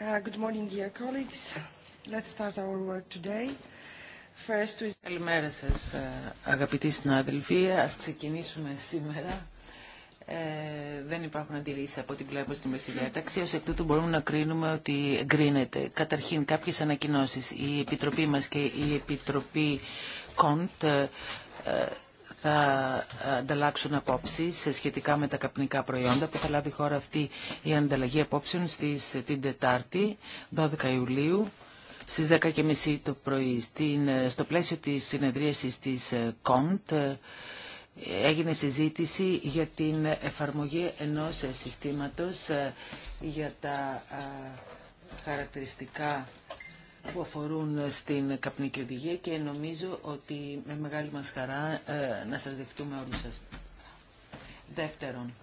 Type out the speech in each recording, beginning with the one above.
Uh, good morning, dear colleagues. Let's start Καλημέρα ε, αγαπητοί συνάδελφοι. Ας ξεκινήσουμε σήμερα. Ε, δεν υπάρχουν αντιρρήσεις από ό,τι βλέπω στη μεσηδιάταξη. Ως εκ τούτου μπορούμε να κρίνουμε ότι εγκρίνεται. Καταρχήν, κάποιες ανακοινώσεις. Η Επιτροπή μας και η Επιτροπή ΚΟΝΤ ε, θα ε, ανταλλάξουν απόψεις σχετικά με τα καπνικά προϊόντα που θα λάβει η χώρα αυτή η ανταλλαγή απόψεων στις, την Τετάρτη, 12 Ιουλίου στις 10.30 το πρωί. Στην, ε, στο πλαίσιο της συνεδρίασης της ε, ΚΟΝΤ έγινε συζήτηση για την εφαρμογή ενός συστήματος για τα χαρακτηριστικά που αφορούν στην καπνική οδηγία και νομίζω ότι με μεγάλη μας χαρά ε, να σας δεχτούμε όλους σας. Δεύτερον,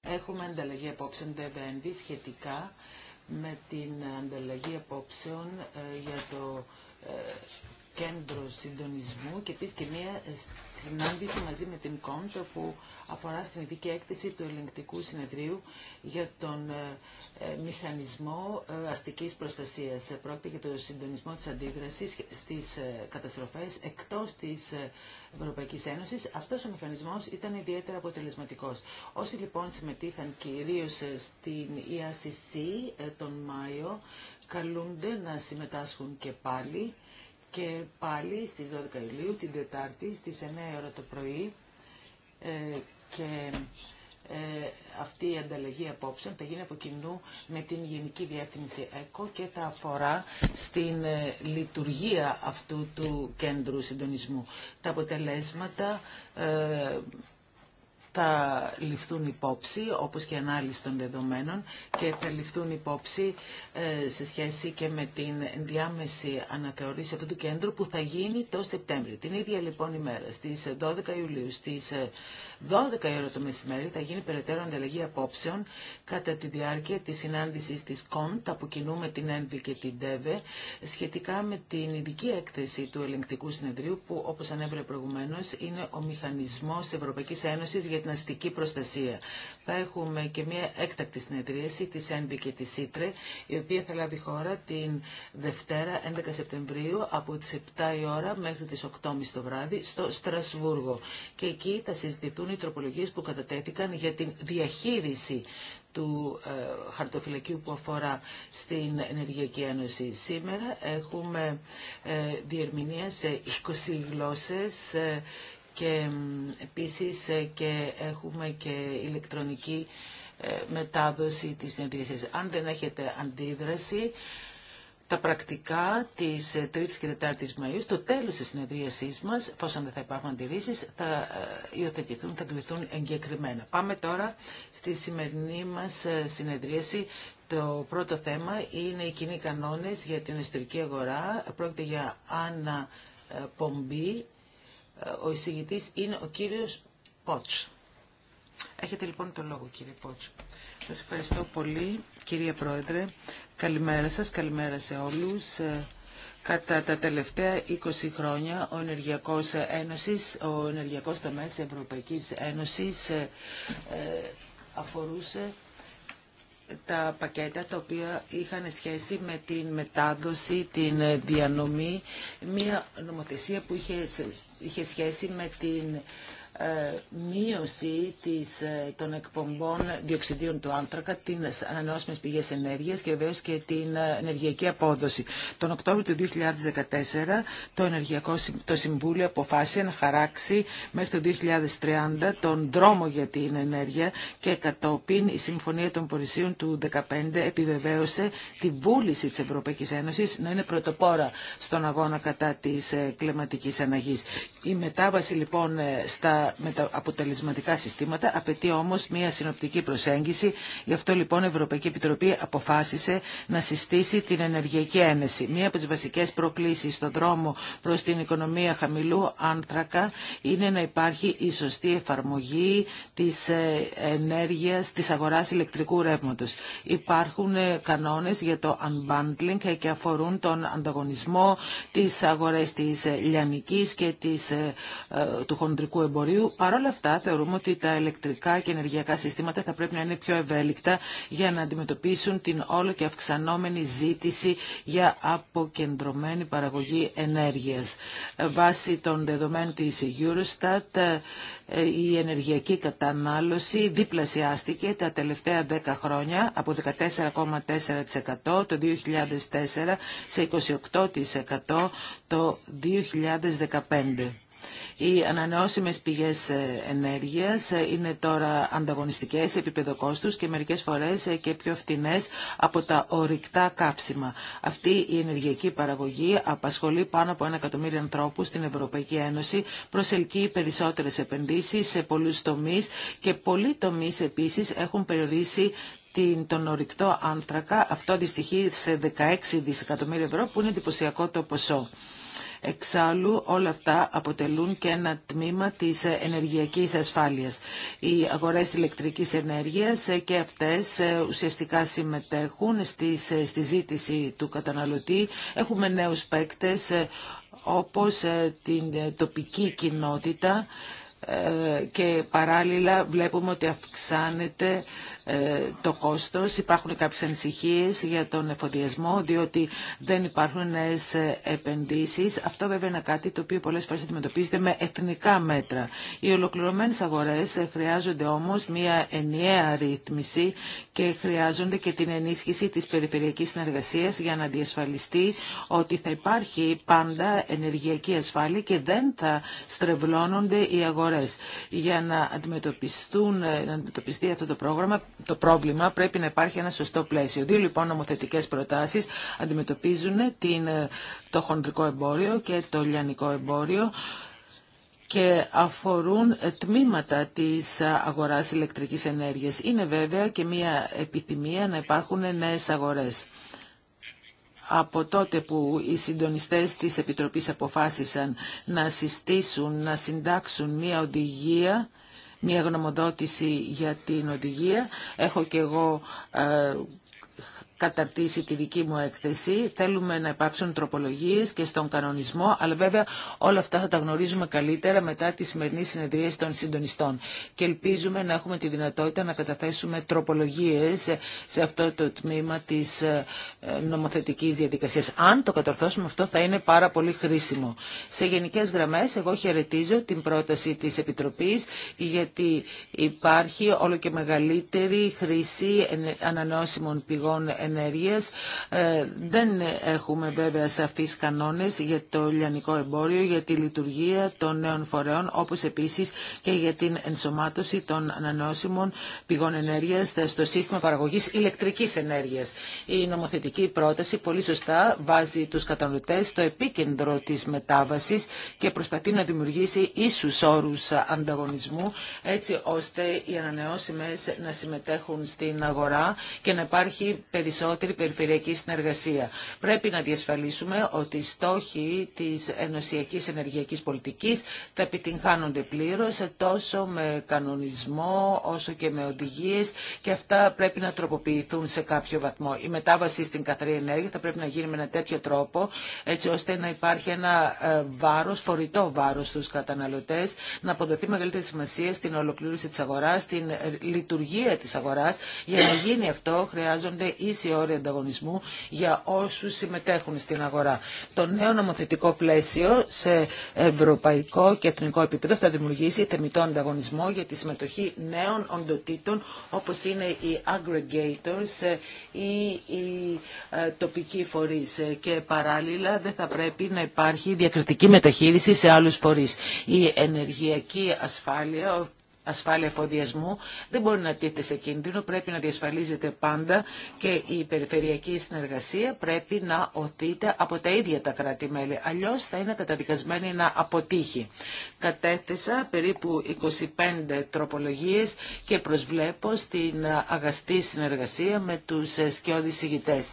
έχουμε ανταλλαγή απόψεων βέβαια σχετικά με την ανταλλαγή απόψεων ε, για το ε, κέντρο συντονισμού και επίσης και μία συνάντηση μαζί με την ΚΟΝΤ που αφορά στην ειδική έκθεση του ελεγκτικού συνεδρίου για τον ε, ε, μηχανισμό ε, αστικής προστασίας. Πρόκειται για το συντονισμό της αντίδρασης στις καταστροφές εκτός της Ευρωπαϊκής Ένωσης. Αυτός ο μηχανισμός ήταν ιδιαίτερα αποτελεσματικός. Όσοι λοιπόν συμμετείχαν κυρίως στην ERCC τον Μάιο καλούνται να συμμετάσχουν και πάλι και πάλι στις 12 Ιουλίου, την Τετάρτη, στις 9 ώρα το πρωί ε, και ε, αυτή η ανταλλαγή απόψεων θα γίνει από κοινού με την Γενική Διεύθυνση ΕΚΟ και θα αφορά στην ε, λειτουργία αυτού του κέντρου συντονισμού. Τα αποτελέσματα ε, θα ληφθούν υπόψη, όπως και ανάλυση των δεδομένων, και θα ληφθούν υπόψη ε, σε σχέση και με την διάμεση αναθεωρήση αυτού του κέντρου που θα γίνει το Σεπτέμβριο. Την ίδια λοιπόν ημέρα, στις 12 Ιουλίου, στις 12 ε, η ώρα το μεσημέρι, θα γίνει περαιτέρω ανταλλαγή απόψεων κατά τη διάρκεια της συνάντησης της ΚΟΝΤ, από κοινού με την ΕΝΔΙ και την ΤΕΒΕ, σχετικά με την ειδική έκθεση του ελεγκτικού συνεδρίου, που όπως ανέβρε προηγουμένως, είναι ο μηχανισμός Ευρωπαϊκής Ένωσης για για την αστική προστασία. Θα έχουμε και μια έκτακτη συνεδρίαση της ΕΝΒΙ και της ΣΥΤΡΕ, η οποία θα λάβει χώρα την Δευτέρα 11 Σεπτεμβρίου από τις 7 η ώρα μέχρι τις 8.30 το βράδυ στο Στρασβούργο. Και εκεί θα συζητηθούν οι τροπολογίε που κατατέθηκαν για την διαχείριση του ε, χαρτοφυλακίου που αφορά στην Ενεργειακή Ένωση. Σήμερα έχουμε ε, διερμηνία σε 20 γλώσσες ε, και επίσης ε, και έχουμε και ηλεκτρονική ε, μετάδοση της συνεδρίασης. Αν δεν έχετε αντίδραση, τα πρακτικά της 3ης ε, και 4ης Μαΐου, στο τέλος της συνεδρίασής μας, εφόσον δεν θα υπάρχουν αντιρρήσεις, θα υιοθετηθούν, θα κληθούν εγκεκριμένα. Πάμε τώρα στη σημερινή μας συνεδρίαση. Το πρώτο θέμα είναι οι κοινοί κανόνες για την εσωτερική αγορά. Πρόκειται για αναπομπή ε, ο εισηγητής είναι ο κύριος Πότς. Έχετε λοιπόν το λόγο κύριε Πότσο. Σας ευχαριστώ πολύ κύριε Πρόεδρε. Καλημέρα σας, καλημέρα σε όλους. Ε, κατά τα τελευταία 20 χρόνια ο Ενεργειακός, Ένωση, ο ενεργειακός τομέας της Ευρωπαϊκής Ένωσης ε, αφορούσε τα πακέτα τα οποία είχαν σχέση με την μετάδοση, την ε, διανομή, μια νομοθεσία που είχε, είχε σχέση με την ε, μείωση της, ε, των εκπομπών διοξιδίων του άνθρακα, την ανανεώσιμε πηγές ενέργειας και βεβαίω και την ε, ενεργειακή απόδοση. Τον Οκτώβριο του 2014 το, Ενεργειακό, το Συμβούλιο αποφάσισε να χαράξει μέχρι το 2030 τον δρόμο για την ενέργεια και κατόπιν η Συμφωνία των Πορισίων του 2015 επιβεβαίωσε τη βούληση της Ευρωπαϊκή Ένωση να είναι πρωτοπόρα στον αγώνα κατά της κλιματική αναγή. Η μετάβαση λοιπόν στα με τα αποτελεσματικά συστήματα, απαιτεί όμως μια συνοπτική προσέγγιση. Γι' αυτό λοιπόν η Ευρωπαϊκή Επιτροπή αποφάσισε να συστήσει την ενεργειακή ένεση. Μία από τις βασικές προκλήσεις στον δρόμο προς την οικονομία χαμηλού άνθρακα είναι να υπάρχει η σωστή εφαρμογή της ε, ενέργειας, της αγοράς ηλεκτρικού ρεύματο. Υπάρχουν ε, κανόνε για το unbundling και αφορούν τον ανταγωνισμό, τις αγορές τη ε, λιανική και της, του χοντρικού εμπορίου Παρ' όλα αυτά θεωρούμε ότι τα ηλεκτρικά και ενεργειακά συστήματα θα πρέπει να είναι πιο ευέλικτα για να αντιμετωπίσουν την όλο και αυξανόμενη ζήτηση για αποκεντρωμένη παραγωγή ενέργειας. Βάσει των δεδομένων της Eurostat η ενεργειακή κατανάλωση διπλασιάστηκε τα τελευταία 10 χρόνια από 14,4% το 2004 σε 28% το 2015. Οι ανανεώσιμες πηγές ε, ενέργειας ε, είναι τώρα ανταγωνιστικές σε επίπεδο κόστους και μερικές φορές ε, και πιο φτηνές από τα ορυκτά καύσιμα. Αυτή η ενεργειακή παραγωγή απασχολεί πάνω από ένα εκατομμύριο ανθρώπου στην Ευρωπαϊκή Ένωση, προσελκύει περισσότερες επενδύσεις σε πολλούς τομείς και πολλοί τομείς επίσης έχουν περιορίσει τον ορυκτό άνθρακα. Αυτό αντιστοιχεί σε 16 δισεκατομμύρια ευρώ που είναι εντυπωσιακό το ποσό. Εξάλλου όλα αυτά αποτελούν και ένα τμήμα της ενεργειακής ασφάλειας. Οι αγορές ηλεκτρικής ενέργειας και αυτές ε, ουσιαστικά συμμετέχουν ε, στη ζήτηση του καταναλωτή. Έχουμε νέους παίκτες ε, όπως την τοπική κοινότητα και παράλληλα βλέπουμε ότι αυξάνεται ε, το κόστος. Υπάρχουν κάποιες ανησυχίες για τον εφοδιασμό, διότι δεν υπάρχουν νέες επενδύσεις. Αυτό βέβαια είναι κάτι το οποίο πολλές φορές αντιμετωπίζεται με εθνικά μέτρα. Οι ολοκληρωμένες αγορές χρειάζονται όμως μια ενιαία ρύθμιση και χρειάζονται και την ενίσχυση της περιφερειακής συνεργασίας για να διασφαλιστεί ότι θα υπάρχει πάντα ενεργειακή ασφάλεια και δεν θα στρεβλώνονται οι αγορές. Για να αντιμετωπιστούν, να αντιμετωπιστεί αυτό το πρόγραμμα το πρόβλημα, πρέπει να υπάρχει ένα σωστό πλαίσιο. Δύο λοιπόν νομοθετικές προτάσεις αντιμετωπίζουν την, ε, το χοντρικό εμπόριο και το λιανικό εμπόριο και αφορούν ε, τμήματα της ε, αγοράς ηλεκτρικής ενέργειας. Είναι βέβαια και μια επιθυμία να υπάρχουν νέες αγορές. Από τότε που οι συντονιστές της Επιτροπής αποφάσισαν να συστήσουν, να συντάξουν μια οδηγία μια γνωμοδότηση για την οδηγία. Έχω και εγώ ε, καταρτήσει τη δική μου έκθεση. Θέλουμε να υπάρξουν τροπολογίες και στον κανονισμό, αλλά βέβαια όλα αυτά θα τα γνωρίζουμε καλύτερα μετά τη σημερινή συνεδρία των συντονιστών. Και ελπίζουμε να έχουμε τη δυνατότητα να καταθέσουμε τροπολογίες σε αυτό το τμήμα της ε, νομοθετικής διαδικασίας. Αν το κατορθώσουμε αυτό θα είναι πάρα πολύ χρήσιμο. Σε γενικές γραμμές εγώ χαιρετίζω την πρόταση της Επιτροπής γιατί υπάρχει όλο και μεγαλύτερη χρήση ανανεώσιμων πηγών ενέργειας. Ε, δεν έχουμε βέβαια σαφείς κανόνες για το λιανικό εμπόριο, για τη λειτουργία των νέων φορέων, όπως επίσης και για την ενσωμάτωση των ανανεώσιμων πηγών ενέργειας στο σύστημα παραγωγής ηλεκτρικής ενέργειας. Η νομοθετική πρόταση πολύ σωστά βάζει τους κατανοητές στο επίκεντρο της μετάβασης και προσπαθεί να δημιουργήσει ίσους όρους ανταγωνισμού, έτσι ώστε οι ανανεώσιμες να συμμετέχουν στην αγορά και να υπάρχει περισσότερο περισσότερη περιφερειακή συνεργασία. Πρέπει να διασφαλίσουμε ότι οι στόχοι της ενωσιακής ενεργειακής πολιτικής θα επιτυγχάνονται πλήρως τόσο με κανονισμό όσο και με οδηγίες και αυτά πρέπει να τροποποιηθούν σε κάποιο βαθμό. Η μετάβαση στην καθαρή ενέργεια θα πρέπει να γίνει με ένα τέτοιο τρόπο έτσι ώστε να υπάρχει ένα ε, βάρος, φορητό βάρος στους καταναλωτές, να αποδοθεί μεγαλύτερη σημασία στην ολοκλήρωση της αγοράς, στην ε, λειτουργία της αγοράς. Για να γίνει αυτό χρειάζονται ίση και όρια ανταγωνισμού για όσους συμμετέχουν στην αγορά. Το νέο νομοθετικό πλαίσιο σε ευρωπαϊκό και εθνικό επίπεδο θα δημιουργήσει θεμητό ανταγωνισμό για τη συμμετοχή νέων οντοτήτων όπως είναι οι aggregators ή οι ε, τοπικοί φορείς και παράλληλα δεν θα πρέπει να υπάρχει διακριτική μεταχείριση σε άλλους φορείς. Η ενεργειακή ασφάλεια, ασφάλεια εφοδιασμού δεν μπορεί να τίθεται σε κίνδυνο, πρέπει να διασφαλίζεται πάντα και η περιφερειακή συνεργασία πρέπει να οθείται από τα ίδια τα κράτη-μέλη. Αλλιώ θα είναι καταδικασμένη να αποτύχει. Κατέθεσα περίπου 25 τροπολογίε και προσβλέπω στην αγαστή συνεργασία με του σκιώδει ηγητέ.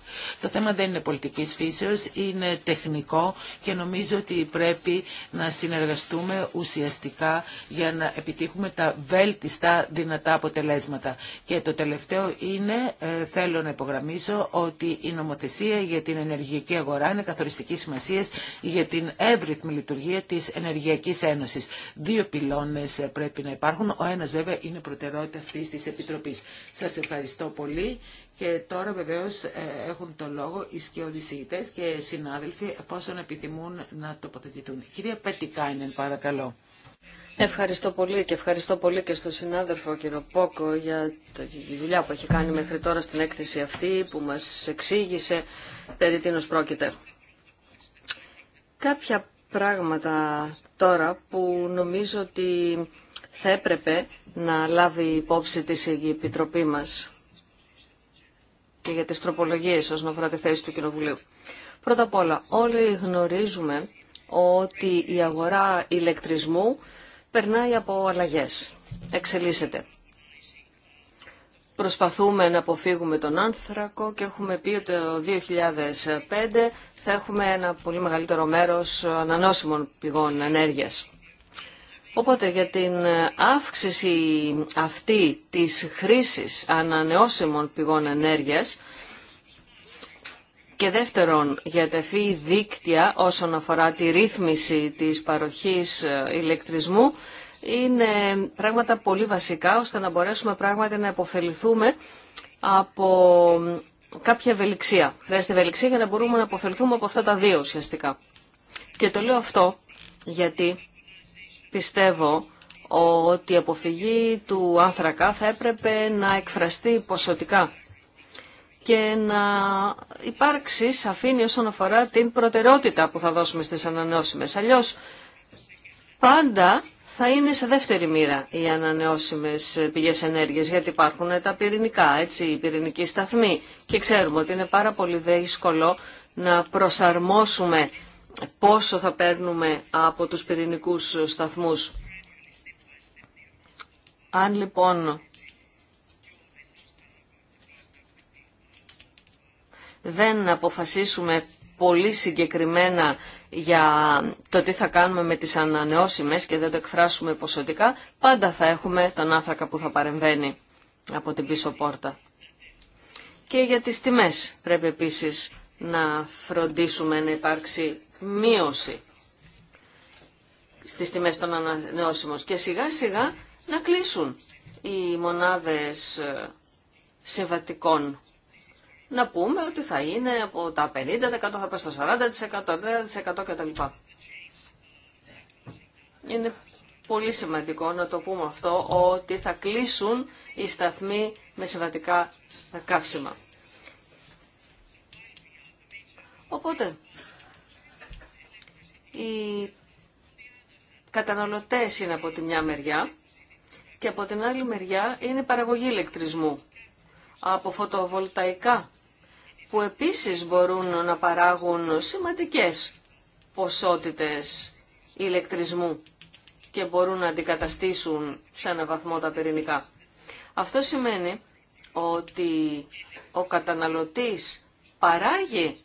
Το θέμα δεν είναι πολιτική φύσεω, είναι τεχνικό και νομίζω ότι πρέπει να συνεργαστούμε ουσιαστικά για να επιτύχουμε τα βέλτιστα δυνατά αποτελέσματα. Και το τελευταίο είναι, ε, θέλω να υπογραμμίσω, ότι η νομοθεσία για την ενεργειακή αγορά είναι καθοριστική σημασία για την εύρυθμη λειτουργία τη Ενεργειακή Ένωση. Δύο πυλώνε ε, πρέπει να υπάρχουν. Ο ένα βέβαια είναι προτεραιότητα αυτή τη Επιτροπή. Σα ευχαριστώ πολύ. Και τώρα βεβαίω ε, έχουν το λόγο οι σκιωδησίτε και συνάδελφοι, εφόσον επιθυμούν να τοποθετηθούν. Κυρία Πετικάινεν, παρακαλώ. Ευχαριστώ πολύ και ευχαριστώ πολύ και στον συνάδελφο κύριο Πόκο για τη δουλειά που έχει κάνει μέχρι τώρα στην έκθεση αυτή που μας εξήγησε περί τίνος πρόκειται. Κάποια πράγματα τώρα που νομίζω ότι θα έπρεπε να λάβει υπόψη τη η Επιτροπή μας και για τις τροπολογίες όσον αφορά τη θέση του Κοινοβουλίου. Πρώτα απ' όλα, όλοι γνωρίζουμε ότι η αγορά ηλεκτρισμού περνάει από αλλαγές, εξελίσσεται. Προσπαθούμε να αποφύγουμε τον άνθρακο και έχουμε πει ότι το 2005 θα έχουμε ένα πολύ μεγαλύτερο μέρος ανανόσιμων πηγών ενέργειας. Οπότε για την αύξηση αυτή της χρήσης ανανεώσιμων πηγών ενέργειας και δεύτερον, για τα δίκτυα όσον αφορά τη ρύθμιση της παροχής ε, ηλεκτρισμού είναι πράγματα πολύ βασικά ώστε να μπορέσουμε πράγματι να αποφεληθούμε από κάποια ευελιξία. Χρειάζεται ευελιξία για να μπορούμε να αποφελθούμε από αυτά τα δύο ουσιαστικά. Και το λέω αυτό γιατί πιστεύω ότι η αποφυγή του άνθρακα θα έπρεπε να εκφραστεί ποσοτικά και να υπάρξει σαφήνεια όσον αφορά την προτεραιότητα που θα δώσουμε στις ανανεώσιμες. Αλλιώς πάντα θα είναι σε δεύτερη μοίρα οι ανανεώσιμες πηγές ενέργειας, γιατί υπάρχουν τα πυρηνικά, έτσι, οι πυρηνικοί σταθμοί. Και ξέρουμε ότι είναι πάρα πολύ δύσκολο να προσαρμόσουμε πόσο θα παίρνουμε από τους πυρηνικούς σταθμούς. Αν λοιπόν δεν αποφασίσουμε πολύ συγκεκριμένα για το τι θα κάνουμε με τις ανανεώσιμες και δεν το εκφράσουμε ποσοτικά, πάντα θα έχουμε τον άνθρακα που θα παρεμβαίνει από την πίσω πόρτα. Και για τις τιμές πρέπει επίσης να φροντίσουμε να υπάρξει μείωση στις τιμές των ανανεώσιμων και σιγά σιγά να κλείσουν οι μονάδες ε, συμβατικών να πούμε ότι θα είναι από τα 50% θα πάει στο 40%, 30% κτλ. Είναι πολύ σημαντικό να το πούμε αυτό, ότι θα κλείσουν οι σταθμοί με συμβατικά καύσιμα. Οπότε, οι καταναλωτές είναι από τη μια μεριά και από την άλλη μεριά είναι παραγωγή ηλεκτρισμού από φωτοβολταϊκά που επίσης μπορούν να παράγουν σημαντικές ποσότητες ηλεκτρισμού και μπορούν να αντικαταστήσουν σε ένα βαθμό τα πυρηνικά. Αυτό σημαίνει ότι ο καταναλωτής παράγει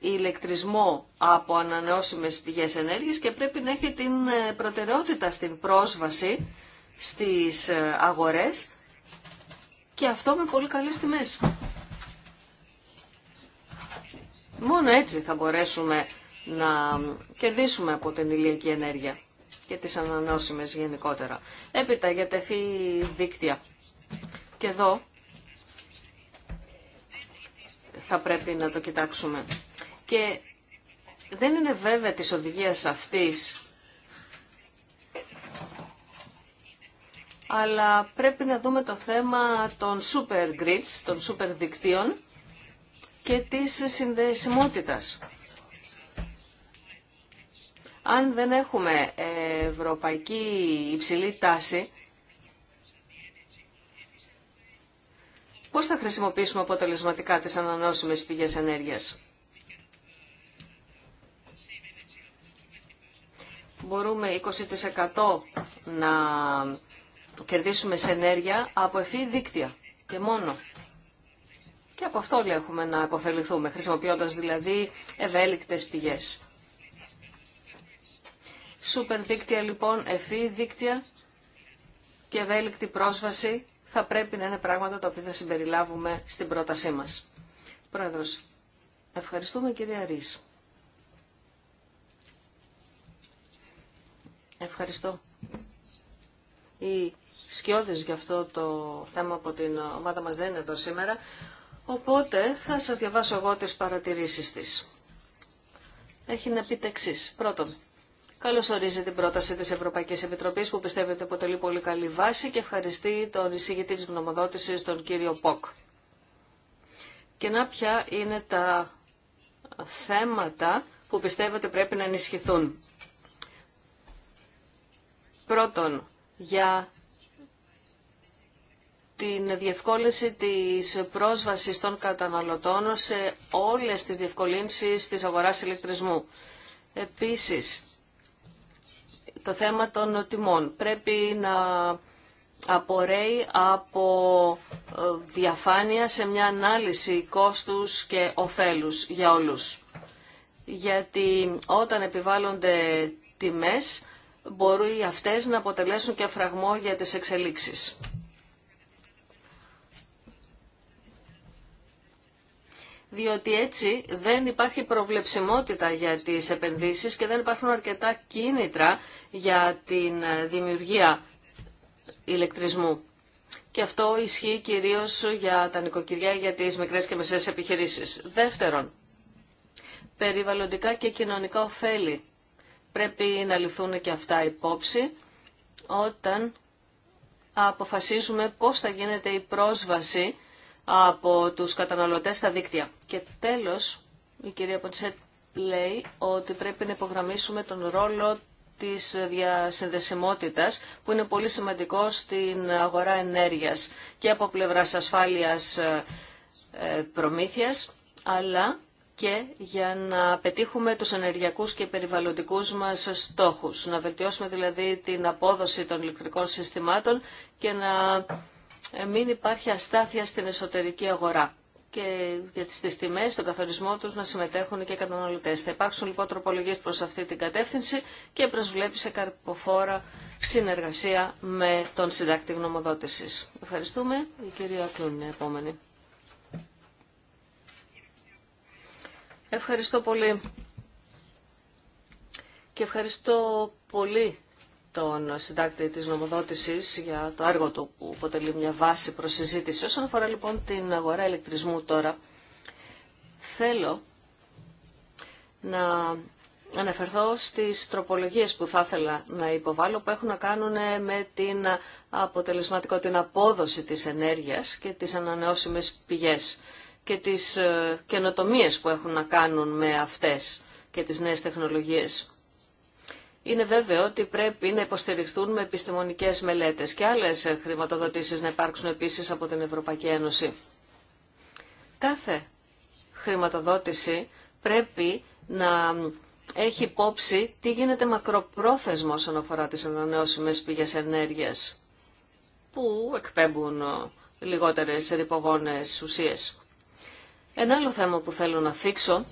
ηλεκτρισμό από ανανεώσιμες πηγές ενέργειας και πρέπει να έχει την ε, προτεραιότητα στην πρόσβαση στις ε, αγορές και αυτό με πολύ καλές τιμές. Μόνο έτσι θα μπορέσουμε να κερδίσουμε από την ηλιακή ενέργεια και τις ανανεώσιμες γενικότερα. Έπειτα για τεφή δίκτυα. Και εδώ θα πρέπει να το κοιτάξουμε. Και δεν είναι βέβαια της οδηγίας αυτής, αλλά πρέπει να δούμε το θέμα των super grids, των super δικτύων, και της συνδεσιμότητας. Αν δεν έχουμε ευρωπαϊκή υψηλή τάση, πώς θα χρησιμοποιήσουμε αποτελεσματικά τις ανανεώσιμες πηγές ενέργειας. Μπορούμε 20% να κερδίσουμε σε ενέργεια από ευφύ δίκτυα και μόνο. Και από αυτό λέει, έχουμε να αποφεληθούμε, χρησιμοποιώντας δηλαδή ευέλικτες πηγές. Σούπερ δίκτυα λοιπόν, ευφύ δίκτυα και ευέλικτη πρόσβαση θα πρέπει να είναι πράγματα τα οποία θα συμπεριλάβουμε στην πρότασή μας. Πρόεδρος, ευχαριστούμε κυρία Ρής. Ευχαριστώ. Οι σκιώδες για αυτό το θέμα από την ομάδα μας δεν είναι εδώ σήμερα. Οπότε θα σας διαβάσω εγώ τις παρατηρήσεις της. Έχει να πει εξή. Πρώτον, Καλώ ορίζει την πρόταση τη Ευρωπαϊκή Επιτροπή που πιστεύετε αποτελεί πολύ καλή βάση και ευχαριστεί τον εισηγητή τη γνωμοδότηση, τον κύριο Ποκ. Και να ποια είναι τα θέματα που πιστεύω ότι πρέπει να ενισχυθούν. Πρώτον, για την διευκόλυνση της πρόσβασης των καταναλωτών σε όλες τις διευκολύνσεις της αγοράς ηλεκτρισμού. Επίσης, το θέμα των τιμών πρέπει να απορρέει από ε, διαφάνεια σε μια ανάλυση κόστους και ωφέλους για όλους. Γιατί όταν επιβάλλονται τιμές, μπορούν αυτές να αποτελέσουν και φραγμό για τις εξελίξεις. διότι έτσι δεν υπάρχει προβλεψιμότητα για τις επενδύσεις και δεν υπάρχουν αρκετά κίνητρα για την δημιουργία ηλεκτρισμού. Και αυτό ισχύει κυρίως για τα νοικοκυριά, για τις μικρές και μεσαίες επιχειρήσεις. Δεύτερον, περιβαλλοντικά και κοινωνικά ωφέλη. Πρέπει να ληφθούν και αυτά υπόψη όταν αποφασίζουμε πώς θα γίνεται η πρόσβαση από τους καταναλωτές στα δίκτυα. Και τέλος, η κυρία Ποντσέτ λέει ότι πρέπει να υπογραμμίσουμε τον ρόλο της διασυνδεσιμότητας που είναι πολύ σημαντικό στην αγορά ενέργειας και από πλευράς ασφάλειας ε, ε, προμήθειας αλλά και για να πετύχουμε τους ενεργειακούς και περιβαλλοντικούς μας στόχους. Να βελτιώσουμε δηλαδή την απόδοση των ηλεκτρικών συστημάτων και να ε, μην υπάρχει αστάθεια στην εσωτερική αγορά και για τις τιμές, τον καθορισμό τους να συμμετέχουν και οι καταναλωτές. Θα υπάρξουν λοιπόν τροπολογίες προς αυτή την κατεύθυνση και προσβλέπει σε καρποφόρα συνεργασία με τον συντάκτη γνωμοδότησης. Ευχαριστούμε. Η κυρία Κλούν είναι επόμενη. Ευχαριστώ πολύ. Και ευχαριστώ πολύ τον συντάκτη της νομοδότησης για το έργο του που αποτελεί μια βάση προς Όσον αφορά λοιπόν την αγορά ηλεκτρισμού τώρα, θέλω να αναφερθώ στις τροπολογίες που θα ήθελα να υποβάλω που έχουν να κάνουν με την αποτελεσματικότητα, την απόδοση της ενέργειας και τις ανανεώσιμες πηγές και τις ε, καινοτομίες που έχουν να κάνουν με αυτές και τις νέες τεχνολογίες είναι βέβαιο ότι πρέπει να υποστηριχθούν με επιστημονικές μελέτες και άλλες χρηματοδοτήσεις να υπάρξουν επίσης από την Ευρωπαϊκή Ένωση. Κάθε χρηματοδότηση πρέπει να έχει υπόψη τι γίνεται μακροπρόθεσμα όσον αφορά τις ανανεώσιμες πηγές ενέργειας που εκπέμπουν λιγότερες ρηπογόνες ουσίες. Ένα άλλο θέμα που θέλω να θίξω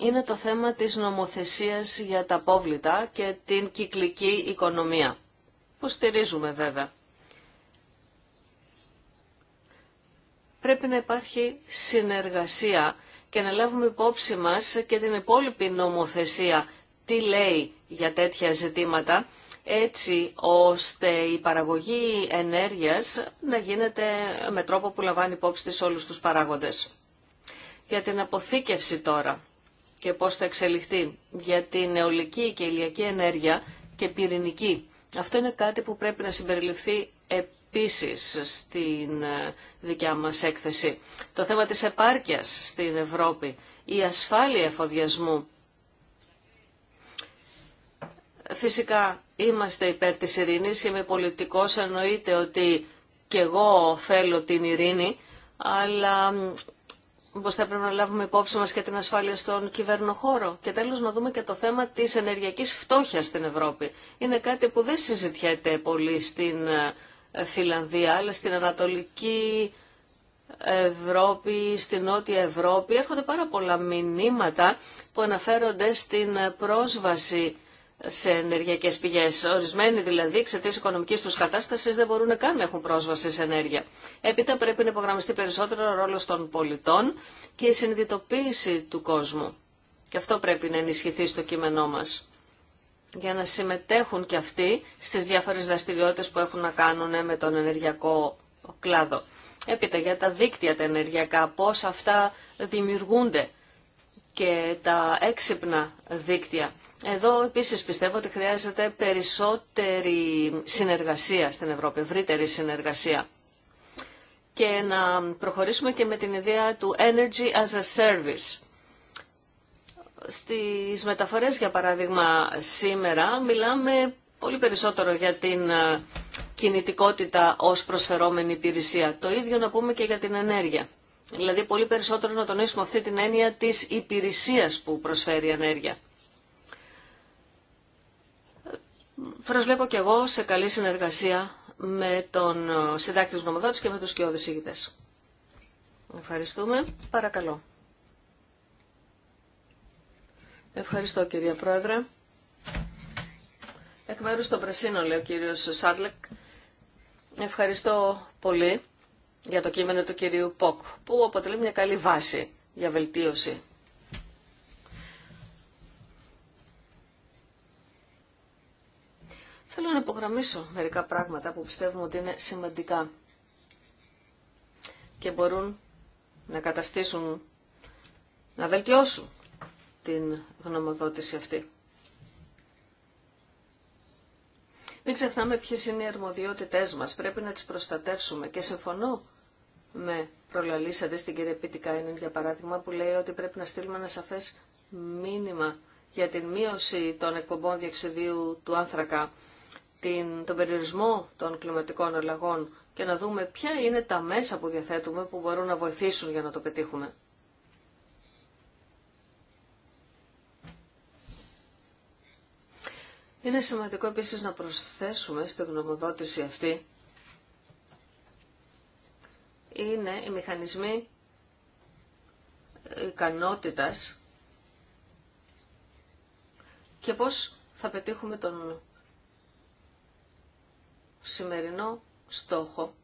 είναι το θέμα της νομοθεσίας για τα πόβλητα και την κυκλική οικονομία, που στηρίζουμε βέβαια. Πρέπει να υπάρχει συνεργασία και να λάβουμε υπόψη μας και την υπόλοιπη νομοθεσία, τι λέει για τέτοια ζητήματα, έτσι ώστε η παραγωγή ενέργειας να γίνεται με τρόπο που λαμβάνει υπόψη της όλους τους παράγοντες. Για την αποθήκευση τώρα και πώς θα εξελιχθεί για την νεολική και ηλιακή ενέργεια και πυρηνική. Αυτό είναι κάτι που πρέπει να συμπεριληφθεί επίσης στην ε, δικιά μας έκθεση. Το θέμα της επάρκειας στην Ευρώπη, η ασφάλεια εφοδιασμού. Φυσικά είμαστε υπέρ της ειρήνης, είμαι πολιτικός, εννοείται ότι και εγώ θέλω την ειρήνη, αλλά μπορείτε θα έπρεπε να λάβουμε υπόψη μα και την ασφάλεια στον κυβερνοχώρο. Και τέλος να δούμε και το θέμα της ενεργειακής φτώχειας στην Ευρώπη. Είναι κάτι που δεν συζητιέται πολύ στην ε, Φιλανδία, αλλά στην Ανατολική Ευρώπη, στην Νότια Ευρώπη. Έρχονται πάρα πολλά μηνύματα που αναφέρονται στην πρόσβαση σε ενεργειακές πηγές. Ορισμένοι δηλαδή εξαιτίας οικονομικής τους κατάστασης δεν μπορούν καν να έχουν πρόσβαση σε ενέργεια. Έπειτα πρέπει να υπογραμμιστεί περισσότερο ο ρόλος των πολιτών και η συνειδητοποίηση του κόσμου. Και αυτό πρέπει να ενισχυθεί στο κείμενό μας για να συμμετέχουν και αυτοί στις διάφορες δραστηριότητες που έχουν να κάνουν ε, με τον ενεργειακό κλάδο. Έπειτα για τα δίκτυα τα ενεργειακά, πώς αυτά δημιουργούνται και τα έξυπνα δίκτυα. Εδώ επίσης πιστεύω ότι χρειάζεται περισσότερη συνεργασία στην Ευρώπη, ευρύτερη συνεργασία. Και να προχωρήσουμε και με την ιδέα του Energy as a Service. Στις μεταφορές, για παράδειγμα, σήμερα μιλάμε πολύ περισσότερο για την ε, κινητικότητα ως προσφερόμενη υπηρεσία. Το ίδιο να πούμε και για την ενέργεια. Δηλαδή πολύ περισσότερο να τονίσουμε αυτή την έννοια της υπηρεσίας που προσφέρει ενέργεια. Προσβλέπω και εγώ σε καλή συνεργασία με τον ε, συντάκτη γνωμοδότης και με τους κοιόδους ηγητές. Ευχαριστούμε. Παρακαλώ. Ευχαριστώ κυρία Πρόεδρε. Εκ μέρους των Πρεσίνων, λέει ο κύριος Σάντλεκ, ευχαριστώ πολύ για το κείμενο του κυρίου Ποκ, που αποτελεί μια καλή βάση για βελτίωση Θέλω να υπογραμμίσω μερικά πράγματα που πιστεύουμε ότι είναι σημαντικά και μπορούν να καταστήσουν, να βελτιώσουν την γνωμοδότηση αυτή. Μην ξεχνάμε ποιε είναι οι αρμοδιότητε μας. Πρέπει να τις προστατεύσουμε. Και συμφωνώ με προλαλήσατε στην κυρία Κάινεν για παράδειγμα, που λέει ότι πρέπει να στείλουμε ένα σαφέ μήνυμα για την μείωση των εκπομπών διεξιδίου του άνθρακα την, τον περιορισμό των κλιματικών αλλαγών και να δούμε ποια είναι τα μέσα που διαθέτουμε που μπορούν να βοηθήσουν για να το πετύχουμε. Είναι σημαντικό επίσης να προσθέσουμε στη γνωμοδότηση αυτή είναι οι μηχανισμοί ικανότητας και πώς θα πετύχουμε τον σημερινό στόχο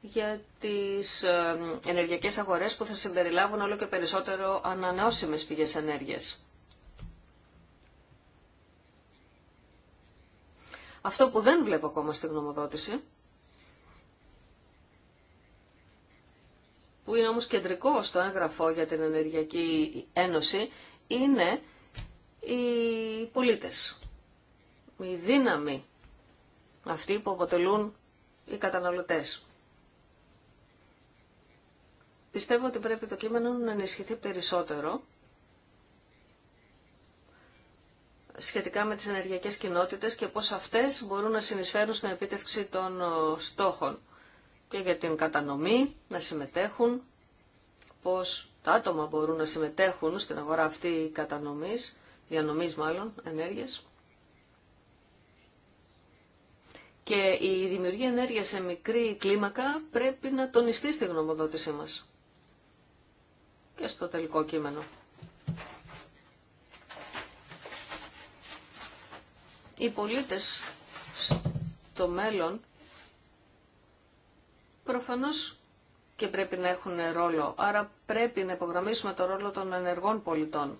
για τις ε, ενεργειακές αγορές που θα συμπεριλάβουν όλο και περισσότερο ανανεώσιμες πηγές ενέργειας. Αυτό που δεν βλέπω ακόμα στη γνωμοδότηση, που είναι όμως κεντρικό στο έγγραφο για την Ενεργειακή Ένωση, είναι οι πολίτες η δύναμη αυτή που αποτελούν οι καταναλωτές. Πιστεύω ότι πρέπει το κείμενο να ενισχυθεί περισσότερο σχετικά με τις ενεργειακές κοινότητες και πώς αυτές μπορούν να συνεισφέρουν στην επίτευξη των ε, στόχων και για την κατανομή, να συμμετέχουν, πώς τα άτομα μπορούν να συμμετέχουν στην αγορά αυτή κατανομής, διανομής μάλλον, ενέργειας. Και η δημιουργία ενέργεια σε μικρή κλίμακα πρέπει να τονιστεί στη γνωμοδότησή μας. Και στο τελικό κείμενο. Οι πολίτες στο μέλλον προφανώς και πρέπει να έχουν ρόλο. Άρα πρέπει να υπογραμμίσουμε το ρόλο των ενεργών πολιτών.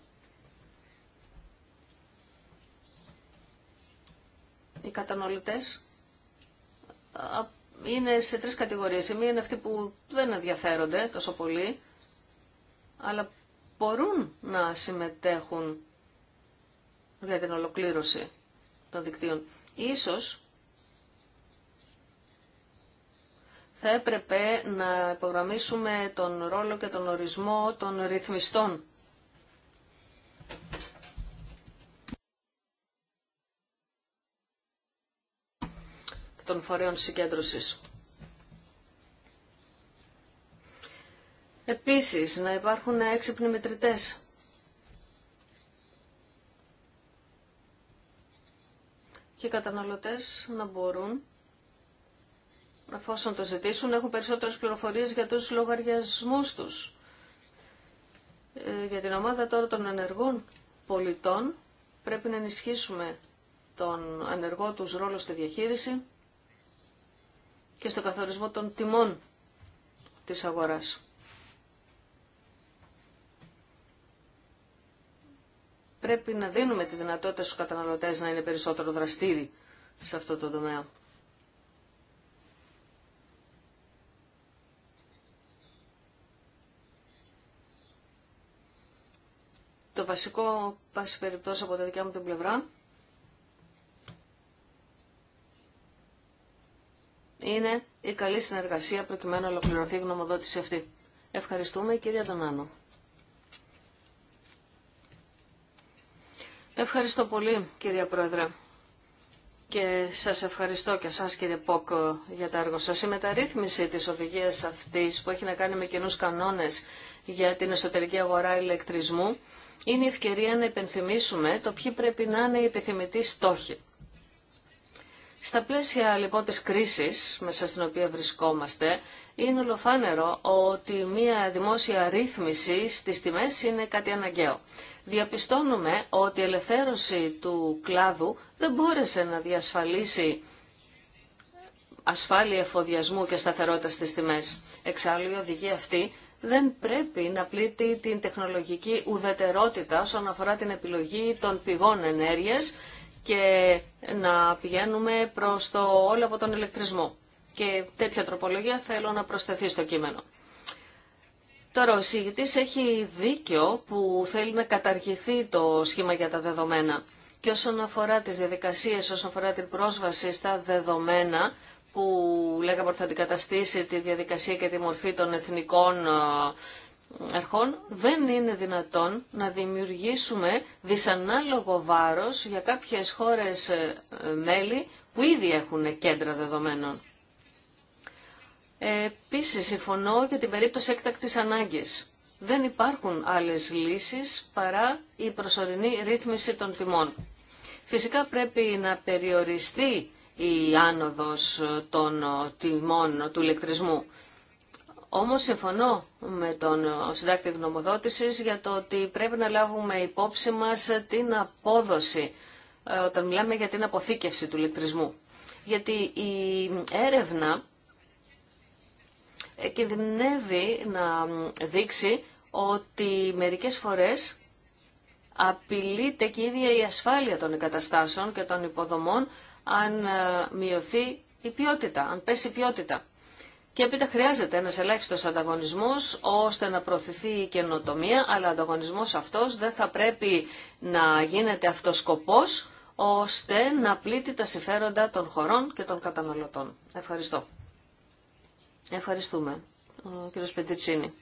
Οι κατανοητές είναι σε τρεις κατηγορίες. Η μία είναι αυτοί που δεν ενδιαφέρονται τόσο πολύ, αλλά μπορούν να συμμετέχουν για την ολοκλήρωση των δικτύων. Ίσως θα έπρεπε να υπογραμμίσουμε τον ρόλο και τον ορισμό των ρυθμιστών. των φορέων συγκέντρωσης. Επίσης, να υπάρχουν έξυπνοι μετρητές. Και οι καταναλωτές να μπορούν, εφόσον το ζητήσουν, να έχουν περισσότερες πληροφορίες για τους λογαριασμούς τους. Ε, για την ομάδα τώρα των ενεργών πολιτών πρέπει να ενισχύσουμε τον ενεργό τους ρόλο στη διαχείριση και στο καθορισμό των τιμών της αγοράς. Πρέπει να δίνουμε τη δυνατότητα στους καταναλωτές να είναι περισσότερο δραστήριοι σε αυτό το τομέα. Το βασικό, πάση περιπτώσει από τα δικιά μου την πλευρά, είναι η καλή συνεργασία προκειμένου να ολοκληρωθεί η γνωμοδότηση αυτή. Ευχαριστούμε κυρία Ντονάνο. Ευχαριστώ πολύ κυρία Πρόεδρε. Και σας ευχαριστώ και σας κύριε Πόκο, για τα έργο σας. Η μεταρρύθμιση της οδηγίας αυτής που έχει να κάνει με κοινούς κανόνες για την εσωτερική αγορά ηλεκτρισμού είναι η ευκαιρία να υπενθυμίσουμε το ποιοι πρέπει να είναι οι επιθυμητοί στόχοι. Στα πλαίσια λοιπόν της κρίσης μέσα στην οποία βρισκόμαστε, είναι ολοφάνερο ότι μια δημόσια ρύθμιση στις τιμές είναι κάτι αναγκαίο. Διαπιστώνουμε ότι η ελευθέρωση του κλάδου δεν μπόρεσε να διασφαλίσει ασφάλεια εφοδιασμού και σταθερότητα στις τιμές. Εξάλλου η οδηγία αυτή δεν πρέπει να πλήττει την τεχνολογική ουδετερότητα όσον αφορά την επιλογή των πηγών ενέργειας και να πηγαίνουμε προς το όλο από τον ηλεκτρισμό. Και τέτοια τροπολογία θέλω να προσθεθεί στο κείμενο. Τώρα ο εισηγητής έχει δίκιο που θέλει να καταργηθεί το σχήμα για τα δεδομένα. Και όσον αφορά τις διαδικασίες, όσον αφορά την πρόσβαση στα δεδομένα, που λέγαμε ότι θα αντικαταστήσει τη διαδικασία και τη μορφή των εθνικών αρχών δεν είναι δυνατόν να δημιουργήσουμε δυσανάλογο βάρος για κάποιες χώρες ε, μέλη που ήδη έχουν κέντρα δεδομένων. Επίσης, συμφωνώ για την περίπτωση έκτακτης ανάγκης. Δεν υπάρχουν άλλες λύσεις παρά η προσωρινή ρύθμιση των τιμών. Φυσικά πρέπει να περιοριστεί η άνοδος ε, των ε, τιμών του ηλεκτρισμού. Όμως συμφωνώ με τον ε, συντάκτη γνωμοδότησης για το ότι πρέπει να λάβουμε υπόψη μας ε, την απόδοση ε, όταν μιλάμε για την αποθήκευση του ηλεκτρισμού. Γιατί η έρευνα κινδυνεύει να δείξει ότι μερικές φορές απειλείται και η ίδια η ασφάλεια των εγκαταστάσεων και των υποδομών αν μειωθεί η ποιότητα, αν πέσει η ποιότητα. Και έπειτα χρειάζεται ένας ελάχιστος ανταγωνισμός ώστε να προωθηθεί η καινοτομία, αλλά ο ανταγωνισμός αυτός δεν θα πρέπει να γίνεται αυτοσκοπός ώστε να πλήττει τα συμφέροντα των χωρών και των καταναλωτών. Ευχαριστώ. Ευχαριστούμε. Ο κύριος Πεντιτσίνη.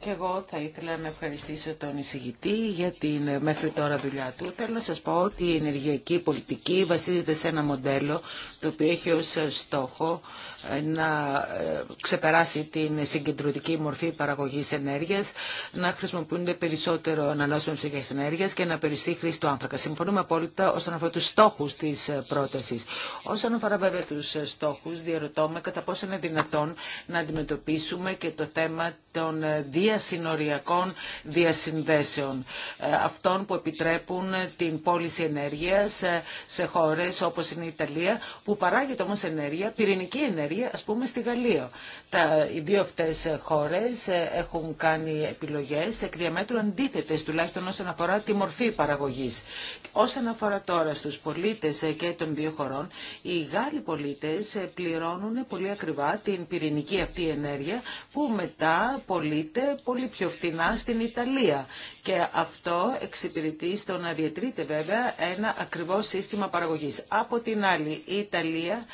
Και εγώ θα ήθελα να ευχαριστήσω τον εισηγητή για την ε, μέχρι τώρα δουλειά του. Θέλω να σας πω ότι η ενεργειακή πολιτική βασίζεται σε ένα μοντέλο το οποίο έχει ως ε, στόχο ε, να ξεπεράσει την συγκεντρωτική μορφή παραγωγής ενέργειας, να χρησιμοποιούνται περισσότερο ανανόσιμες ψυχές ενέργειας και να περιστεί χρήση του άνθρακα. Συμφωνούμε απόλυτα όσον αφορά τους στόχους της πρότασης. Όσον αφορά βέβαια τους στόχους, διαρωτώ με κατά πόσο είναι δυνατόν να αντιμετωπίσουμε και το θέμα των διασυνοριακών διασυνδέσεων. Ε, αυτών που επιτρέπουν ε, την πώληση ενέργειας ε, σε χώρες όπως είναι η Ιταλία, που παράγεται όμως ενέργεια, πυρηνική ενέργεια, ας πούμε στη Γαλλία. Τα, οι δύο αυτές χώρες έχουν κάνει επιλογές εκ διαμέτρου αντίθετες, τουλάχιστον όσον αφορά τη μορφή παραγωγής. Όσον αφορά τώρα στους πολίτες και των δύο χωρών, οι Γάλλοι πολίτες πληρώνουν πολύ ακριβά την πυρηνική αυτή ενέργεια που μετά πωλείται πολύ πιο φτηνά στην Ιταλία. Και αυτό εξυπηρετεί στο να διατρείται βέβαια ένα ακριβό σύστημα παραγωγής. Από την άλλη, η Ιταλία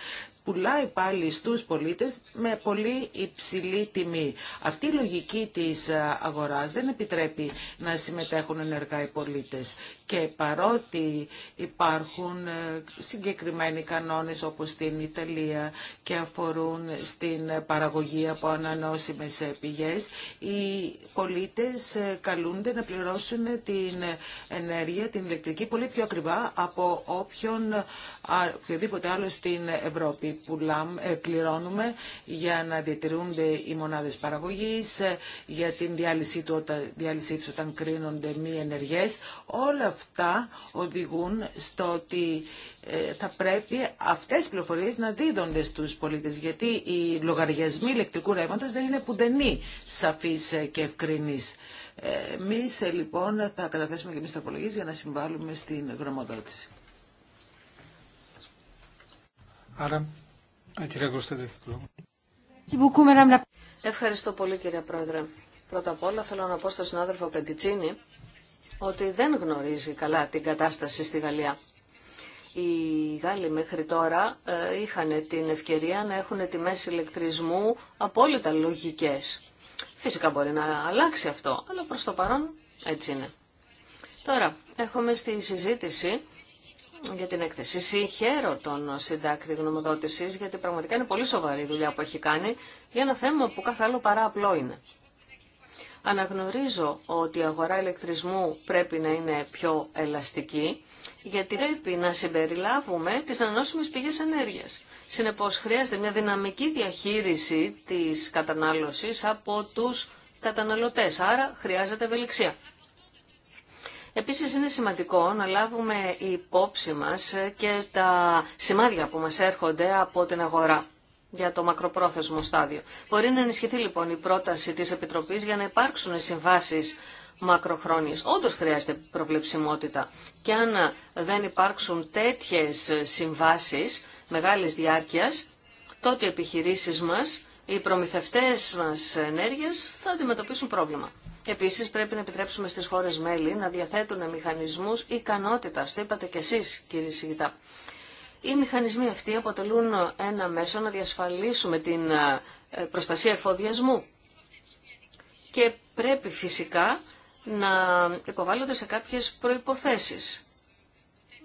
πουλάει πάλι στους πολίτες με πολύ υψηλή τιμή. Αυτή η λογική της ε, αγοράς δεν επιτρέπει να συμμετέχουν ενεργά οι πολίτες και παρότι υπάρχουν ε, συγκεκριμένοι κανόνες όπως στην Ιταλία και αφορούν στην παραγωγή από ανανόσιμες πηγές, οι πολίτες ε, καλούνται να πληρώσουν την ενέργεια, την ηλεκτρική, πολύ πιο ακριβά από όποιον, οποιοδήποτε άλλο στην Ευρώπη που ε, πληρώνουμε για να διατηρούνται οι μονάδες παραγωγής, για την διάλυσή, του, όταν κρίνονται μη ενεργές. Όλα αυτά οδηγούν στο ότι ε, θα πρέπει αυτές οι πληροφορίες να δίδονται στους πολίτες, γιατί οι λογαριασμοί ηλεκτρικού ρεύματος δεν είναι πουδενή σαφής και ευκρινή. Ε, εμεί ε, λοιπόν θα καταθέσουμε και εμεί τροπολογίε για να συμβάλλουμε στην γνωμοδότηση. Άρα, Ευχαριστώ πολύ κύριε Πρόεδρε. Πρώτα απ' όλα θέλω να πω στον συνάδελφο Πεντιτσίνη ότι δεν γνωρίζει καλά την κατάσταση στη Γαλλία. Οι Γάλλοι μέχρι τώρα ε, είχαν την ευκαιρία να έχουν τιμές ηλεκτρισμού απόλυτα λογικές. Φυσικά μπορεί να αλλάξει αυτό, αλλά προς το παρόν έτσι είναι. Τώρα, έρχομαι στη συζήτηση για την έκθεση. Συγχαίρω τον συντάκτη γνωμοδότησης, γιατί πραγματικά είναι πολύ σοβαρή η δουλειά που έχει κάνει για ένα θέμα που καθ' άλλο παρά απλό είναι. Αναγνωρίζω ότι η αγορά ηλεκτρισμού πρέπει να είναι πιο ελαστική, γιατί πρέπει να συμπεριλάβουμε τις ανανόσιμες πηγές ενέργειας. Συνεπώς χρειάζεται μια δυναμική διαχείριση της κατανάλωσης από τους καταναλωτές, άρα χρειάζεται ευελιξία. Επίσης είναι σημαντικό να λάβουμε υπόψη μας και τα σημάδια που μας έρχονται από την αγορά για το μακροπρόθεσμο στάδιο. Μπορεί να ενισχυθεί λοιπόν η πρόταση της Επιτροπής για να υπάρξουν συμβάσεις μακροχρόνιες. Όντως χρειάζεται προβλεψιμότητα. Και αν δεν υπάρξουν τέτοιες συμβάσεις μεγάλης διάρκειας, τότε οι επιχειρήσεις μας, οι προμηθευτές μας ενέργειες θα αντιμετωπίσουν πρόβλημα. Επίσης πρέπει να επιτρέψουμε στις χώρες μέλη να διαθέτουν μηχανισμούς ικανότητας, το είπατε κι εσείς κύριε Σιγητά. Οι μηχανισμοί αυτοί αποτελούν ένα μέσο να διασφαλίσουμε την ε, προστασία εφοδιασμού και πρέπει φυσικά να υποβάλλονται σε κάποιες προϋποθέσεις.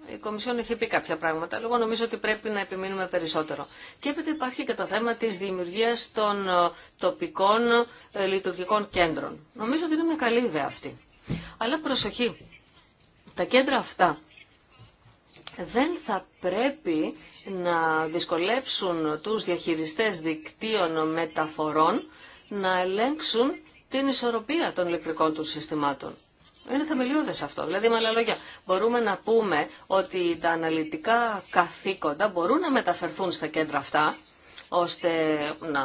Η Κομισιόν έχει πει κάποια πράγματα, λόγω νομίζω ότι πρέπει να επιμείνουμε περισσότερο. Και έπειτα υπάρχει και το θέμα της δημιουργίας των ε, τοπικών ε, λειτουργικών κέντρων. Νομίζω ότι είναι μια καλή ιδέα αυτή. Αλλά προσοχή, τα κέντρα αυτά δεν θα πρέπει να δυσκολέψουν τους διαχειριστές δικτύων μεταφορών να ελέγξουν την ισορροπία των ηλεκτρικών του συστημάτων. Είναι θεμελιώδες αυτό. Δηλαδή, με άλλα λόγια, μπορούμε να πούμε ότι τα αναλυτικά καθήκοντα μπορούν να μεταφερθούν στα κέντρα αυτά, ώστε να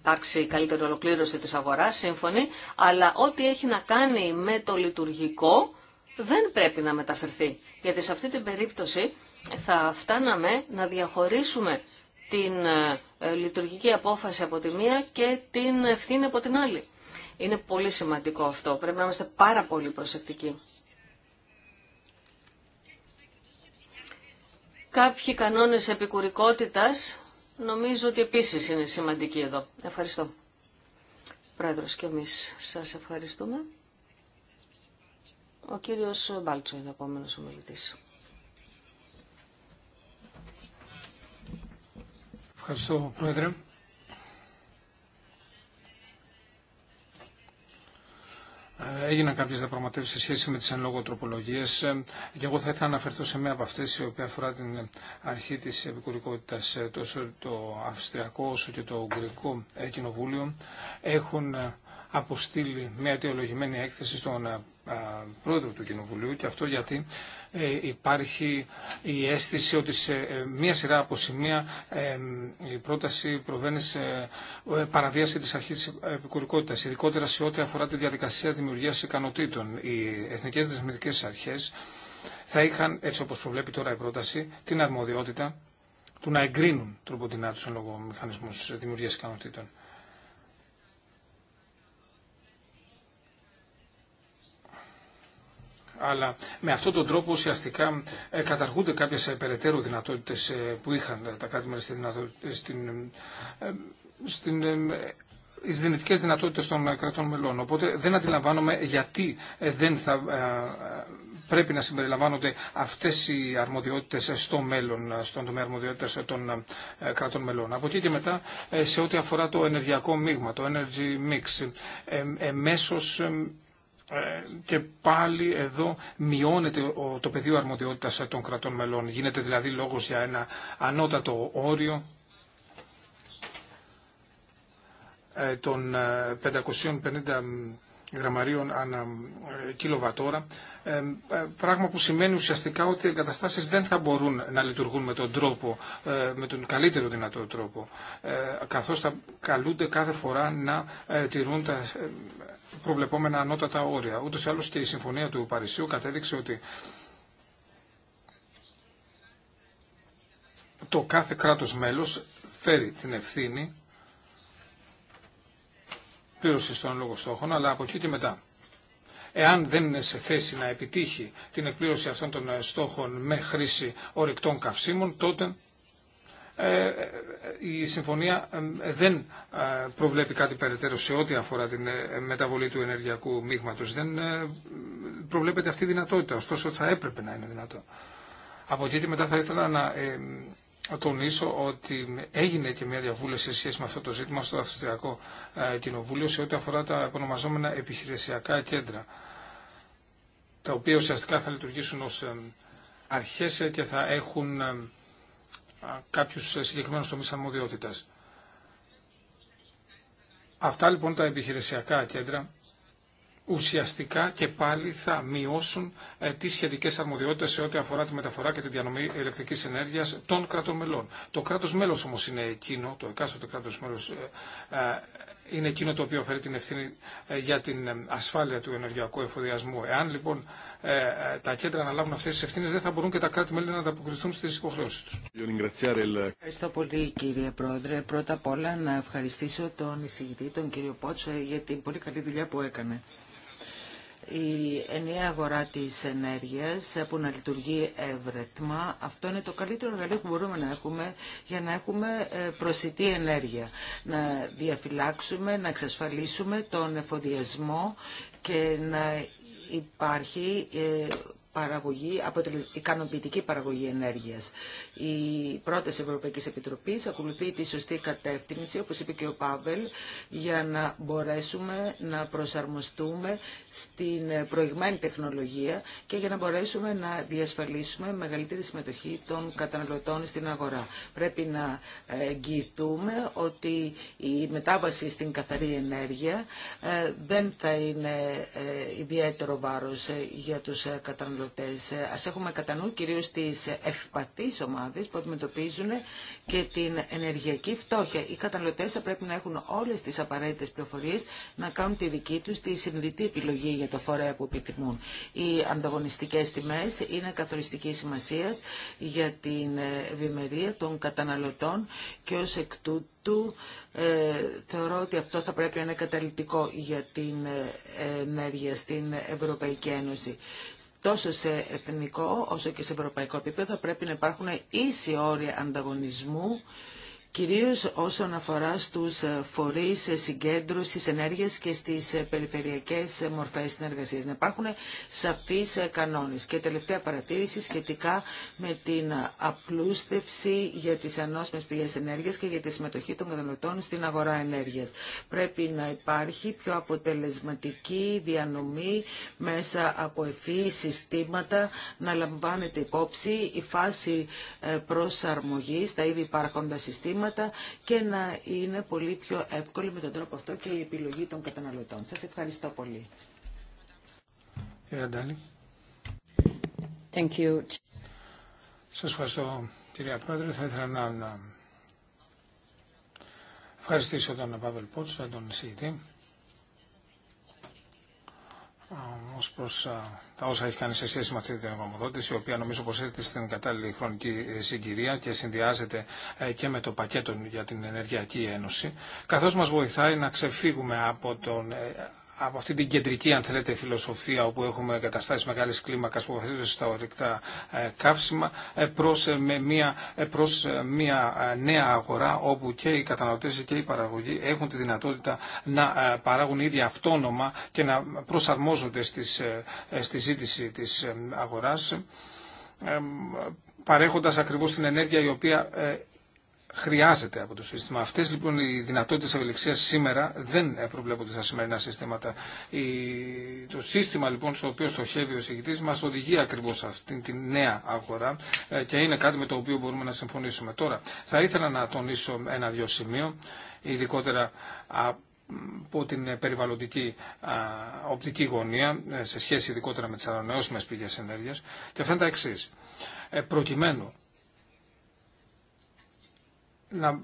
υπάρξει καλύτερη ολοκλήρωση της αγοράς, σύμφωνη, αλλά ό,τι έχει να κάνει με το λειτουργικό, δεν πρέπει να μεταφερθεί. Γιατί σε αυτή την περίπτωση θα φτάναμε να διαχωρίσουμε την ε, ε, λειτουργική απόφαση από τη μία και την ευθύνη από την άλλη. Είναι πολύ σημαντικό αυτό. Πρέπει να είμαστε πάρα πολύ προσεκτικοί. Κάποιοι κανόνες επικουρικότητας νομίζω ότι επίσης είναι σημαντικοί εδώ. Ευχαριστώ. Πρόεδρος και εμείς σας ευχαριστούμε. Ο κύριος Μπάλτσο είναι ο επόμενος ομιλητής. Ευχαριστώ, Πρόεδρε. Ε, έγιναν κάποιες διαπραγματεύσεις σε σχέση με τις εν λόγω τροπολογίες. Ε, και εγώ θα ήθελα να αναφερθώ σε μία από αυτές η οποία αφορά την αρχή τη επικουρικότητας ε, Τόσο το Αυστριακό όσο και το Ουγγρικό Κοινοβούλιο έχουν αποστείλει μία αιτιολογημένη έκθεση στον ε, πρόεδρο του Κοινοβουλίου και αυτό γιατί ε, υπάρχει η αίσθηση ότι σε ε, μία σειρά από σημεία η πρόταση προβαίνει σε παραβίαση της αρχής της επικουρικότητας, ειδικότερα σε ό,τι αφορά τη διαδικασία δημιουργίας ικανοτήτων. Οι εθνικές δεσμευτικέ αρχές θα είχαν, έτσι όπως προβλέπει τώρα η πρόταση, την αρμοδιότητα του να εγκρίνουν τροποντινά τους λόγω μηχανισμούς δημιουργίας ικανοτήτων. αλλά με αυτόν τον τρόπο ουσιαστικά ε, καταργούνται κάποιες ε, περαιτέρω δυνατότητες ε, που είχαν τα κράτη-μέλη στην, στην δυνητικέ δυνατότητε των κρατών μελών. Οπότε δεν αντιλαμβάνομαι γιατί δεν θα πρέπει να συμπεριλαμβάνονται αυτέ οι αρμοδιότητε στο μέλλον, στον τομέα αρμοδιότητα των κρατών μελών. Από εκεί και μετά, σε ό,τι αφορά το ενεργειακό μείγμα, το energy mix, εμέσω ε, και πάλι εδώ μειώνεται το πεδίο αρμοδιότητας των κρατών μελών. Γίνεται δηλαδή λόγος για ένα ανώτατο όριο ε, των 550 ε, γραμμαρίων ανά κιλοβατόρα, πράγμα που σημαίνει ουσιαστικά ότι οι εγκαταστάσεις δεν θα μπορούν να λειτουργούν με τον τρόπο, με τον καλύτερο δυνατό τρόπο, καθώς θα καλούνται κάθε φορά να τηρούν τα προβλεπόμενα ανώτατα όρια. Ούτω ή άλλω και η Συμφωνία του Παρισιού κατέδειξε ότι το κάθε κράτος μέλος φέρει την ευθύνη πλήρωση των λόγων στόχων, αλλά από εκεί και μετά. Εάν δεν είναι σε θέση να επιτύχει την εκπλήρωση αυτών των στόχων με χρήση ορεικτών καυσίμων, τότε ε, ε, ε, η συμφωνία δεν προβλέπει κάτι περαιτέρω σε ό,τι αφορά την μεταβολή του ενεργειακού μείγματο. Δεν προβλέπεται αυτή η δυνατότητα, ωστόσο θα έπρεπε να είναι δυνατό. Από εκεί και μετά θα ήθελα να τονίσω ότι έγινε και μια διαβούλευση σε σχέση με αυτό το ζήτημα στο Αυστριακό Κοινοβούλιο σε ό,τι αφορά τα επωνομαζόμενα επιχειρησιακά κέντρα, τα οποία ουσιαστικά θα λειτουργήσουν ως αρχές και θα έχουν κάποιους συγκεκριμένους τομείς αρμοδιότητας. Αυτά λοιπόν τα επιχειρησιακά κέντρα ουσιαστικά και πάλι θα μειώσουν ε, τις σχετικές αρμοδιότητες σε ό,τι αφορά τη μεταφορά και τη διανομή ηλεκτρικής ενέργειας των κρατών μελών. Το κράτος μέλος όμως είναι εκείνο, το εκάστοτε κράτος μέλος ε, ε, είναι εκείνο το οποίο φέρει την ευθύνη ε, για την ασφάλεια του ενεργειακού εφοδιασμού. Εάν λοιπόν ε, ε, τα κέντρα να λάβουν αυτέ τι ευθύνε, δεν θα μπορούν και τα κράτη-μέλη να ανταποκριθούν στι υποχρεώσει του. Ευχαριστώ πολύ, κύριε Πρόεδρε. Πρώτα απ' όλα να ευχαριστήσω τον εισηγητή, τον κύριο Πότσο ε, για την πολύ καλή δουλειά που έκανε. Η ενιαία αγορά της ενέργειας που να λειτουργεί εύρετμα, αυτό είναι το καλύτερο εργαλείο που μπορούμε να έχουμε για να έχουμε προσιτή ενέργεια. Να διαφυλάξουμε, να εξασφαλίσουμε τον εφοδιασμό και να υπάρχει ε, παραγωγή, ικανοποιητική παραγωγή ενέργειας. Η πρόταση Ευρωπαϊκής Επιτροπής ακολουθεί τη σωστή κατεύθυνση, όπως είπε και ο Πάβελ, για να μπορέσουμε να προσαρμοστούμε στην προηγμένη τεχνολογία και για να μπορέσουμε να διασφαλίσουμε μεγαλύτερη συμμετοχή των καταναλωτών στην αγορά. Πρέπει να εγγυηθούμε ότι η μετάβαση στην καθαρή ενέργεια ε, δεν θα είναι ε, ιδιαίτερο βάρος ε, για τους καταναλωτές. Ας έχουμε κατά νου κυρίως τις ευπαθείς ομάδες που αντιμετωπίζουν και την ενεργειακή φτώχεια. Οι καταναλωτές θα πρέπει να έχουν όλες τις απαραίτητες πληροφορίες να κάνουν τη δική τους τη συνδυτή επιλογή για το φορέα που επιθυμούν. Οι ανταγωνιστικές τιμές είναι καθοριστική σημασία για την ευημερία των καταναλωτών και ως εκ τούτου ε, θεωρώ ότι αυτό θα πρέπει να είναι καταλητικό για την ε, ενέργεια στην Ευρωπαϊκή Ένωση τόσο σε εθνικό όσο και σε ευρωπαϊκό επίπεδο πρέπει να υπάρχουν ίσοι όρια ανταγωνισμού κυρίως όσον αφορά στους ε, φορείς ε, συγκέντρωση ενέργειας και στις ε, περιφερειακές μορφές συνεργασίας. Να υπάρχουν σαφείς κανόνες. Και τελευταία παρατήρηση σχετικά με την απλούστευση για τις ανώσμες πηγές ενέργειας και για τη συμμετοχή των καταναλωτών στην αγορά ενέργειας. Πρέπει να υπάρχει πιο αποτελεσματική διανομή μέσα από ευφύ συστήματα, να λαμβάνεται υπόψη η φάση προσαρμογής, στα ήδη υπάρχοντα συστήματα, προβλήματα και να είναι πολύ πιο εύκολη με τον τρόπο αυτό και η επιλογή των καταναλωτών. Σας ευχαριστώ πολύ. Κύριε Αντάλη. Thank you. Σας ευχαριστώ κυρία Πρόεδρε. Θα ήθελα να ευχαριστήσω τον Παύλ Πότσο, τον συγητή Ω προ τα όσα έχει κάνει σε σχέση με αυτή την εγγραμμαδότηση, η οποία νομίζω πω έρχεται στην κατάλληλη χρονική ε, συγκυρία και συνδυάζεται ε, και με το πακέτο για την Ενεργειακή Ένωση, καθώ μα βοηθάει να ξεφύγουμε από τον ε, από αυτή την κεντρική, αν θέλετε, φιλοσοφία όπου έχουμε καταστάσει μεγάλης κλίμακας που βασίζονται στα ορυκτά ε, καύσιμα ε, προς, ε, με μια, προς μια νέα αγορά όπου και οι καταναλωτές και οι παραγωγοί έχουν τη δυνατότητα να παράγουν ήδη αυτόνομα και να προσαρμόζονται στις, στη ζήτηση της αγοράς παρέχοντας ακριβώς την ενέργεια η οποία χρειάζεται από το σύστημα. Αυτέ λοιπόν οι δυνατότητε ευελιξία σήμερα δεν προβλέπονται στα σημερινά σύστηματα. Το σύστημα λοιπόν στο οποίο στοχεύει ο συγκητής μα οδηγεί ακριβώς αυτήν την νέα αγορά ε, και είναι κάτι με το οποίο μπορούμε να συμφωνήσουμε. Τώρα θα ήθελα να τονίσω ένα-δυο σημείο, ειδικότερα από την περιβαλλοντική οπτική γωνία ε, σε σχέση ειδικότερα με τις ανανεώσιμες πηγές ενέργειας και αυτά είναι τα εξής. Ε, προκειμένου να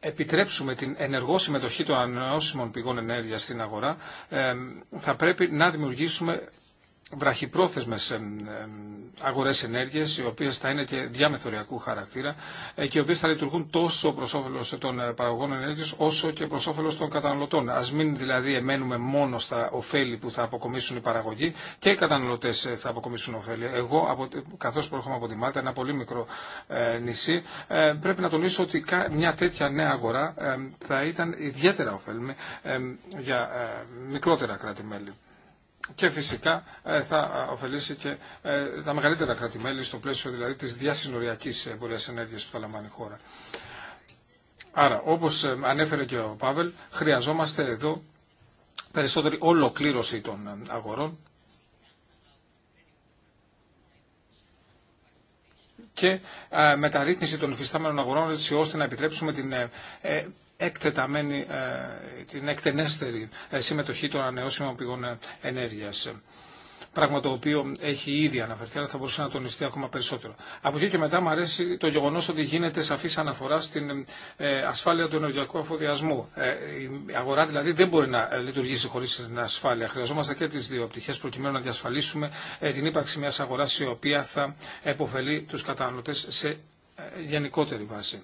επιτρέψουμε την ενεργό συμμετοχή των ανανεώσιμων πηγών ενέργειας στην αγορά, ε, θα πρέπει να δημιουργήσουμε βραχυπρόθεσμες αγορές ενέργειας, οι οποίες θα είναι και διαμεθοριακού χαρακτήρα ε, και οι οποίες θα λειτουργούν τόσο προς όφελος των ε, παραγωγών ενέργειας όσο και προς όφελος των καταναλωτών. Ας μην δηλαδή εμένουμε μόνο στα ωφέλη που θα αποκομίσουν οι παραγωγοί και οι καταναλωτές ε, θα αποκομίσουν ωφέλη. Εγώ, καθώς προέρχομαι από τη Μάλτα, ένα πολύ μικρό νησί, πρέπει να τονίσω ότι μια τέτοια νέα αγορά θα ήταν ιδιαίτερα ωφέλιμη για μικρότερα κράτη-μέλη και φυσικά ε, θα ωφελήσει και ε, τα μεγαλυτερα κρατημέλη στο πλαίσιο δηλαδή της διασυνοριακής εμπορίας ενέργειας που θα λαμβάνει η χώρα. Άρα, όπως ε, ανέφερε και ο Πάβελ, χρειαζόμαστε εδώ περισσότερη ολοκλήρωση των αγορών και μεταρρύθμιση των υφιστάμενων αγορών έτσι ώστε να επιτρέψουμε την εκτεταμένη, ε, την εκτενέστερη ε, συμμετοχή των ανεώσιμων πηγών ε, ενέργειας πράγμα το οποίο έχει ήδη αναφερθεί, αλλά θα μπορούσε να τονιστεί ακόμα περισσότερο. Από εκεί και μετά μου αρέσει το γεγονό ότι γίνεται σαφή αναφορά στην ασφάλεια του ενεργειακού αφοδιασμού. η αγορά δηλαδή δεν μπορεί να λειτουργήσει χωρί την ασφάλεια. Χρειαζόμαστε και τι δύο πτυχέ προκειμένου να διασφαλίσουμε την ύπαρξη μια αγορά η οποία θα επωφελεί του καταναλωτέ σε γενικότερη βάση.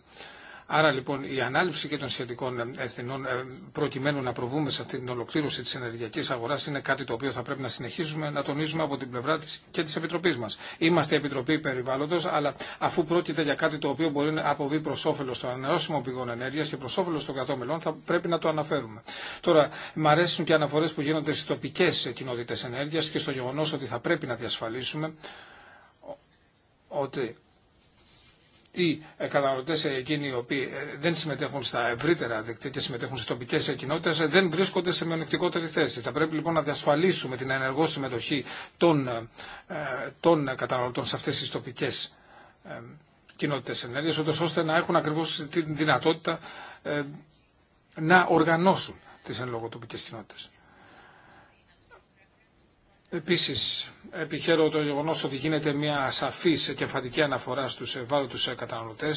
Άρα λοιπόν η ανάληψη και των σχετικών ε, ευθυνών ε, προκειμένου να προβούμε σε την ολοκλήρωση τη ενεργειακή αγορά είναι κάτι το οποίο θα πρέπει να συνεχίζουμε να τονίζουμε από την πλευρά της και τη Επιτροπή μα. Είμαστε Επιτροπή Περιβάλλοντο, αλλά αφού πρόκειται για κάτι το οποίο μπορεί να αποβεί προ όφελο των ανανεώσιμων πηγών ενέργεια και προ όφελο των κατώμελών θα πρέπει να το αναφέρουμε. Τώρα, μ' αρέσουν και αναφορέ που γίνονται στι τοπικέ κοινότητε ενέργεια και στο γεγονό ότι θα πρέπει να διασφαλίσουμε ότι οι ε, καταναλωτέ εκείνοι οι οποίοι ε, δεν συμμετέχουν στα ευρύτερα δίκτυα και συμμετέχουν στι τοπικέ κοινότητε ε, δεν βρίσκονται σε μειονεκτικότερη θέση. Θα πρέπει λοιπόν να διασφαλίσουμε την ενεργό συμμετοχή των, των καταναλωτών σε αυτέ τι τοπικέ κοινότητε ενέργεια, ώστε να έχουν ακριβώ τη δυνατότητα να οργανώσουν τι εν λόγω τοπικέ κοινότητε. Επίσης, επιχαίρω το γεγονό ότι γίνεται μια σαφή και εμφαντική αναφορά στου ευάλωτου ε, καταναλωτέ.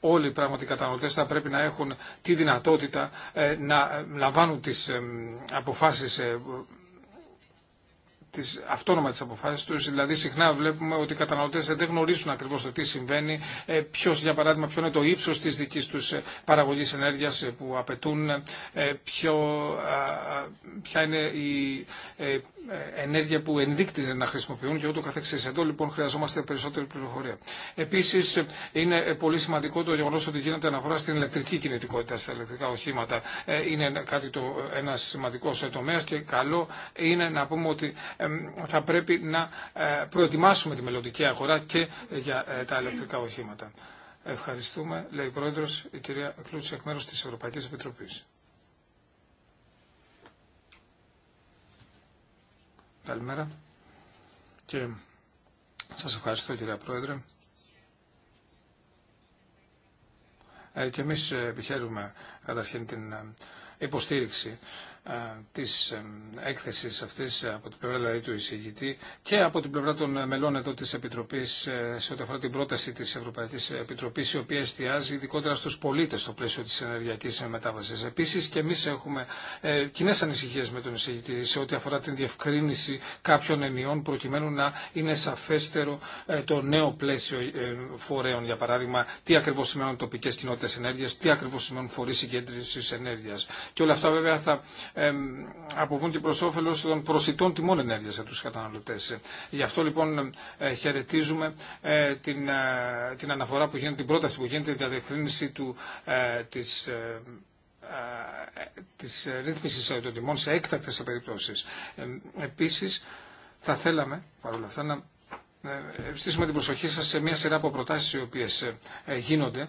Όλοι πράγματι οι καταναλωτέ θα πρέπει να έχουν τη δυνατότητα ε, να ε, λαμβάνουν τι αποφάσει τις, αυτόνομα τις αποφάσεις τους. Δηλαδή συχνά βλέπουμε ότι οι καταναλωτές δεν γνωρίζουν ακριβώς το τι συμβαίνει, ε, ποιος για παράδειγμα ποιο είναι το ύψος της δικής τους ε, παραγωγής ενέργειας ε, που απαιτούν, ποιο, ποια είναι η ενέργεια που ενδείκτηνε να χρησιμοποιούν και ούτω καθεξής. Εδώ λοιπόν χρειαζόμαστε περισσότερη πληροφορία. Επίσης είναι πολύ σημαντικό το γεγονός ότι γίνεται αναφορά στην ηλεκτρική κινητικότητα, στα ηλεκτρικά οχήματα. Είναι κάτι το, ένας σημαντικός τομέας και καλό είναι να πούμε ότι θα πρέπει να ε, προετοιμάσουμε τη μελλοντική αγορά και για ε, τα ηλεκτρικά οχήματα. Ευχαριστούμε, λέει η Πρόεδρος, η κυρία Κλούτση, εκ μέρους της Ευρωπαϊκής Επιτροπής. Καλημέρα και σας ευχαριστώ κυρία Πρόεδρε. Ε, και εμείς ε, επιχαίρουμε καταρχήν την υποστήριξη ε, της ε, έκθεσης αυτής από την πλευρά δηλαδή, του εισηγητή και από την πλευρά των μελών εδώ της Επιτροπής ε, σε ό,τι αφορά την πρόταση της Ευρωπαϊκής Επιτροπής η οποία εστιάζει ειδικότερα στους πολίτες στο πλαίσιο της ενεργειακής μετάβασης. Επίσης και εμείς έχουμε κοινέ ανησυχίες με τον εισηγητή σε ό,τι αφορά την διευκρίνηση κάποιων ενιών προκειμένου να είναι σαφέστερο το νέο πλαίσιο φορέων για παράδειγμα τι ακριβώς σημαίνουν τοπικές κοινότητες ενέργειας, τι ακριβώς σημαίνουν φορείς συγκέντρηση ενέργειας. Και όλα αυτά βέβαια θα αποβούν και προς όφελος των προσιτών τιμών ενέργειας σε τους καταναλωτές. Γι' αυτό λοιπόν ε, χαιρετίζουμε ε, την, ε, την αναφορά που γίνεται, την πρόταση που γίνεται για διευκρίνηση του, της, της ρύθμισης των τιμών σε έκτακτες περιπτώσεις. Επίσης, θα θέλαμε παρόλα αυτά να ε, ευστήσουμε την προσοχή σας σε μια σειρά από προτάσεις οι οποίες ε, ε, γίνονται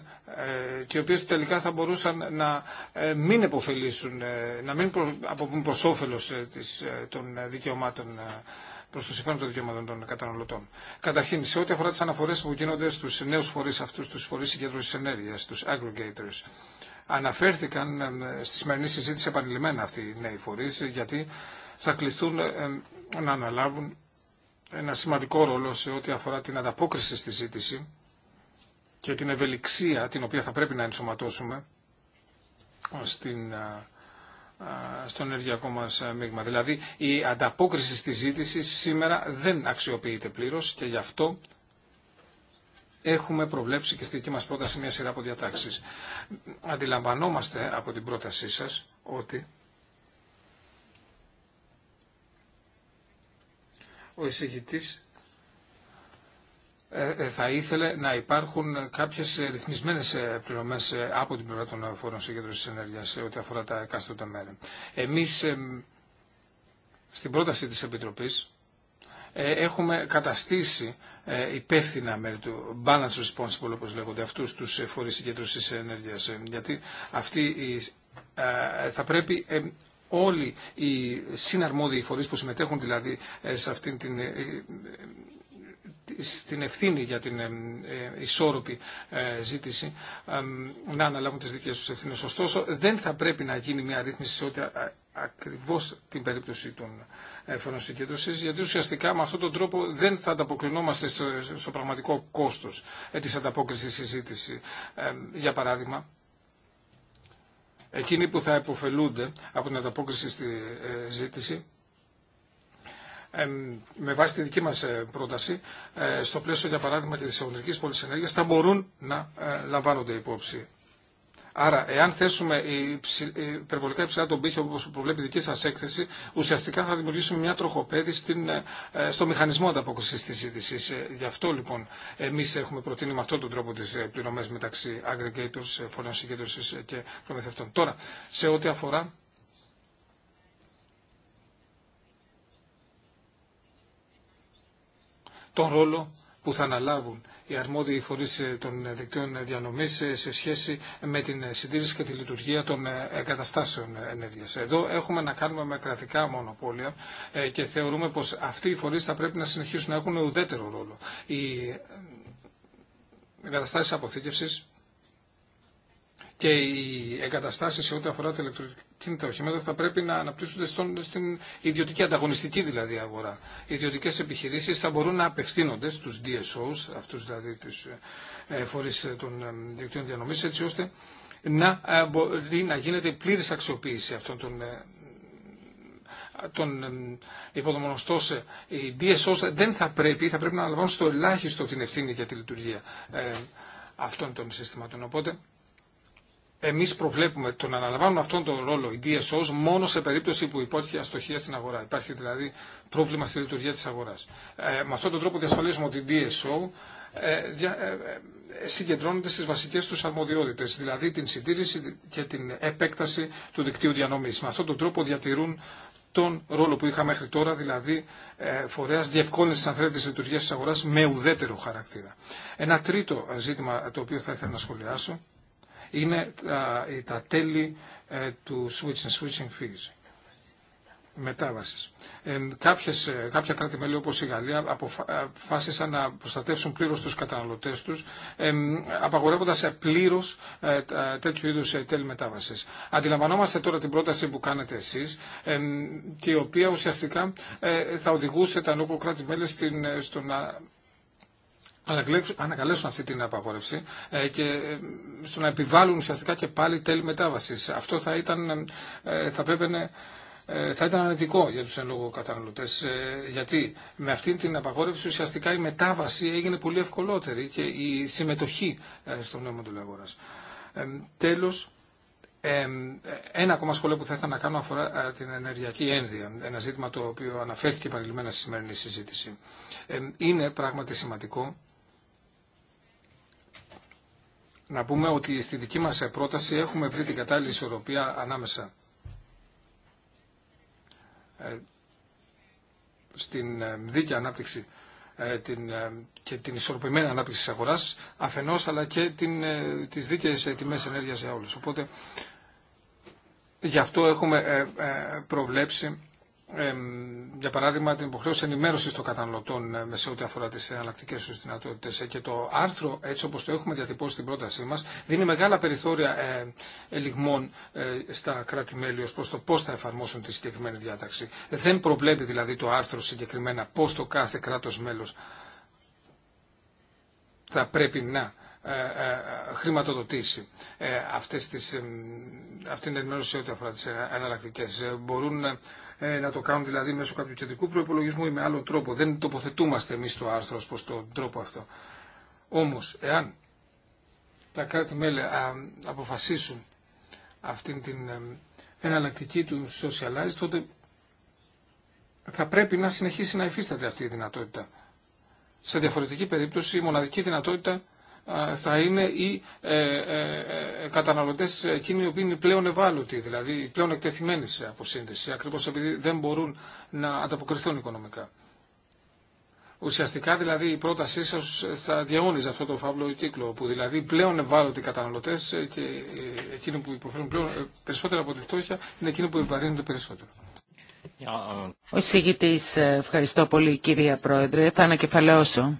και οι οποίες τελικά θα μπορούσαν να μην επωφελήσουν, να μην αποβούν προς όφελος των δικαιωμάτων προ το συμφέρον των δικαιωμάτων των καταναλωτών. Καταρχήν, σε ό,τι αφορά τι αναφορέ που γίνονται στου νέου φορεί αυτού, του φορεί συγκέντρωση ενέργεια, του aggregators, αναφέρθηκαν στη σημερινή συζήτηση επανειλημμένα αυτοί οι νέοι φορεί, γιατί θα κληθούν να αναλάβουν ένα σημαντικό ρόλο σε ό,τι αφορά την ανταπόκριση στη ζήτηση και την ευελιξία την οποία θα πρέπει να ενσωματώσουμε στην, στο ενεργειακό μας μείγμα. Δηλαδή η ανταπόκριση στη ζήτηση σήμερα δεν αξιοποιείται πλήρως και γι' αυτό έχουμε προβλέψει και στη δική μας πρόταση μια σειρά από διατάξεις. Αντιλαμβανόμαστε από την πρότασή σας ότι ο εισηγητής ε, ε, θα ήθελε να υπάρχουν κάποιες ρυθμισμένες ε, πληρωμές από την πλευρά των φόρων συγκέντρωσης ενέργειας ό,τι αφορά τα εκάστοτε μέρη. Εμείς στην πρόταση της Επιτροπής έχουμε καταστήσει υπεύθυνα μέρη του balance responsible όπως λέγονται αυτούς τους φορείς συγκέντρωσης ενέργειας γιατί θα πρέπει όλοι οι συναρμόδιοι φορείς που συμμετέχουν δηλαδή ε, σε αυτήν την ε, ε, στην ευθύνη για την ισόρροπη ζήτηση να αναλάβουν τις δικές τους ευθύνες. Ωστόσο, δεν θα πρέπει να γίνει μια ρύθμιση σε ό,τι ακριβώς την περίπτωση των φορών γιατί ουσιαστικά με αυτόν τον τρόπο δεν θα ανταποκρινόμαστε στο πραγματικό κόστος της ανταπόκρισης συζήτηση. Για παράδειγμα, εκείνοι που θα υποφελούνται από την ανταπόκριση στη ε, ζήτηση με βάση τη δική μας ε, πρόταση, ε, στο πλαίσιο για παράδειγμα και της αγωνιστικής πολυσυνέργειας, θα μπορούν να λαμβάνονται υπόψη. Άρα, εάν θέσουμε υπερβολικά υψηλά τον πύχη, όπω προβλέπει η δική σα έκθεση, ουσιαστικά θα δημιουργήσουμε μια τροχοπέδη στην, ε, στο μηχανισμό ανταπόκριση τη ζήτηση. Ε, γι' αυτό, λοιπόν, εμεί έχουμε προτείνει με αυτόν τον τρόπο τι ε, πληρωμέ μεταξύ aggregators, φορέων συγκέντρωση και προμηθευτών. Τώρα, σε ό,τι αφορά τον ρόλο που θα αναλάβουν οι αρμόδιοι φορείς ε, των δικτύων διανομής ε, σε σχέση με την ε, συντήρηση και τη λειτουργία των εγκαταστάσεων ενέργειας. Εδώ έχουμε να κάνουμε με κρατικά μονοπόλια και θεωρούμε πως αυτοί οι φορείς θα πρέπει να συνεχίσουν να έχουν ουδέτερο ρόλο. Οι εγκαταστάσεις αποθήκευσης και οι εγκαταστάσεις σε ό,τι αφορά το τα οχήματα θα πρέπει να αναπτύσσονται στον, στην ιδιωτική ανταγωνιστική δηλαδή αγορά. Οι ιδιωτικέ επιχειρήσει θα μπορούν να απευθύνονται στου DSOs, αυτού δηλαδή του ε, φορεί ε, των ε, δικτύων διανομή, έτσι ώστε να ε, μπορεί να γίνεται πλήρη αξιοποίηση αυτών των των υποδομών. Ωστόσο, οι DSOs δεν θα πρέπει, θα πρέπει να λαμβάνουν στο ελάχιστο την ευθύνη για τη λειτουργία αυτών των συστημάτων. Οπότε, Εμεί προβλέπουμε τον αναλαμβάνουν αυτόν τον ρόλο οι DSOs μόνο σε περίπτωση που υπάρχει αστοχία στην αγορά. Υπάρχει δηλαδή πρόβλημα στη λειτουργία τη αγορά. Ε, με αυτόν τον τρόπο διασφαλίζουμε ότι οι DSO ε, δια, ε, ε, συγκεντρώνονται στις βασικές τους αρμοδιότητες, δηλαδή την συντήρηση και την επέκταση του δικτύου διανομή. Με αυτόν τον τρόπο διατηρούν τον ρόλο που είχα μέχρι τώρα, δηλαδή ε, φορέα διευκόλυνση αν θέλετε τη λειτουργία τη αγορά με ουδέτερο χαρακτήρα. Ένα τρίτο ζήτημα το οποίο θα ήθελα να σχολιάσω είναι τα, τα τέλη ε, του switching, switching fees. Μετάβασης. Ε, κάποιες, ε, κάποια κράτη-μέλη όπως η Γαλλία αποφάσισαν να προστατεύσουν πλήρως τους καταναλωτές τους ε, απαγορεύοντας πλήρως τέτοιου είδους τέλη μετάβασης. Αντιλαμβανόμαστε τώρα την πρόταση που κάνετε εσείς ε, και η οποία ουσιαστικά θα οδηγούσε τα νοκο κρατη κράτη-μέλη στο να ανακαλέσουν αυτή την απαγόρευση ε, και ε, στο να επιβάλλουν ουσιαστικά και πάλι τέλη μετάβαση. Αυτό θα, ήταν, ε, θα πρέπει θα ήταν αρνητικό για τους εν λόγω καταναλωτές, γιατί με αυτή την απαγόρευση ουσιαστικά η μετάβαση έγινε πολύ ευκολότερη και η συμμετοχή στον νέο μοντέλο αγοράς. Τέλος, ένα ακόμα σχόλιο που θα ήθελα να κάνω αφορά την ενεργειακή ένδυα, ένα ζήτημα το οποίο αναφέρθηκε επανειλημμένα στη σημερινή συζήτηση. Είναι πράγματι σημαντικό να πούμε ότι στη δική μας πρόταση έχουμε βρει την κατάλληλη ισορροπία ανάμεσα ε, στην ε, δίκαια ανάπτυξη ε, την, και την ισορροπημένη ανάπτυξη της αγοράς αφενός αλλά και την, τις δίκαιες τιμές ενέργειας για όλους. Οπότε γι' αυτό έχουμε προβλέψει για παράδειγμα την υποχρέωση ενημέρωση των καταναλωτών ε, σε ό,τι αφορά τι εναλλακτικέ του δυνατότητε. Ε, και το άρθρο, έτσι όπω το έχουμε διατυπώσει στην πρότασή μα, δίνει μεγάλα περιθώρια ε, ελιγμών στα κράτη-μέλη ω προ το πώ θα εφαρμόσουν τη συγκεκριμένη διάταξη. Δεν προβλέπει δηλαδή το άρθρο συγκεκριμένα πώ το κάθε κράτο μέλο θα πρέπει να χρηματοδοτήσει αυτές τις, αυτήν την ενημέρωση σε ό,τι αφορά τις εναλλακτικές. Μπορούν ε, να το κάνουν δηλαδή μέσω κάποιου κεντρικού προπολογισμού ή με άλλο τρόπο. Δεν τοποθετούμαστε εμεί το άρθρο προ τον τρόπο αυτό. Όμω, εάν τα κράτη-μέλη αποφασίσουν αυτήν την εναλλακτική του socialize, τότε θα πρέπει να συνεχίσει να υφίσταται αυτή η δυνατότητα. Σε διαφορετική περίπτωση, η μοναδική δυνατότητα θα είναι οι ε, ε, ε, καταναλωτές εκείνοι οι οποίοι είναι πλέον ευάλωτοι, δηλαδή πλέον εκτεθειμένοι σε αποσύνδεση, ακριβώς επειδή δεν μπορούν να ανταποκριθούν οικονομικά. Ουσιαστικά δηλαδή η πρότασή σα θα διαιώνιζε αυτό το φαύλο κύκλο, που δηλαδή πλέον ευάλωτοι καταναλωτέ και εκείνοι που υποφέρουν πλέον περισσότερο από τη φτώχεια είναι εκείνοι που επιβαρύνονται περισσότερο. Ο εισηγητής, ευχαριστώ πολύ κυρία Πρόεδρε, θα ανακεφαλαιώσω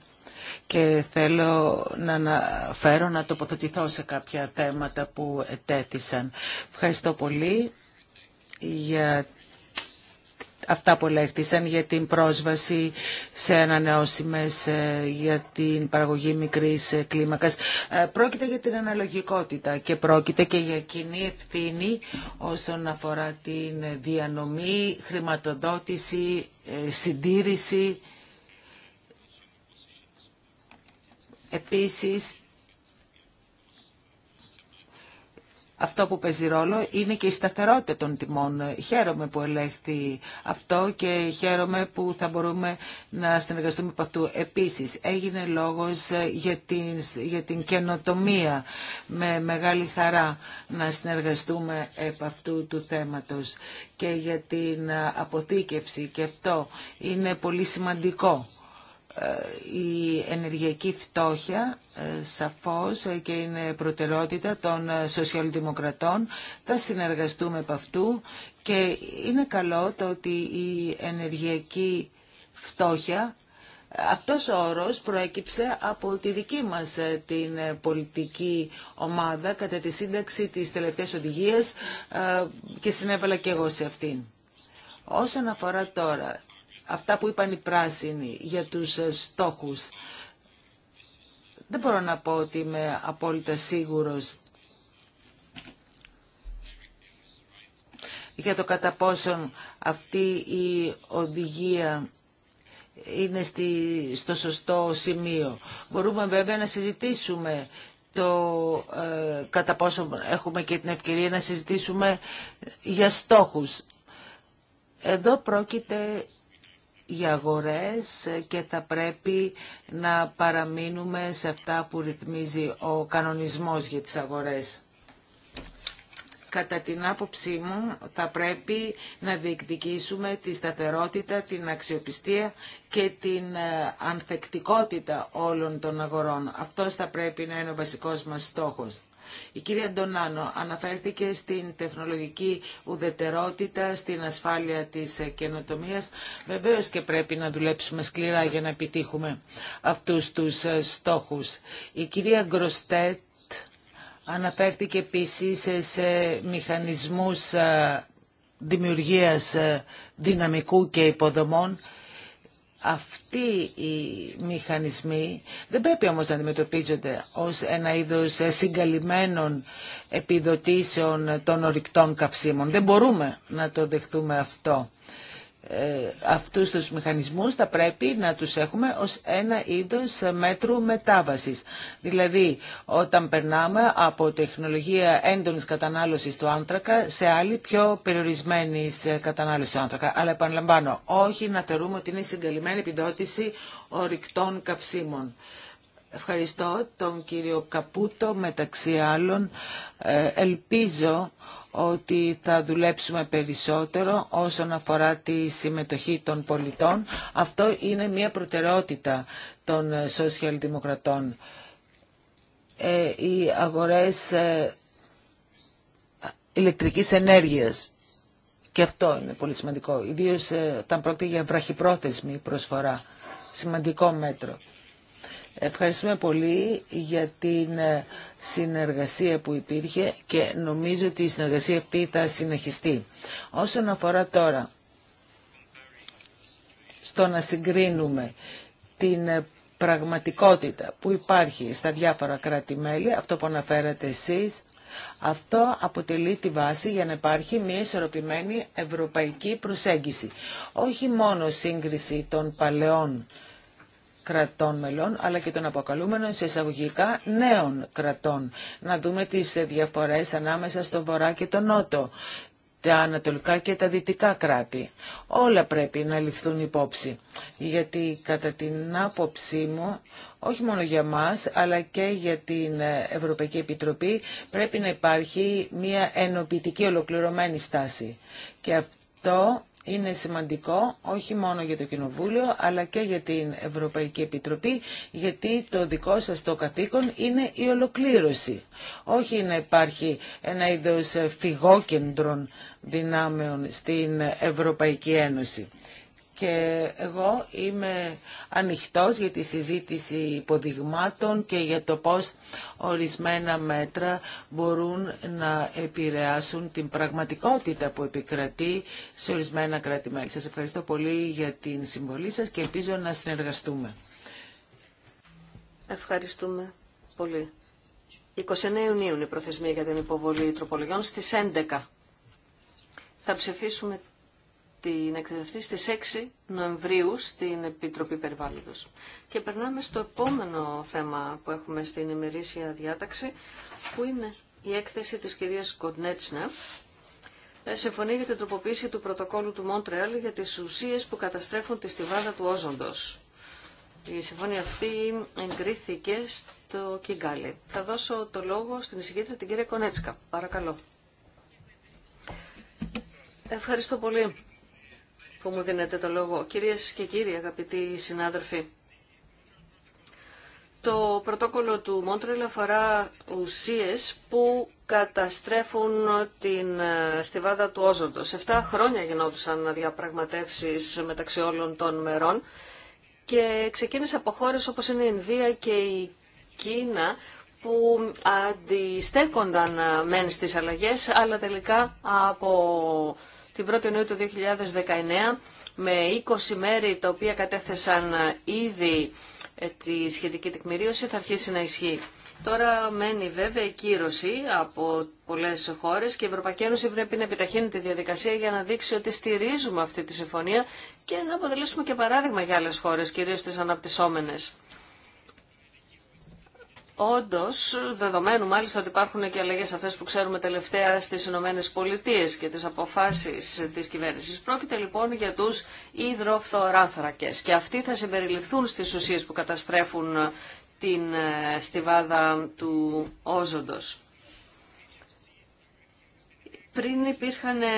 και θέλω να αναφέρω να τοποθετηθώ σε κάποια θέματα που ετέθησαν. Ευχαριστώ πολύ για αυτά που ελέγχθησαν για την πρόσβαση σε ανανεώσιμες, ε, για την παραγωγή μικρής ε, κλίμακας. Ε, πρόκειται για την αναλογικότητα και πρόκειται και για κοινή ευθύνη όσον αφορά την διανομή, χρηματοδότηση, συντήρηση Επίσης, αυτό που παίζει ρόλο είναι και η σταθερότητα των τιμών. Χαίρομαι που ελέγχθη αυτό και χαίρομαι που θα μπορούμε να συνεργαστούμε από αυτού. Επίσης, έγινε λόγος για την, για καινοτομία. Με μεγάλη χαρά να συνεργαστούμε από αυτού του θέματος και για την αποθήκευση και αυτό είναι πολύ σημαντικό ε, η ενεργειακή φτώχεια ε, σαφώς ε, και είναι προτεραιότητα των σοσιαλδημοκρατών. Θα συνεργαστούμε από αυτού και είναι καλό το ότι η ενεργειακή φτώχεια αυτός ο όρος προέκυψε από τη δική μας την πολιτική ομάδα κατά τη σύνταξη της τελευταίας οδηγίας και συνέβαλα και εγώ σε αυτήν. Όσον αφορά τώρα αυτά που είπαν οι πράσινοι για τους ε, στόχους. Δεν μπορώ να πω ότι είμαι απόλυτα σίγουρος για το κατά πόσον αυτή η οδηγία είναι στη, στο σωστό σημείο. Μπορούμε βέβαια να συζητήσουμε το ε, κατά πόσο έχουμε και την ευκαιρία να συζητήσουμε για στόχους. Εδώ πρόκειται για αγορές και θα πρέπει να παραμείνουμε σε αυτά που ρυθμίζει ο κανονισμός για τις αγορές. Κατά την άποψή μου θα πρέπει να διεκδικήσουμε τη σταθερότητα, την αξιοπιστία και την ε, ανθεκτικότητα όλων των αγορών. Αυτός θα πρέπει να είναι ο βασικός μας στόχος. Η κυρία Ντονάνο αναφέρθηκε στην τεχνολογική ουδετερότητα, στην ασφάλεια της καινοτομίας. Βεβαίως και πρέπει να δουλέψουμε σκληρά για να επιτύχουμε αυτούς τους στόχους. Η κυρία Γκροστέτ αναφέρθηκε επίσης σε μηχανισμούς δημιουργίας δυναμικού και υποδομών αυτοί οι μηχανισμοί δεν πρέπει όμως να αντιμετωπίζονται ως ένα είδος συγκαλυμμένων επιδοτήσεων των ορυκτών καυσίμων. Δεν μπορούμε να το δεχτούμε αυτό. Ε, αυτούς τους μηχανισμούς θα πρέπει να τους έχουμε ως ένα είδος μέτρου μετάβασης. Δηλαδή, όταν περνάμε από τεχνολογία έντονης κατανάλωσης του άνθρακα σε άλλη πιο περιορισμένης ε, κατανάλωση του άνθρακα. Αλλά επαναλαμβάνω, όχι να θεωρούμε ότι είναι συγκαλυμμένη επιδότηση ορυκτών καυσίμων. Ευχαριστώ τον κύριο Καπούτο μεταξύ άλλων. Ε, ελπίζω ότι θα δουλέψουμε περισσότερο όσον αφορά τη συμμετοχή των πολιτών. Αυτό είναι μια προτεραιότητα των σοσιαλδημοκρατών. Ε, οι αγορές ε, ηλεκτρικής ενέργειας και αυτό είναι πολύ σημαντικό, ιδίως ε, όταν πρόκειται για βραχυπρόθεσμη προσφορά. Σημαντικό μέτρο. Ευχαριστούμε πολύ για την συνεργασία που υπήρχε και νομίζω ότι η συνεργασία αυτή θα συνεχιστεί. Όσον αφορά τώρα στο να συγκρίνουμε την ε, πραγματικότητα που υπάρχει στα διάφορα κράτη-μέλη, αυτό που αναφέρατε εσείς, αυτό αποτελεί τη βάση για να υπάρχει μια ισορροπημένη ευρωπαϊκή προσέγγιση. Όχι μόνο σύγκριση των παλαιών κρατών μελών, αλλά και των αποκαλούμενων σε εισαγωγικά νέων κρατών. Να δούμε τις διαφορές ανάμεσα στον Βορρά και τον Νότο, τα ανατολικά και τα δυτικά κράτη. Όλα πρέπει να ληφθούν υπόψη, γιατί κατά την άποψή μου, όχι μόνο για μας, αλλά και για την Ευρωπαϊκή Επιτροπή, πρέπει να υπάρχει μια ενοποιητική ολοκληρωμένη στάση. Και αυτό είναι σημαντικό όχι μόνο για το Κοινοβούλιο αλλά και για την Ευρωπαϊκή Επιτροπή γιατί το δικό σας το καθήκον είναι η ολοκλήρωση. Όχι να υπάρχει ένα είδος φυγόκεντρων δυνάμεων στην Ευρωπαϊκή Ένωση και εγώ είμαι ανοιχτός για τη συζήτηση υποδειγμάτων και για το πώς ορισμένα μέτρα μπορούν να επηρεάσουν την πραγματικότητα που επικρατεί σε ορισμένα κράτη-μέλη. Σας ευχαριστώ πολύ για την συμβολή σας και ελπίζω να συνεργαστούμε. Ευχαριστούμε πολύ. 29 Ιουνίου είναι η προθεσμία για την υποβολή τροπολογιών στις 11. Θα ψηφίσουμε την εκτελεστή στις 6 Νοεμβρίου στην Επιτροπή Περιβάλλοντος. Και περνάμε στο επόμενο θέμα που έχουμε στην ημερήσια διάταξη, που είναι η έκθεση της κυρίας Κοντνέτσνα, ε, Συμφωνεί για την τροποποίηση του πρωτοκόλου του Μόντρεαλ για τις ουσίες που καταστρέφουν τη στιβάδα του όζοντος. Η συμφωνία αυτή εγκρίθηκε στο Κιγκάλι. Θα δώσω το λόγο στην εισηγήτρια την κυρία Κονέτσκα. Παρακαλώ. Ευχαριστώ πολύ που μου δίνετε το λόγο. Κυρίες και κύριοι, αγαπητοί συνάδελφοι, το πρωτόκολλο του Μόντρελ αφορά ουσίες που καταστρέφουν την ε, στιβάδα του όζοντος. Εφτά χρόνια γινόντουσαν διαπραγματεύσεις μεταξύ όλων των μερών και ξεκίνησε από χώρες όπως είναι η Ινδία και η Κίνα που αντιστέκονταν ε, μεν στις αλλαγές αλλά τελικά από την 1η Ιουνίου του 2019 με 20 μέρη τα οποία κατέθεσαν ήδη ε, τη σχετική τεκμηρίωση θα αρχίσει να ισχύει. Τώρα μένει βέβαια η κύρωση από πολλές χώρες και η Ευρωπαϊκή Ένωση πρέπει να επιταχύνει τη διαδικασία για να δείξει ότι στηρίζουμε αυτή τη συμφωνία και να αποτελέσουμε και παράδειγμα για άλλες χώρες, κυρίως τις αναπτυσσόμενες. Όντω, δεδομένου μάλιστα ότι υπάρχουν και αλλαγέ αυτές που ξέρουμε τελευταία στις Ηνωμένε Πολιτείε και τις αποφάσεις τη κυβέρνησης, πρόκειται λοιπόν για τους υδροφθοράθρακε. και αυτοί θα συμπεριληφθούν στις ουσίες που καταστρέφουν την ε, στιβάδα του όζοντος. Πριν υπήρχαν ε,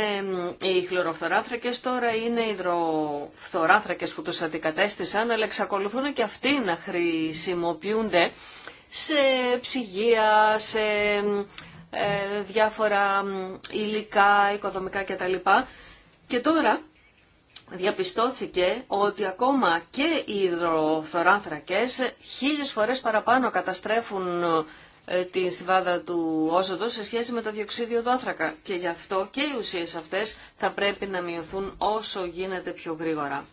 οι χλωροφθοράθρακες, τώρα είναι οι υδροφθοράθρακε που του αντικατέστησαν, αλλά εξακολουθούν και αυτοί να χρησιμοποιούνται σε ψυγεία, σε ε, διάφορα υλικά, οικοδομικά κτλ. Και τώρα διαπιστώθηκε ότι ακόμα και οι υδροθωράνθρακες χίλιες φορές παραπάνω καταστρέφουν ε, τη στιβάδα του όζοντο σε σχέση με το διοξίδιο του άνθρακα. Και γι' αυτό και οι ουσίες αυτές θα πρέπει να μειωθούν όσο γίνεται πιο γρήγορα.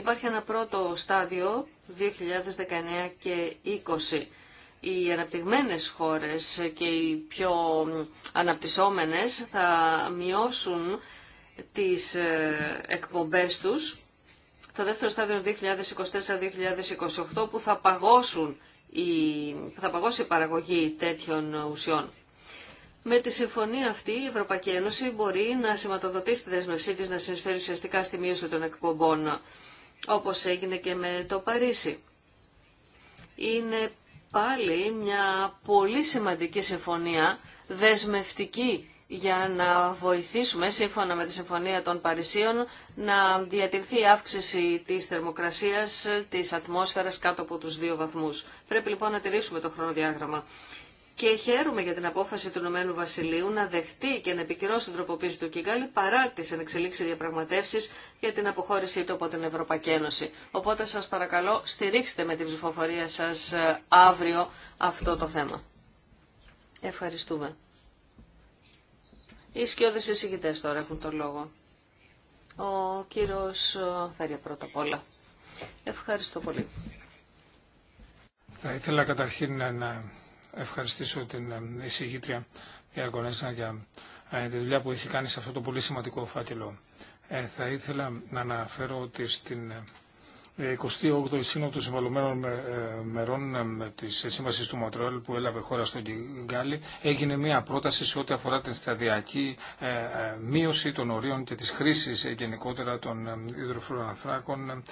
Υπάρχει ένα πρώτο στάδιο 2019 και 20. Οι αναπτυγμένες χώρες και οι πιο αναπτυσσόμενες θα μειώσουν τις ε, εκπομπές τους. Το δεύτερο στάδιο 2024-2028 που θα παγώσουν θα παγώσει η παραγωγή τέτοιων ουσιών. Με τη συμφωνία αυτή η Ευρωπαϊκή Ένωση μπορεί να σηματοδοτήσει τη δέσμευσή της να συνεισφέρει ουσιαστικά στη μείωση των εκπομπών όπως έγινε και με το Παρίσι. Είναι πάλι μια πολύ σημαντική συμφωνία, δεσμευτική για να βοηθήσουμε σύμφωνα με τη Συμφωνία των Παρισίων να διατηρηθεί η αύξηση της θερμοκρασίας της ατμόσφαιρας κάτω από τους δύο βαθμούς. Πρέπει λοιπόν να τηρήσουμε το χρονοδιάγραμμα και χαίρομαι για την απόφαση του Ηνωμένου Βασιλείου να δεχτεί και να επικυρώσει την τροποποίηση του Κιγκάλη παρά τι ανεξελίξει διαπραγματεύσει για την αποχώρησή του από την Ευρωπαϊκή Ένωση. Οπότε σα παρακαλώ στηρίξτε με την ψηφοφορία σα ε, αύριο αυτό το θέμα. Ευχαριστούμε. Οι σκιώδε εισηγητέ τώρα έχουν το λόγο. Ο κύριο ε, Φέρια πρώτα απ' όλα. Ευχαριστώ πολύ. Θα ήθελα καταρχήν να ευχαριστήσω την ε, εισηγήτρια για ε, τη δουλειά που έχει κάνει σε αυτό το πολύ σημαντικό φάκελο. Ε, θα ήθελα να αναφέρω ότι στην 28η Σύνοδο Συμβαλωμένων ε, Μερών ε, τη Σύμβαση του Μοντρεόλ που έλαβε χώρα στον Κιγκάλι έγινε μια πρόταση σε ό,τι αφορά την σταδιακή ε, μείωση των ορίων και τη χρήση γενικότερα των υδροφόρων ανθράκων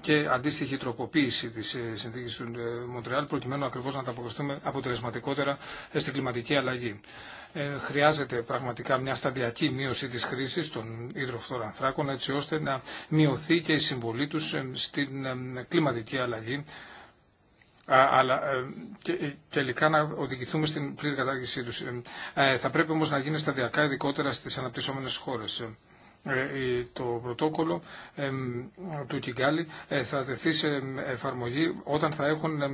και αντίστοιχη τροποποίηση τη συνθήκη του Μοντρεάλ προκειμένου ακριβώ να τα αποτελεσματικότερα στην κλιματική αλλαγή. Ε, χρειάζεται πραγματικά μια σταδιακή μείωση της χρήσης των υδροφθορανθράκων έτσι ώστε να μειωθεί και η συμβολή τους στην κλιματική αλλαγή αλλά ε, και, ε, τελικά να οδηγηθούμε στην πλήρη κατάργησή τους. θα πρέπει όμως να γίνει σταδιακά ειδικότερα στις αναπτυσσόμενες χώρες. Ε, το πρωτόκολλο του Κιγκάλι ε, θα τεθεί σε εφαρμογή όταν θα, έχουν, ε,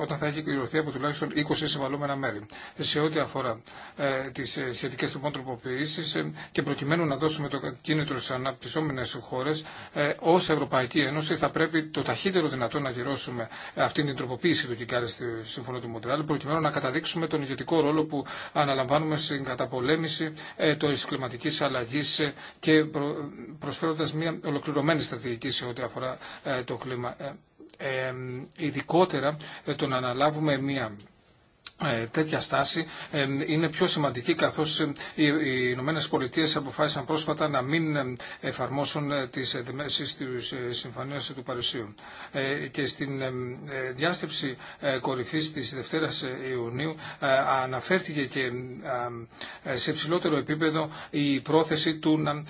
όταν θα έχει κληρωθεί από τουλάχιστον 20 συμβαλόμενα μέρη. Σε ό,τι αφορά τις σχετικές λοιπόν τροποποιήσεις και προκειμένου να δώσουμε το κίνητρο στις αναπτυσσόμενες χώρες ως Ευρωπαϊκή Ένωση θα πρέπει το ταχύτερο δυνατό να γυρώσουμε αυτήν την τροποποίηση του Κιγκάλη στη Σύμφωνο του Μοντρεάλ προκειμένου να καταδείξουμε τον ηγετικό ρόλο που αναλαμβάνουμε στην καταπολέμηση της κλιματικής αλλαγής και προσφέροντας μια ολοκληρωμένη στρατηγική σε ό,τι αφορά ε, το κλίμα. Ε, ε, ειδικότερα το να αναλάβουμε μια ε, τέτοια στάση ε, είναι πιο σημαντική καθώς ε, οι Ηνωμένε Πολιτείες αποφάσισαν πρόσφατα να μην εφαρμόσουν τις δεμέσεις της Συμφωνίας του Παρισίου. Και στην διάσκεψη κορυφής της Δευτέρας Ιουνίου αναφέρθηκε και σε ψηλότερο επίπεδο η πρόθεση του να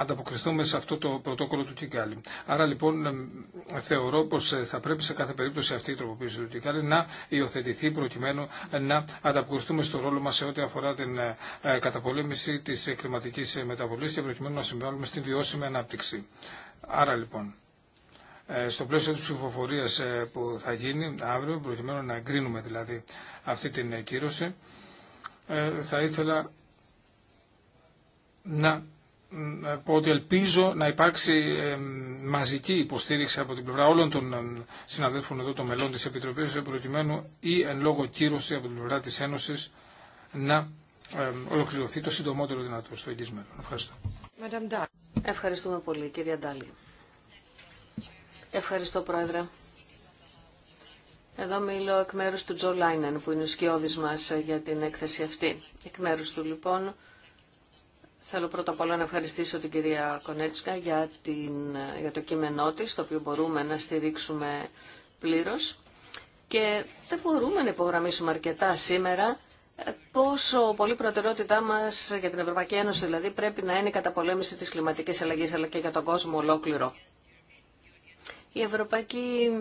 ανταποκριθούμε σε αυτό το πρωτόκολλο του Κιγκάλη. Άρα λοιπόν θεωρώ πως θα πρέπει σε κάθε περίπτωση αυτή η τροποποίηση του Κιγκάλη να υιοθετηθεί προκειμένου προκειμένου να ανταποκριθούμε στο ρόλο μα σε ό,τι αφορά την ε, καταπολέμηση τη κλιματική μεταβολή και προκειμένου να συμβάλλουμε στη βιώσιμη ανάπτυξη. Άρα λοιπόν, ε, στο πλαίσιο της ψηφοφορία ε, που θα γίνει αύριο, προκειμένου να εγκρίνουμε δηλαδή αυτή την κύρωση, θα ήθελα να ότι ελπίζω να υπάρξει μαζική υποστήριξη από την πλευρά όλων των συναδέλφων εδώ των μελών της Επιτροπής προκειμένου ή εν λόγω κύρωση από την πλευρά της Ένωσης να ολοκληρωθεί το συντομότερο δυνατό στο εγγύς μέλλον. Ευχαριστώ. Ευχαριστούμε πολύ κυρία Ντάλη. Ευχαριστώ Πρόεδρε. Εδώ μιλώ εκ μέρους του Τζο Λάινεν που είναι ο σκιώδης μας ε, για την έκθεση αυτή. Εκ μέρους του λοιπόν Θέλω πρώτα απ' όλα να ευχαριστήσω την κυρία Κονέτσκα για, την, για το κείμενό της, το οποίο μπορούμε να στηρίξουμε πλήρως. Και δεν μπορούμε να υπογραμμίσουμε αρκετά σήμερα ε, πόσο πολύ προτεραιότητά μας για την Ευρωπαϊκή Ένωση δηλαδή πρέπει να είναι η καταπολέμηση της κλιματικής αλλαγής αλλά και για τον κόσμο ολόκληρο. Η Ευρωπαϊκή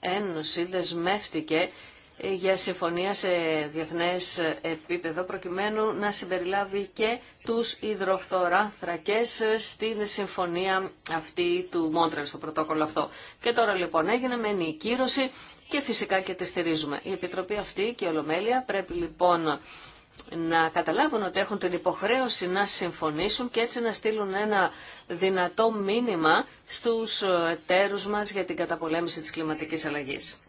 Ένωση δεσμεύτηκε για συμφωνία σε διεθνές επίπεδο προκειμένου να συμπεριλάβει και τους υδροφθοράθρακες στην συμφωνία αυτή του Μόντρελ στο πρωτόκολλο αυτό. Και τώρα λοιπόν έγινε με η κύρωση και φυσικά και τη στηρίζουμε. Η Επιτροπή αυτή και η Ολομέλεια πρέπει λοιπόν να καταλάβουν ότι έχουν την υποχρέωση να συμφωνήσουν και έτσι να στείλουν ένα δυνατό μήνυμα στους εταίρους μας για την καταπολέμηση της κλιματικής αλλαγής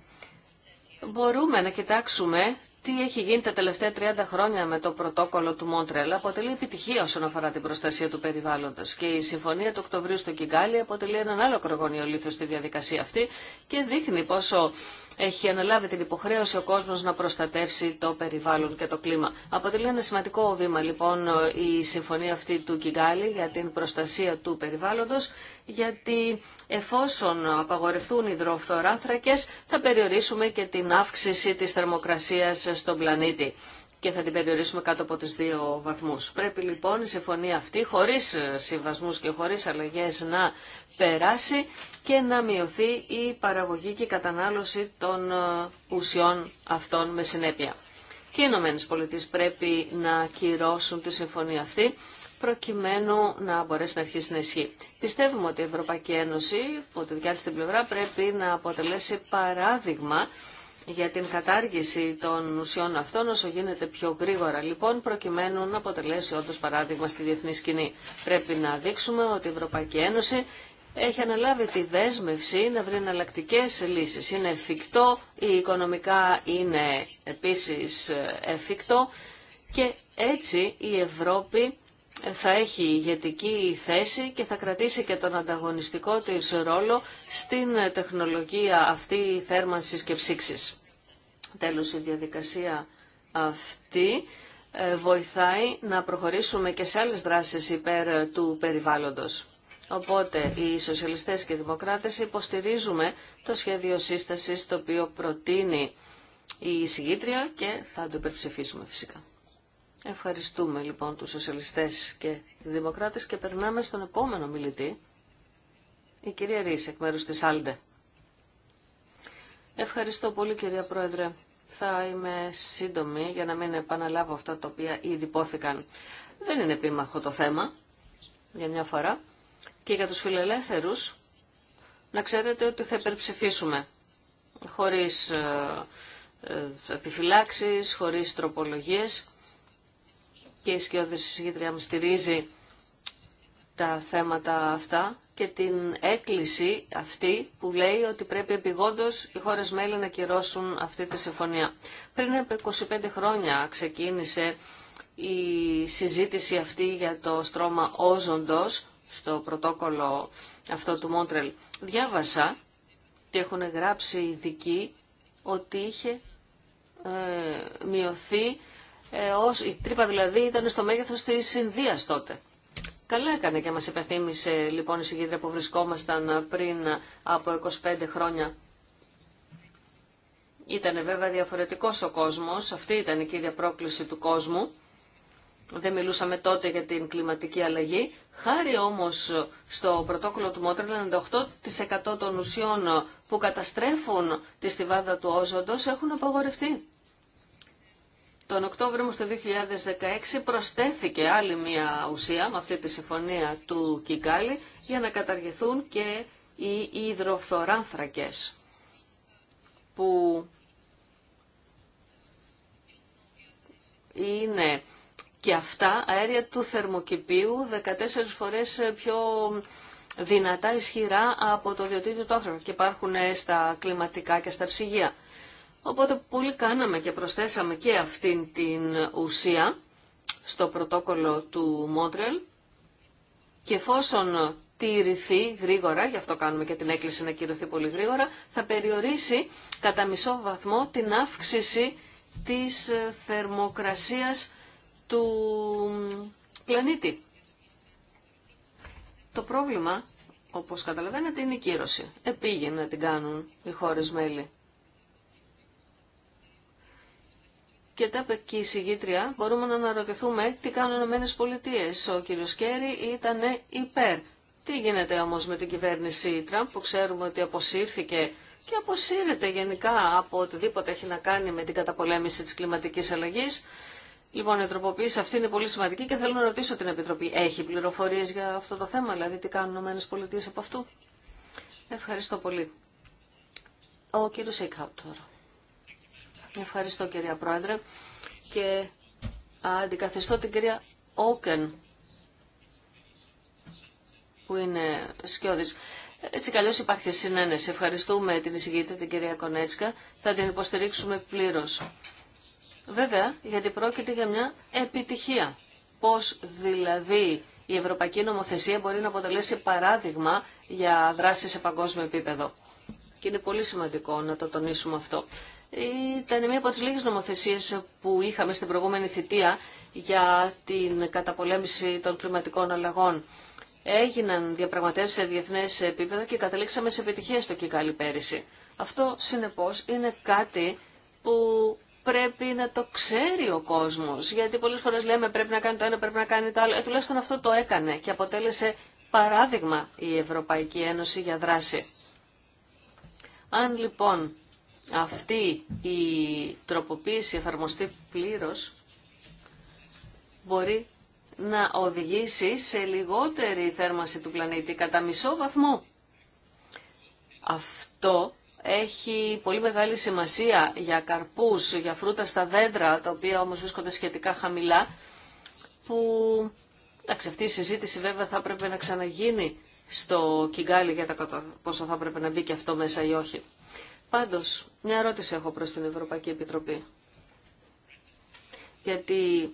μπορούμε να κοιτάξουμε τι έχει γίνει τα τελευταία 30 χρόνια με το πρωτόκολλο του Μόντρελ αποτελεί επιτυχία όσον αφορά την προστασία του περιβάλλοντος και η συμφωνία του Οκτωβρίου στο Κιγκάλι αποτελεί έναν άλλο κρογωνίο λίθο στη διαδικασία αυτή και δείχνει πόσο έχει αναλάβει την υποχρέωση ο κόσμος να προστατεύσει το περιβάλλον και το κλίμα. Αποτελεί ένα σημαντικό βήμα λοιπόν η συμφωνία αυτή του Κιγκάλι για την προστασία του περιβάλλοντος γιατί εφόσον απαγορευτούν οι υδροφθοράνθρακες θα περιορίσουμε και την αύξηση της θερμοκρασίας στον πλανήτη και θα την περιορίσουμε κάτω από τους δύο βαθμούς. Πρέπει λοιπόν η συμφωνία αυτή χωρίς συμβασμούς και χωρίς αλλαγές να περάσει και να μειωθεί η παραγωγή και η κατανάλωση των ε, ουσιών αυτών με συνέπεια. Και οι Ηνωμένε Πολιτείες πρέπει να κυρώσουν τη συμφωνία αυτή προκειμένου να μπορέσει να αρχίσει να ισχύει. Πιστεύουμε ότι η Ευρωπαϊκή Ένωση, από τη δικιά στην πλευρά, πρέπει να αποτελέσει παράδειγμα για την κατάργηση των ουσιών αυτών όσο γίνεται πιο γρήγορα λοιπόν προκειμένου να αποτελέσει όντως παράδειγμα στη διεθνή σκηνή. Πρέπει να δείξουμε ότι η Ευρωπαϊκή Ένωση έχει αναλάβει τη δέσμευση να βρει εναλλακτικέ λύσεις. Είναι εφικτό, η οικονομικά είναι επίσης ε, εφικτό και έτσι η Ευρώπη θα έχει ηγετική θέση και θα κρατήσει και τον ανταγωνιστικό της ρόλο στην τεχνολογία αυτή θέρμανσης και ψήξης. Τέλος, η διαδικασία αυτή ε, βοηθάει να προχωρήσουμε και σε άλλες δράσεις υπέρ του περιβάλλοντος. Οπότε οι σοσιαλιστές και οι δημοκράτες υποστηρίζουμε το σχέδιο σύστασης το οποίο προτείνει η συγκήτρια και θα το υπερψηφίσουμε φυσικά. Ευχαριστούμε λοιπόν τους σοσιαλιστές και δημοκράτες και περνάμε στον επόμενο μιλητή, η κυρία Ρίση, εκ μέρους της Άλντε. Ευχαριστώ πολύ κυρία Πρόεδρε. Θα είμαι σύντομη για να μην επαναλάβω αυτά τα οποία ήδη υπόθηκαν. Δεν είναι επίμαχο το θέμα, για μια φορά. Και για τους φιλελεύθερους, να ξέρετε ότι θα υπερψηφίσουμε, χωρίς ε, ε επιφυλάξεις, χωρίς τροπολογίες και η σκιώδη συζητήτρια μου στηρίζει τα θέματα αυτά και την έκκληση αυτή που λέει ότι πρέπει επιγόντως οι χώρες μέλη να κυρώσουν αυτή τη συμφωνία. Πριν από 25 χρόνια ξεκίνησε η συζήτηση αυτή για το στρώμα όζοντος στο πρωτόκολλο αυτό του Μόντρελ. Διάβασα και έχουν γράψει ειδικοί ότι είχε ε, μειωθεί ε, η τρύπα δηλαδή ήταν στο μέγεθος της Ινδίας τότε. Καλά έκανε και μας υπενθύμησε λοιπόν η συγκέντρια που βρισκόμασταν ε, πριν από 25 χρόνια. Ήταν βέβαια διαφορετικός ο κόσμος, αυτή ήταν η κύρια πρόκληση του κόσμου. Δεν μιλούσαμε τότε για την κλιματική αλλαγή. Χάρη όμως στο πρωτόκολλο του Μότρελ, 98% των ουσιών που καταστρέφουν τη στιβάδα του όζοντος έχουν απαγορευτεί. Τον Οκτώβριο του 2016 προστέθηκε άλλη μια ουσία με αυτή τη συμφωνία του Κιγκάλη για να καταργηθούν και οι υδροφθοράνθρακες που είναι και αυτά αέρια του θερμοκηπίου 14 φορές πιο δυνατά ισχυρά από το διοτήτιο του άνθρακα και υπάρχουν στα κλιματικά και στα ψυγεία. Οπότε πολύ κάναμε και προσθέσαμε και αυτήν την ουσία στο πρωτόκολλο του Μόντρελ και εφόσον τηρηθεί γρήγορα, γι' αυτό κάνουμε και την έκκληση να κυρωθεί πολύ γρήγορα, θα περιορίσει κατά μισό βαθμό την αύξηση της ε, θερμοκρασίας του πλανήτη. Το πρόβλημα, όπως καταλαβαίνετε, είναι η κύρωση. Επήγαινε να την κάνουν οι χώρες μέλη. και τα η συγκήτρια, μπορούμε να αναρωτηθούμε τι κάνουν οι Ηνωμένες Πολιτείες. Ο κύριος Κέρι ήταν υπέρ. Τι γίνεται όμως με την κυβέρνηση Τραμπ που ξέρουμε ότι αποσύρθηκε και αποσύρεται γενικά από οτιδήποτε έχει να κάνει με την καταπολέμηση της κλιματικής αλλαγής. Λοιπόν, η τροποποίηση αυτή είναι πολύ σημαντική και θέλω να ρωτήσω την Επιτροπή. Έχει πληροφορίες για αυτό το θέμα, δηλαδή τι κάνουν οι ΗΠΑ από αυτού. Ευχαριστώ πολύ. Ο κύριος Σέικχαουτ Ευχαριστώ κυρία Πρόεδρε και αντικαθιστώ την κυρία Όκεν που είναι σκιώδης. Έτσι καλώς υπάρχει συνένεση. Ευχαριστούμε την εισηγήτρια την κυρία Κονέτσκα. Θα την υποστηρίξουμε πλήρως. Βέβαια, γιατί πρόκειται για μια επιτυχία. Πώς δηλαδή η ευρωπαϊκή νομοθεσία μπορεί να αποτελέσει παράδειγμα για δράσεις σε παγκόσμιο επίπεδο. Και είναι πολύ σημαντικό να το τονίσουμε αυτό ήταν μία από τις λίγες νομοθεσίες που είχαμε στην προηγούμενη θητεία για την καταπολέμηση των κλιματικών αλλαγών. Έγιναν διαπραγματεύσεις σε διεθνές επίπεδο και καταλήξαμε σε επιτυχία στο Κικάλι πέρυσι. Αυτό, συνεπώς, είναι κάτι που πρέπει να το ξέρει ο κόσμος, γιατί πολλές φορές λέμε πρέπει να κάνει το ένα, πρέπει να κάνει το άλλο. Ε, τουλάχιστον αυτό το έκανε και αποτέλεσε παράδειγμα η Ευρωπαϊκή Ένωση για δράση. Αν λοιπόν αυτή η τροποποίηση εφαρμοστεί πλήρως μπορεί να οδηγήσει σε λιγότερη θέρμανση του πλανήτη κατά μισό βαθμό. Αυτό έχει πολύ μεγάλη σημασία για καρπούς, για φρούτα στα δέντρα, τα οποία όμως βρίσκονται σχετικά χαμηλά, που εντάξει, αυτή η συζήτηση βέβαια θα πρέπει να ξαναγίνει στο Κιγκάλι για τα πόσο θα έπρεπε να μπει και αυτό μέσα ή όχι. Πάντως, μια ερώτηση έχω προς την Ευρωπαϊκή Επιτροπή. Γιατί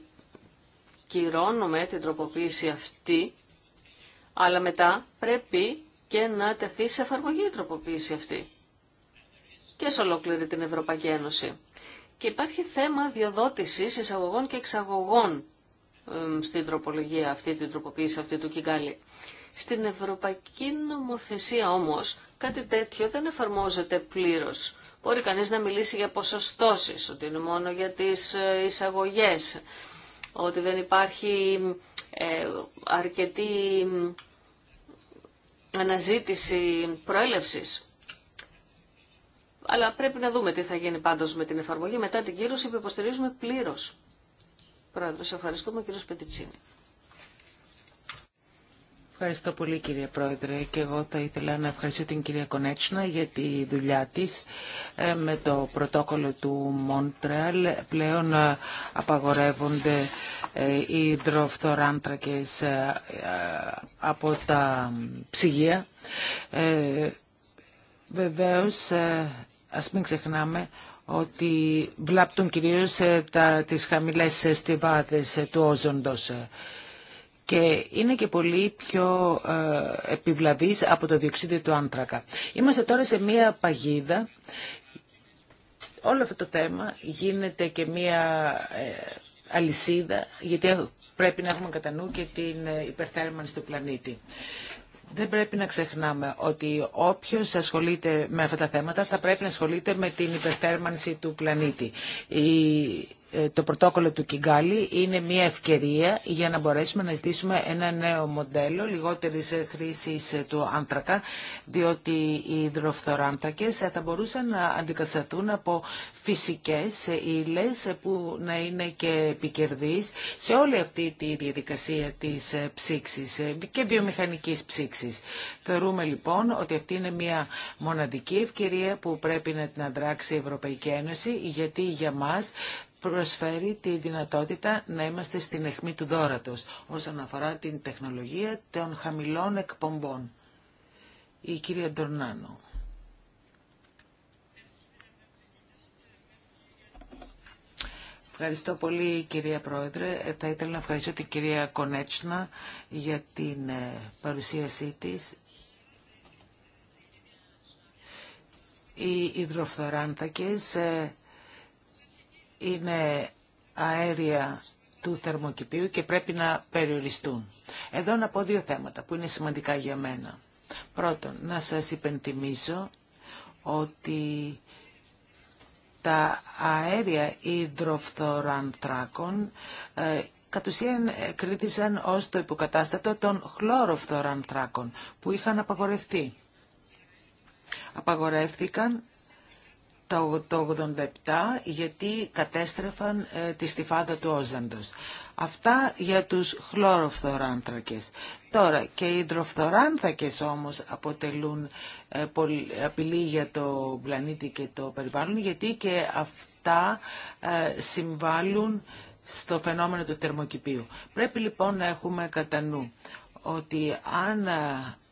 κυρώνουμε την τροποποίηση αυτή, αλλά μετά πρέπει και να τεθεί σε εφαρμογή η τροποποίηση αυτή. Και σε ολόκληρη την Ευρωπαϊκή Ένωση. Και υπάρχει θέμα διοδότησης εισαγωγών και εξαγωγών στην τροπολογία αυτή, την τροποποίηση αυτή του Κιγκάλι. Στην Ευρωπαϊκή Νομοθεσία όμως κάτι τέτοιο δεν εφαρμόζεται πλήρως. Μπορεί κανείς να μιλήσει για ποσοστώσεις, ότι είναι μόνο για τις ε, εισαγωγές, ότι δεν υπάρχει ε, αρκετή αναζήτηση προέλευσης. Αλλά πρέπει να δούμε τι θα γίνει πάντως με την εφαρμογή μετά την κύρωση που υποστηρίζουμε πλήρως. Πρόεδρε, ευχαριστούμε κύριο Πετιτσίνη. Ευχαριστώ πολύ κύριε Πρόεδρε και εγώ θα ήθελα να ευχαριστήσω την κυρία Κονέτσνα για τη δουλειά της ε, με το πρωτόκολλο του Μόντρεαλ. Πλέον ε, απαγορεύονται ε, οι ντροφθοράντρακες από τα ψυγεία. Βεβαίως, ας μην ξεχνάμε ότι βλάπτουν κυρίως τα, τις χαμηλές στιβάδες του όζοντος και είναι και πολύ πιο ε, επιβλαβής από το διοξίδιο του άνθρακα. Είμαστε τώρα σε μία παγίδα. Όλο αυτό το θέμα γίνεται και μία ε, αλυσίδα, γιατί πρέπει να έχουμε κατά νου και την ε, υπερθέρμανση του πλανήτη. Δεν πρέπει να ξεχνάμε ότι όποιος ασχολείται με αυτά τα θέματα θα πρέπει να ασχολείται με την υπερθέρμανση του πλανήτη. Η ε, το πρωτόκολλο του Κιγκάλι είναι μια ευκαιρία για να μπορέσουμε να ζητήσουμε ένα νέο μοντέλο λιγότερης χρήσης του άνθρακα, διότι οι υδροφθοράνθρακες θα μπορούσαν να αντικατασταθούν από φυσικές ύλες που να είναι και επικερδείς σε όλη αυτή τη διαδικασία της ψήξης και βιομηχανικής ψήξης. Θεωρούμε λοιπόν ότι αυτή είναι μια μοναδική ευκαιρία που πρέπει να την αντράξει η Ευρωπαϊκή Ένωση, γιατί για μας προσφέρει τη δυνατότητα να είμαστε στην αιχμή του δώρατος όσον αφορά την τεχνολογία των χαμηλών εκπομπών. Η κυρία Ντορνάνο. Ευχαριστώ πολύ κυρία Πρόεδρε. Ε, θα ήθελα να ευχαριστώ την κυρία Κονέτσνα για την ε, παρουσίασή της. Οι υδροφθοράνθακες ε, είναι αέρια του θερμοκηπίου και πρέπει να περιοριστούν. Εδώ να πω δύο θέματα που είναι σημαντικά για μένα. Πρώτον, να σας υπενθυμίσω ότι τα αέρια υδροφθορανθράκων ε, κατ' ουσίαν κρίθησαν ως το υποκατάστατο των χλωροφθορανθράκων που είχαν απαγορευτεί. Απαγορεύτηκαν το 1987 γιατί κατέστρεφαν ε, τη στιφάδα του Όζαντος. Αυτά για τους χλωροφθοράνθρακες. Τώρα και οι υδροφθοράνθρακες όμως αποτελούν ε, απειλή για το πλανήτη και το περιβάλλον γιατί και αυτά ε, συμβάλλουν στο φαινόμενο του θερμοκηπίου. Πρέπει λοιπόν να έχουμε κατά νου ότι αν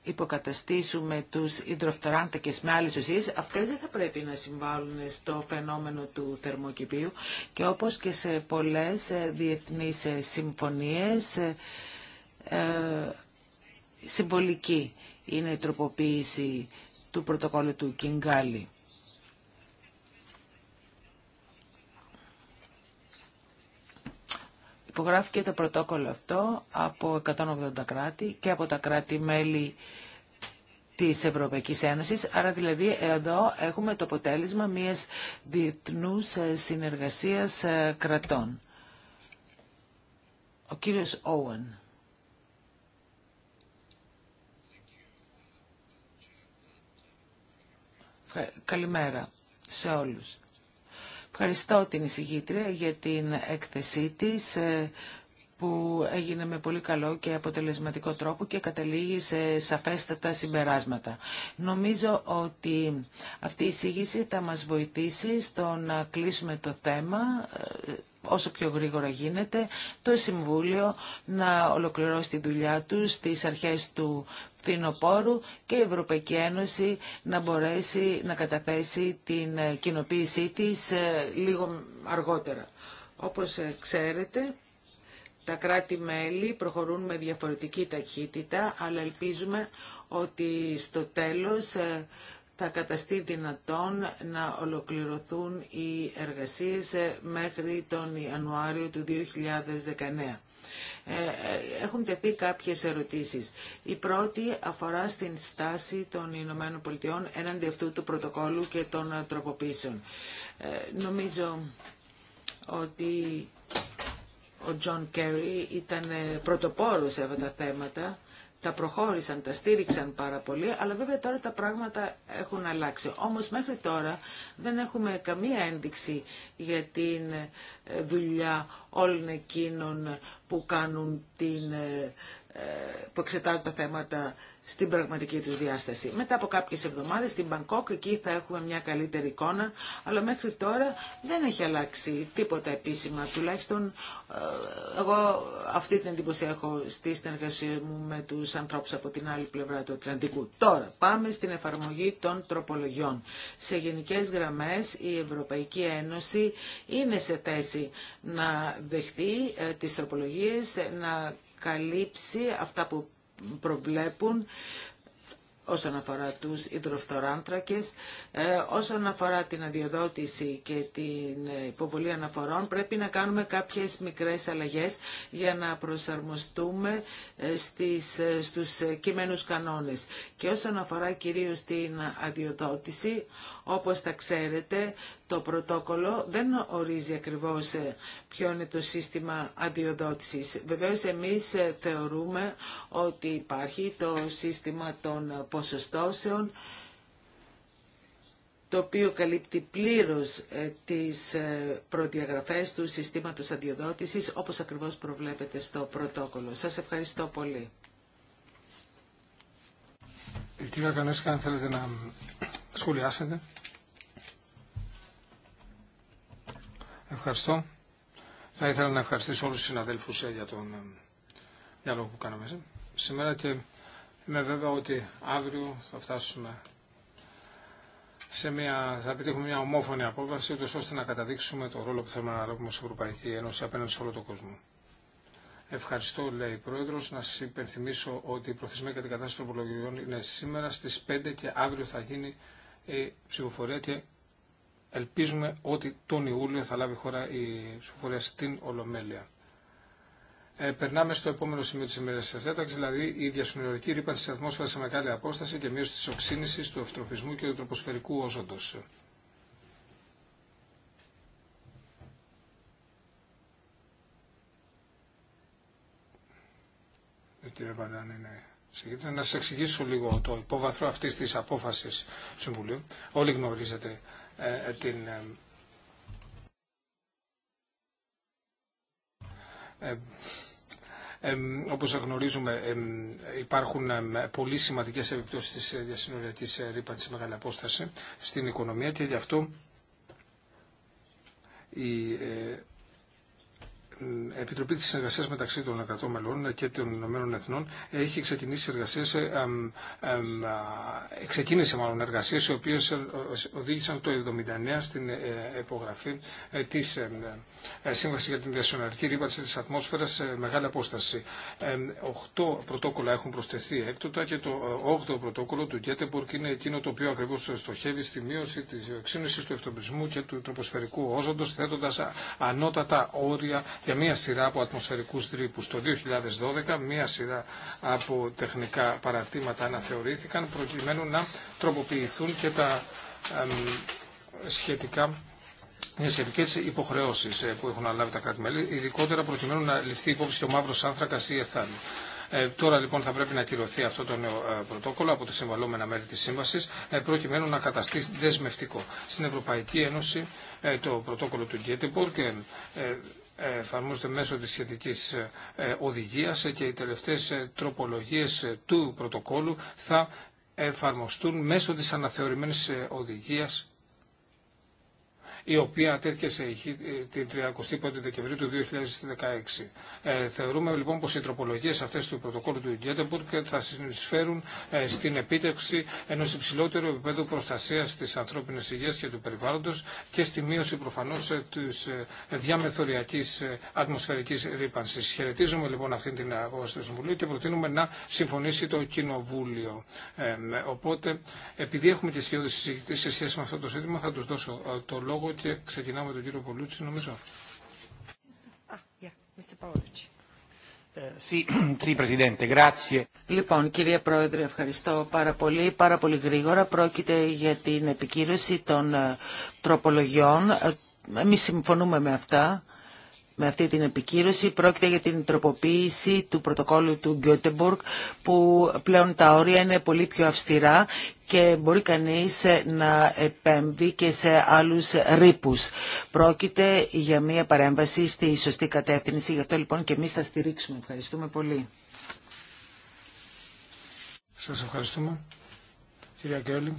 υποκαταστήσουμε τους υδροφθοράντακες με άλλες ουσίες, αυτές δεν θα πρέπει να συμβάλλουν στο φαινόμενο του θερμοκηπίου και όπως και σε πολλές ε, διεθνείς ε, συμφωνίες ε, συμβολική είναι η τροποποίηση του πρωτοκόλλου του Κιγκάλι. Υπογράφηκε το πρωτόκολλο αυτό από 180 κράτη και από τα κράτη-μέλη της Ευρωπαϊκής Ένωσης. Άρα δηλαδή εδώ έχουμε το αποτέλεσμα μιας διεθνούς ε, συνεργασίας ε, κρατών. Ο κύριος Όουεν. Καλημέρα σε όλους. Ευχαριστώ την εισηγήτρια για την έκθεσή της ε, που έγινε με πολύ καλό και αποτελεσματικό τρόπο και καταλήγει σε σαφέστατα συμπεράσματα. Νομίζω ότι αυτή η εισηγήση θα μας βοηθήσει στο να κλείσουμε το θέμα ε, όσο πιο γρήγορα γίνεται, το Συμβούλιο να ολοκληρώσει τη δουλειά του στις αρχές του φθινοπόρου και η Ευρωπαϊκή Ένωση να μπορέσει να καταθέσει την ε, κοινοποίησή της ε, λίγο αργότερα. Όπως ε, ξέρετε, τα κράτη-μέλη προχωρούν με διαφορετική ταχύτητα, αλλά ελπίζουμε ότι στο τέλος θα καταστεί δυνατόν να ολοκληρωθούν οι εργασίες μέχρι τον Ιανουάριο του 2019. Ε, ε, Έχουν τεθεί κάποιες ερωτήσεις. Η πρώτη αφορά στην στάση των Ηνωμένων Πολιτειών έναντι αυτού του πρωτοκόλου και των τροποποίησεων. Ε, νομίζω ότι ο Τζον Κέρι ήταν πρωτοπόρος σε αυτά τα θέματα τα προχώρησαν, τα στήριξαν πάρα πολύ, αλλά βέβαια τώρα τα πράγματα έχουν αλλάξει. Όμως μέχρι τώρα δεν έχουμε καμία ένδειξη για την ε, δουλειά όλων εκείνων που κάνουν την ε, ε, που εξετάζουν τα θέματα στην πραγματική του διάσταση. Μετά από κάποιες εβδομάδες στην Μπαγκόκ εκεί θα έχουμε μια καλύτερη εικόνα, αλλά μέχρι τώρα δεν έχει αλλάξει τίποτα επίσημα. Τουλάχιστον ε, εγώ αυτή την εντύπωση έχω στη συνεργασία μου με τους ανθρώπους από την άλλη πλευρά του Ατλαντικού. Τώρα πάμε στην εφαρμογή των τροπολογιών. Σε γενικές γραμμές η Ευρωπαϊκή Ένωση είναι σε θέση να δεχτεί ε, τις τροπολογίες, να καλύψει αυτά που προβλέπουν όσον αφορά τους υδροφθοράνθρακες, ε, όσον αφορά την αδειοδότηση και την ε, υποβολή αναφορών, πρέπει να κάνουμε κάποιες μικρές αλλαγές για να προσαρμοστούμε ε, στις, ε, στους κείμενους κανόνες. Και όσον αφορά κυρίως την αδειοδότηση, όπως τα ξέρετε, το πρωτόκολλο δεν ορίζει ακριβώς ε, ποιο είναι το σύστημα αδειοδότησης. Βεβαίως εμείς ε, θεωρούμε ότι υπάρχει το σύστημα των ποσοστώσεων το οποίο καλύπτει πλήρως ε, τις προδιαγραφές του συστήματος αδειοδότησης, όπως ακριβώς προβλέπεται στο πρωτόκολλο. Σας ευχαριστώ πολύ. αν να σχολιάσετε. Ευχαριστώ. Θα ήθελα να ευχαριστήσω όλους τους συναδέλφους ε, για τον ε, διάλογο που κάναμε σήμερα και είμαι βέβαια ότι αύριο θα φτάσουμε σε μια, θα επιτύχουμε μια ομόφωνη απόβαση, ούτως ώστε να καταδείξουμε το ρόλο που θέλουμε να λάβουμε ως Ευρωπαϊκή Ένωση απέναντι σε όλο τον κόσμο. Ευχαριστώ, λέει η Πρόεδρο. Να σας υπενθυμίσω ότι η προθεσμία για την κατάσταση των είναι σήμερα στις 5 και αύριο θα γίνει η ψηφοφορία και ελπίζουμε ότι τον Ιούλιο θα λάβει χώρα η ψηφοφορία στην Ολομέλεια. Ε, περνάμε στο επόμενο σημείο τη ημέρα τη ένταξη, δηλαδή η διασυνορική ρήπανση τη ατμόσφαιρα σε μεγάλη απόσταση και μείωση τη οξύνηση, του ευτροφισμού και του τροποσφαιρικού όζοντο. Ε, ναι. Να σας εξηγήσω λίγο το υπόβαθρο αυτή τη απόφαση του Συμβουλίου. Όλοι γνωρίζετε ε, την ε, ε, ε, όπως γνωρίζουμε υπάρχουν πολύ σημαντικές επιπτώσεις της διασυνοριακής ρήπανσης σε μεγάλη απόσταση στην οικονομία και γι' αυτό η ε, Επιτροπή της Συνεργασίας μεταξύ των 100 μελών και των Ηνωμένων Εθνών έχει ξεκινήσει εργασίες, ε, ε, ξεκίνησε μάλλον εργασίες οι οποίες ε, οδήγησαν το 1979 στην υπογραφή ε, της Σύμβασης για την Διασυνορική Ρήπανση της Ατμόσφαιρας σε μεγάλη απόσταση. Οχτώ πρωτόκολλα έχουν προσθεθεί έκτοτα και το 8ο πρωτόκολλο του Γκέτεμπορκ είναι εκείνο το οποίο ακριβώς στοχεύει στη μείωση της οξύνωσης του ευτοπλισμού και του τροποσφαιρικού όζοντος θέτοντας ανώτατα όρια για μία σειρά από ατμοσφαιρικούς τρύπους. Το 2012 μία σειρά από τεχνικά παρατήματα αναθεωρήθηκαν προκειμένου να τροποποιηθούν και τα σχετικά οι σχετικέ υποχρεώσει ε, που έχουν αναλάβει τα κράτη-μέλη, ειδικότερα προκειμένου να ληφθεί υπόψη και ο μαύρο άνθρακα ή εθάνη. Ε, τώρα λοιπόν θα πρέπει να κυρωθεί αυτό το νέο ε, πρωτόκολλο από τα συμβαλόμενα μέρη τη σύμβαση, προκειμένου να καταστεί δεσμευτικό. Στην Ευρωπαϊκή Ένωση το πρωτόκολλο του Γκέτεμπορκ εφαρμόζεται μέσω της σχετικής ε, οδηγίας και οι τελευταίες ε, τροπολογίες ε, του πρωτοκόλλου θα εφαρμοστούν μέσω της αναθεωρημένης οδηγίας η οποία τέθηκε σε ηχή την 31η Δεκεμβρίου του 2016. Ε, θεωρούμε λοιπόν πως οι τροπολογίες αυτές του πρωτοκόλλου του Γκέντεμπουργκ θα συνεισφέρουν ε, στην επίτευξη ενός υψηλότερου επίπεδου προστασίας της ανθρώπινης υγείας και του περιβάλλοντος και στη μείωση προφανώς ε, της διαμεθοριακής ατμοσφαιρικής ρήπανσης. Χαιρετίζουμε λοιπόν αυτή την αγώση στο Συμβουλίου και προτείνουμε να συμφωνήσει το Κοινοβούλιο. οπότε, επειδή έχουμε και σχέδιο συζητήσει σε σχέση με αυτό το ζήτημα, θα τους δώσω το λόγο και ξεκινάμε τον κύριο Πολούτσι, νομίζω. Ε, λοιπόν, κύριε Πρόεδρε, ευχαριστώ πάρα πολύ. Πάρα πολύ γρήγορα πρόκειται για την επικύρωση των ε, τροπολογιών. Ε, εμείς συμφωνούμε με αυτά με αυτή την επικύρωση πρόκειται για την τροποποίηση του πρωτοκόλλου του Γκιότεμπουργκ που πλέον τα όρια είναι πολύ πιο αυστηρά και μπορεί κανείς να επέμβει και σε άλλους ρήπους. Πρόκειται για μια παρέμβαση στη σωστή κατεύθυνση. Γι' αυτό λοιπόν και εμείς θα στηρίξουμε. Ευχαριστούμε πολύ. Σας ευχαριστούμε. Κυρία Γκέρλινγκ.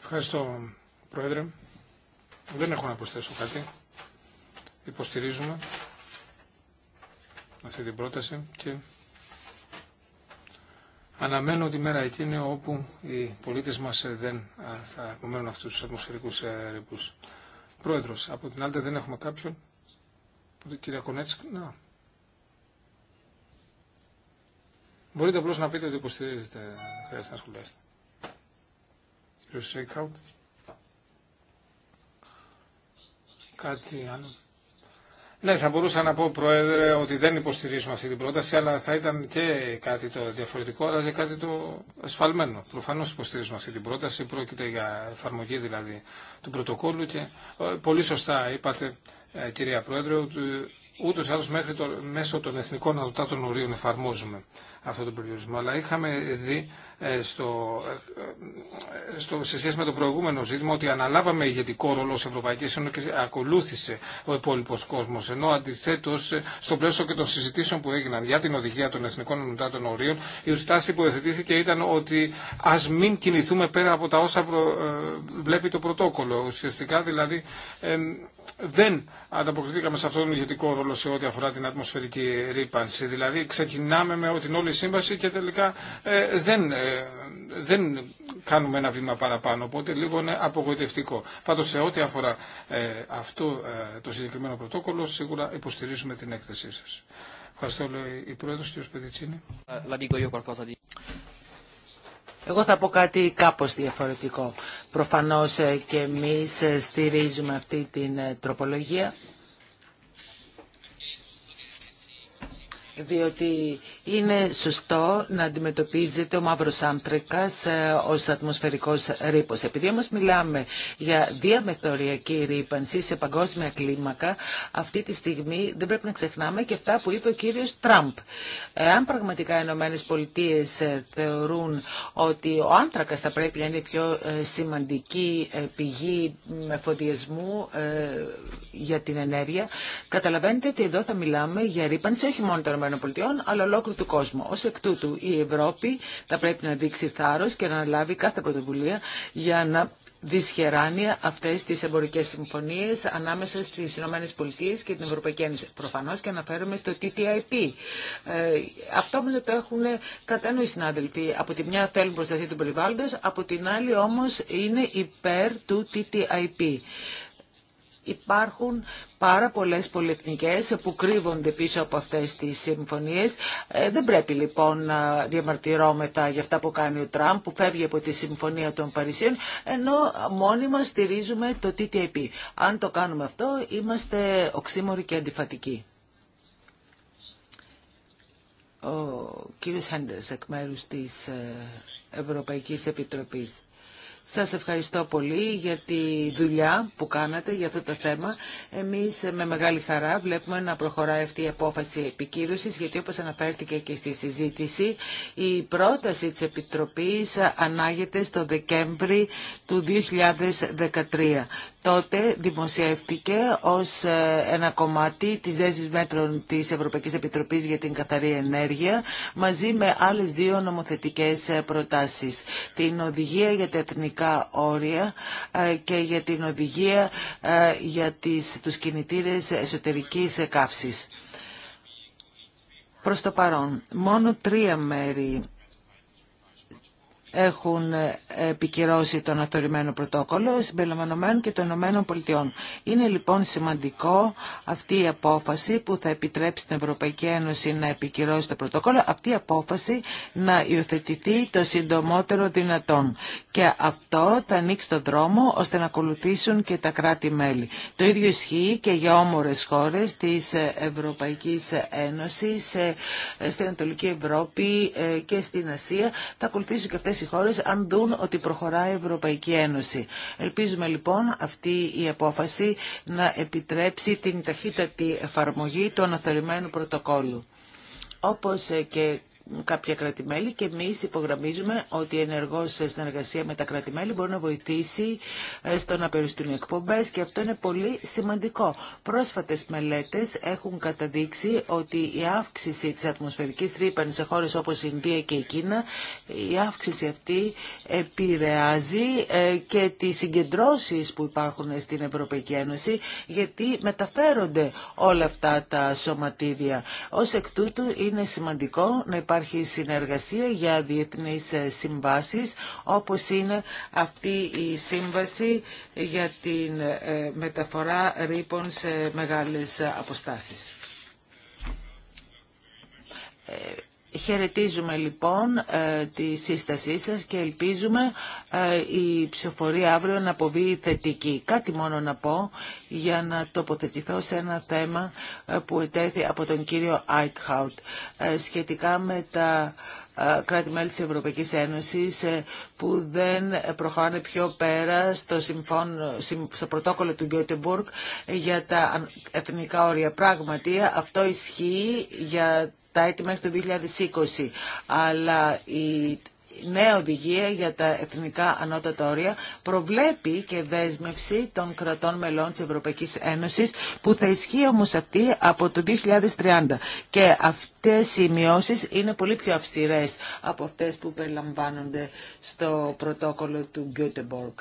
Ευχαριστώ, Πρόεδρε. Δεν έχω να προσθέσω κάτι. Υποστηρίζουμε αυτή την πρόταση και αναμένω τη μέρα εκείνη όπου οι πολίτες μας ε, δεν θα απομένουν αυτούς τους ατμοσφαιρικούς ε, ρήπους. Πρόεδρος, από την άλλη δεν έχουμε κάποιον. Κυρία Κονέτσικ, να. Μπορείτε απλώς να πείτε ότι υποστηρίζετε, χρειάζεται να σχολιάσετε. Κύριο Σέικχαουτ. Κάτι Ναι, θα μπορούσα να πω, Πρόεδρε, ότι δεν υποστηρίζουμε αυτή την πρόταση, αλλά θα ήταν και κάτι το διαφορετικό, αλλά και κάτι το ασφαλμένο. Προφανώς υποστηρίζουμε αυτή την πρόταση, πρόκειται για εφαρμογή δηλαδή του πρωτοκόλλου και ε, πολύ σωστά είπατε, ε, κυρία Πρόεδρε, ότι ούτω ή άλλω μέχρι το, μέσω των εθνικών ανωτάτων ορίων εφαρμόζουμε αυτό τον περιορισμό. Αλλά είχαμε δει ε, στο, ε, στο, σε σχέση με το προηγούμενο ζήτημα ότι αναλάβαμε ηγετικό ρόλο σε Ευρωπαϊκή Ένωση και ακολούθησε ο υπόλοιπο κόσμο. Ενώ αντιθέτω, ε, στο πλαίσιο και των συζητήσεων που έγιναν για την οδηγία των εθνικών ενωτάτων ορίων, η στάση που εθετήθηκε ήταν ότι α μην κινηθούμε πέρα από τα όσα βλέπει το πρωτόκολλο. Ουσιαστικά δηλαδή δεν ανταποκριθήκαμε σε αυτόν τον ηγετικό ρόλο σε ό,τι αφορά την ατμοσφαιρική ρήπανση. Δηλαδή ξεκινάμε με την όλη σύμβαση και τελικά ε, δεν δεν κάνουμε ένα βήμα παραπάνω, οπότε λίγο είναι απογοητευτικό. Πάντως σε ό,τι αφορά ε, αυτό ε, το συγκεκριμένο πρωτόκολλο, σίγουρα υποστηρίζουμε την έκθεσή σα. Ευχαριστώ, λέει η Πρόεδρος, κ. Πεδιτσίνη Εγώ θα πω κάτι κάπως διαφορετικό. Προφανώς ε, και εμείς στηρίζουμε αυτή την τροπολογία. διότι είναι σωστό να αντιμετωπίζεται ο μαύρος άνθρακας ε, ως ατμοσφαιρικός ρήπος. Επειδή όμως μιλάμε για διαμεθοριακή ρήπανση σε παγκόσμια κλίμακα, αυτή τη στιγμή δεν πρέπει να ξεχνάμε και αυτά που είπε ο κύριος Τραμπ. Αν πραγματικά οι ΗΠΑ ε, θεωρούν ότι ο άνθρακας θα πρέπει να είναι πιο ε, σημαντική πηγή εφοδιασμού για την ενέργεια, καταλαβαίνετε ότι εδώ θα μιλάμε για ρήπανση όχι μόνο των ΗΠΑ αλλά ολόκληρου του κόσμου. Ω εκ τούτου η Ευρώπη θα πρέπει να δείξει θάρρο και να αναλάβει κάθε πρωτοβουλία για να δυσχεράνει αυτέ τι εμπορικέ συμφωνίε ανάμεσα στι ΗΠΑ και την Ευρωπαϊκή Ένωση. Προφανώς και αναφέρομαι στο TTIP. Ε, αυτό όμως το έχουν κατά νου οι συνάδελφοι. Από τη μια θέλουν προστασία του περιβάλλοντο, από την άλλη όμω είναι υπέρ του TTIP. Υπάρχουν πάρα πολλές πολυεθνικές που κρύβονται πίσω από αυτές τις συμφωνίες. Ε, δεν πρέπει λοιπόν να τα για αυτά που κάνει ο Τραμπ που φεύγει από τη Συμφωνία των Παρισίων ενώ μόνοι μας στηρίζουμε το TTIP. Αν το κάνουμε αυτό είμαστε οξύμοροι και αντιφατικοί. Ο κύριος Χέντερς εκ μέρους της ε, Ευρωπαϊκής Επιτροπής. Σας ευχαριστώ πολύ για τη δουλειά που κάνατε για αυτό το θέμα. Εμείς ε, με μεγάλη χαρά βλέπουμε να προχωράει αυτή η απόφαση επικύρωσης, γιατί όπως αναφέρθηκε και στη συζήτηση, η πρόταση της Επιτροπής ανάγεται στο Δεκέμβρη του 2013. Τότε δημοσιεύτηκε ως ε, ένα κομμάτι της δέσμης μέτρων της Ευρωπαϊκής Επιτροπής για την Καθαρή Ενέργεια, μαζί με άλλες δύο νομοθετικές ε, προτάσεις. Την οδηγία για τα εθνικά όρια ε, και για την οδηγία ε, για τις, τους κινητήρες εσωτερικής καύσης. Προς το παρόν, μόνο τρία μέρη έχουν επικυρώσει τον αθωρημένο πρωτόκολλο συμπεριλαμβανομένων και των Ηνωμένων Πολιτειών. Είναι λοιπόν σημαντικό αυτή η απόφαση που θα επιτρέψει την Ευρωπαϊκή Ένωση να επικυρώσει το πρωτόκολλο, αυτή η απόφαση να υιοθετηθεί το συντομότερο δυνατόν. Και αυτό θα ανοίξει τον δρόμο ώστε να ακολουθήσουν και τα κράτη-μέλη. Το ίδιο ισχύει και για όμορες χώρες της Ευρωπαϊκής Ένωσης, ε, στην Ανατολική Ευρώπη ε, και στην Ασία. Θα ακολουθήσουν και οι χώρες αν δουν ότι προχωράει η Ευρωπαϊκή Ένωση. Ελπίζουμε λοιπόν αυτή η απόφαση να επιτρέψει την ταχύτατη εφαρμογή του αναθεωρημένου πρωτοκόλλου. Όπως και κάποια κράτη-μέλη και εμεί υπογραμμίζουμε ότι η σε συνεργασία με τα κράτη-μέλη μπορεί να βοηθήσει ε, στο να περιστούν οι εκπομπέ και αυτό είναι πολύ σημαντικό. Πρόσφατε μελέτε έχουν καταδείξει ότι η αύξηση τη ατμοσφαιρική τρύπανης σε χώρε όπω η Ινδία και η Κίνα, η αύξηση αυτή επηρεάζει ε, και τι συγκεντρώσει που υπάρχουν στην Ευρωπαϊκή Ένωση γιατί μεταφέρονται όλα αυτά τα σωματίδια. Ω εκ τούτου είναι σημαντικό να υπάρχει υπάρχει συνεργασία για διεθνείς ε, συμβάσεις όπως είναι αυτή η σύμβαση για την ε, μεταφορά ρήπων σε μεγάλες αποστάσεις. Ε, Χαιρετίζουμε λοιπόν ε, τη σύστασή σας και ελπίζουμε ε, η ψηφοφορία αύριο να αποβεί θετική. Κάτι μόνο να πω για να τοποθετηθώ σε ένα θέμα ε, που ετέθη από τον κύριο Άικχαουτ σχετικά με τα κράτη-μέλη της Ευρωπαϊκής Ένωσης που δεν προχωράνε πιο πέρα στο, συμφών, στο πρωτόκολλο του Γκέτεμπουργκ για τα εθνικά όρια. Πράγματι, αυτό ισχύει για τα έτη μέχρι το 2020. Αλλά η νέα οδηγία για τα εθνικά ανώτατα όρια προβλέπει και δέσμευση των κρατών μελών της Ευρωπαϊκής Ένωσης που θα ισχύει όμως αυτή από το 2030 και αυτές οι μειώσεις είναι πολύ πιο αυστηρές από αυτές που περιλαμβάνονται στο πρωτόκολλο του Γκιούτεμπορκ.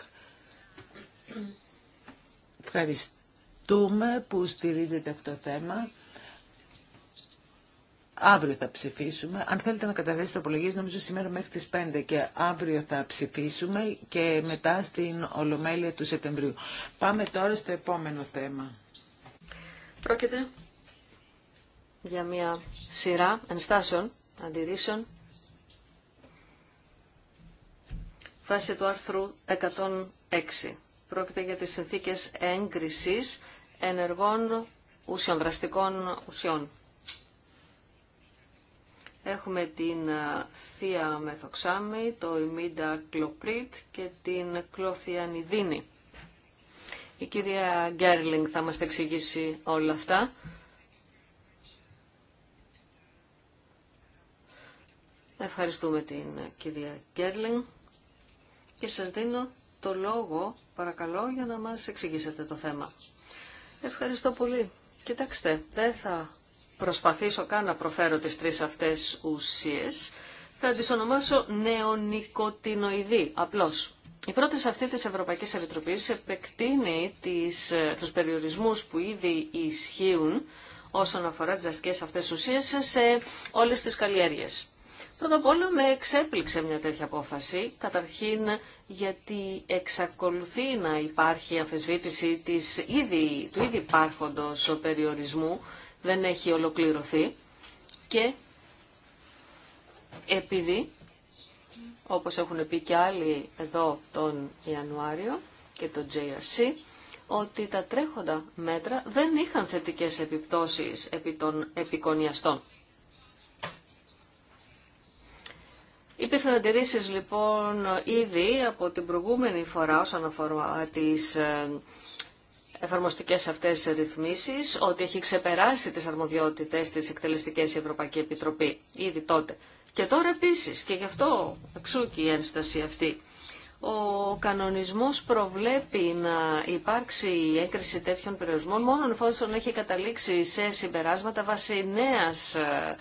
Ευχαριστούμε που στηρίζετε αυτό το θέμα. Αύριο θα ψηφίσουμε. Αν θέλετε να καταθέσετε απολογίες, νομίζω σήμερα μέχρι τις 5 και αύριο θα ψηφίσουμε και μετά στην Ολομέλεια του Σεπτεμβρίου. Πάμε τώρα στο επόμενο θέμα. Πρόκειται για μια σειρά ενστάσεων, αντιρρήσεων, βάσει του άρθρου 106. Πρόκειται για τις συνθήκες έγκρισης ενεργών ουσιανδραστικών ουσιών. Έχουμε την ε, θεία μεθοξάμι, το ημίντα κλοπρίτ και την κλωθιανιδίνη. Η κυρία Γκέρλινγκ θα μας εξηγήσει όλα αυτά. Ευχαριστούμε την κυρία Γκέρλινγκ και σας δίνω το λόγο, παρακαλώ, για να μας εξηγήσετε το θέμα. Ευχαριστώ πολύ. Κοιτάξτε, δεν θα προσπαθήσω καν να προφέρω τις τρεις αυτές ουσίες, θα τις ονομάσω νεονικοτινοειδή, απλώς. Η πρώτη αυτή της Ευρωπαϊκής Επιτροπής επεκτείνει τις, τους περιορισμούς που ήδη ισχύουν όσον αφορά τις δραστικές αυτές ουσίες σε όλες τις καλλιέργειες. Πρώτα απ' όλα με εξέπληξε μια τέτοια απόφαση, καταρχήν γιατί εξακολουθεί να υπάρχει αμφισβήτηση της του ήδη υπάρχοντος περιορισμού δεν έχει ολοκληρωθεί και επειδή, όπως έχουν πει και άλλοι εδώ τον Ιανουάριο και τον JRC, ότι τα τρέχοντα μέτρα δεν είχαν θετικές επιπτώσεις επί των επικονιαστών. Υπήρχαν αντιρρήσεις λοιπόν ήδη από την προηγούμενη φορά όσον αφορά τις ε, εφαρμοστικές αυτές ρυθμίσεις ότι έχει ξεπεράσει τις αρμοδιότητες της εκτελεστικής Ευρωπαϊκή Επιτροπή ήδη τότε. Και τώρα επίσης, και γι' αυτό εξού και η ένσταση αυτή, ο κανονισμός προβλέπει να υπάρξει η έγκριση τέτοιων περιορισμών μόνο εφόσον έχει καταλήξει σε συμπεράσματα βάσει νέας ε,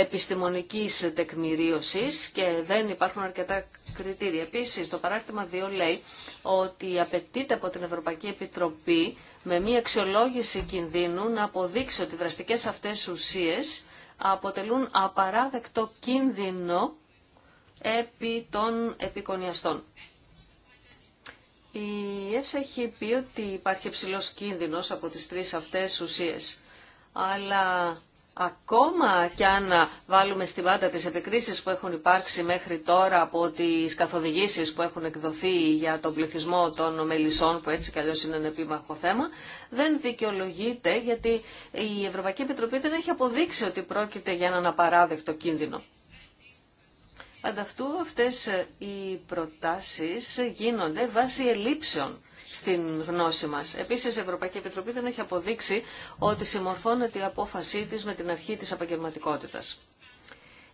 επιστημονικής τεκμηρίωσης και δεν υπάρχουν αρκετά κριτήρια. Επίσης, το παράρτημα 2 λέει ότι απαιτείται από την Ευρωπαϊκή Επιτροπή με μία αξιολόγηση κινδύνου να αποδείξει ότι οι δραστικές αυτές ουσίες αποτελούν απαράδεκτο κίνδυνο επί των επικονιαστών. Η ΕΣ έχει πει ότι υπάρχει ψηλός κίνδυνος από τις τρεις αυτές ουσίες, αλλά Ακόμα κι αν βάλουμε στη βάτα τις επικρίσεις που έχουν υπάρξει μέχρι τώρα από τις καθοδηγήσεις που έχουν εκδοθεί για τον πληθυσμό των μελισσών, που έτσι κι είναι ένα επίμαχο θέμα, δεν δικαιολογείται γιατί η Ευρωπαϊκή Επιτροπή δεν έχει αποδείξει ότι πρόκειται για έναν απαράδεκτο κίνδυνο. Ανταυτού αυτές οι προτάσεις γίνονται βάσει ελλείψεων στην γνώση μας. Επίσης, η Ευρωπαϊκή Επιτροπή δεν έχει αποδείξει ότι συμμορφώνεται η απόφασή της με την αρχή της επαγγελματικότητα.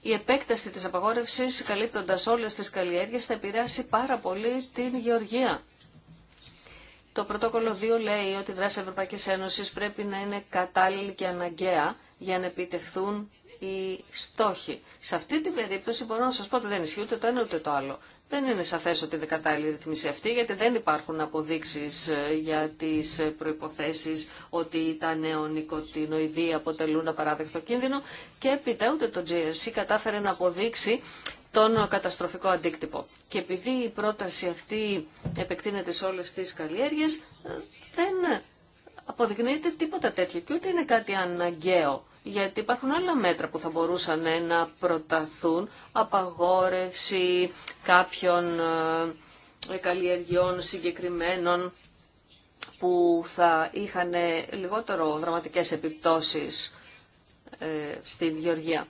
Η επέκταση της απαγόρευσης, καλύπτοντας όλες τις καλλιέργειες, θα επηρεάσει πάρα πολύ την γεωργία. Το πρωτόκολλο 2 λέει ότι η δράση Ευρωπαϊκής Ένωσης πρέπει να είναι κατάλληλη και αναγκαία για να επιτευχθούν οι στόχοι. Σε αυτή την περίπτωση μπορώ να σας πω ότι δεν ισχύει ούτε το ένα ούτε το άλλο. Δεν είναι σαφέ ότι δεν κατάλληλη ρυθμίση αυτή, γιατί δεν υπάρχουν αποδείξεις ε, για τις ε, προϋποθέσεις ότι τα νεονικοτινοειδή αποτελούν απαράδεκτο κίνδυνο και έπειτα ούτε το GRC κατάφερε να αποδείξει τον καταστροφικό αντίκτυπο. Και επειδή η πρόταση αυτή επεκτείνεται σε όλες τις καλλιέργειες, ε, δεν αποδεικνύεται τίποτα τέτοιο και ούτε είναι κάτι αναγκαίο γιατί υπάρχουν άλλα μέτρα που θα μπορούσαν ε, να προταθούν, απαγόρευση κάποιων ε, ε, καλλιεργιών συγκεκριμένων που θα είχαν λιγότερο δραματικές επιπτώσεις στην Γεωργία.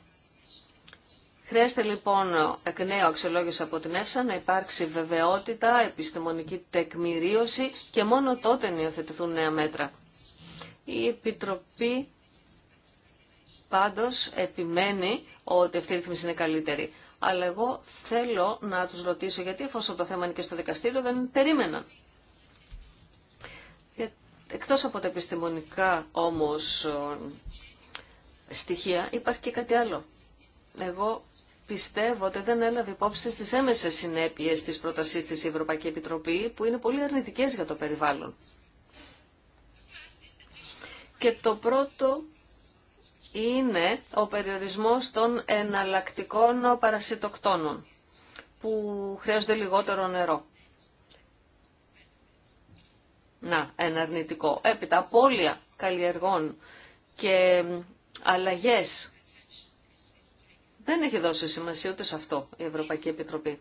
Χρειάζεται λοιπόν εκ νέου αξιολόγηση από την ΕΦΣΑ να υπάρξει βεβαιότητα, επιστημονική τεκμηρίωση και μόνο τότε να υιοθετηθούν νέα μέτρα. Η Επιτροπή πάντως επιμένει ότι αυτή η ρύθμιση είναι καλύτερη. Αλλά εγώ θέλω να τους ρωτήσω γιατί εφόσον το θέμα είναι και στο δικαστήριο δεν περίμεναν. Εκτός από τα επιστημονικά όμως ε, στοιχεία υπάρχει και κάτι άλλο. Εγώ πιστεύω ότι δεν έλαβε υπόψη τις έμεσες συνέπειες της πρότασής της Ευρωπαϊκή Επιτροπή που είναι πολύ αρνητικές για το περιβάλλον. Και το πρώτο είναι ο περιορισμός των εναλλακτικών παρασιτοκτόνων που χρειάζονται λιγότερο νερό. Να, ένα αρνητικό. Έπειτα, απώλεια καλλιεργών και αλλαγές. Δεν έχει δώσει σημασία ούτε σε αυτό η Ευρωπαϊκή Επιτροπή.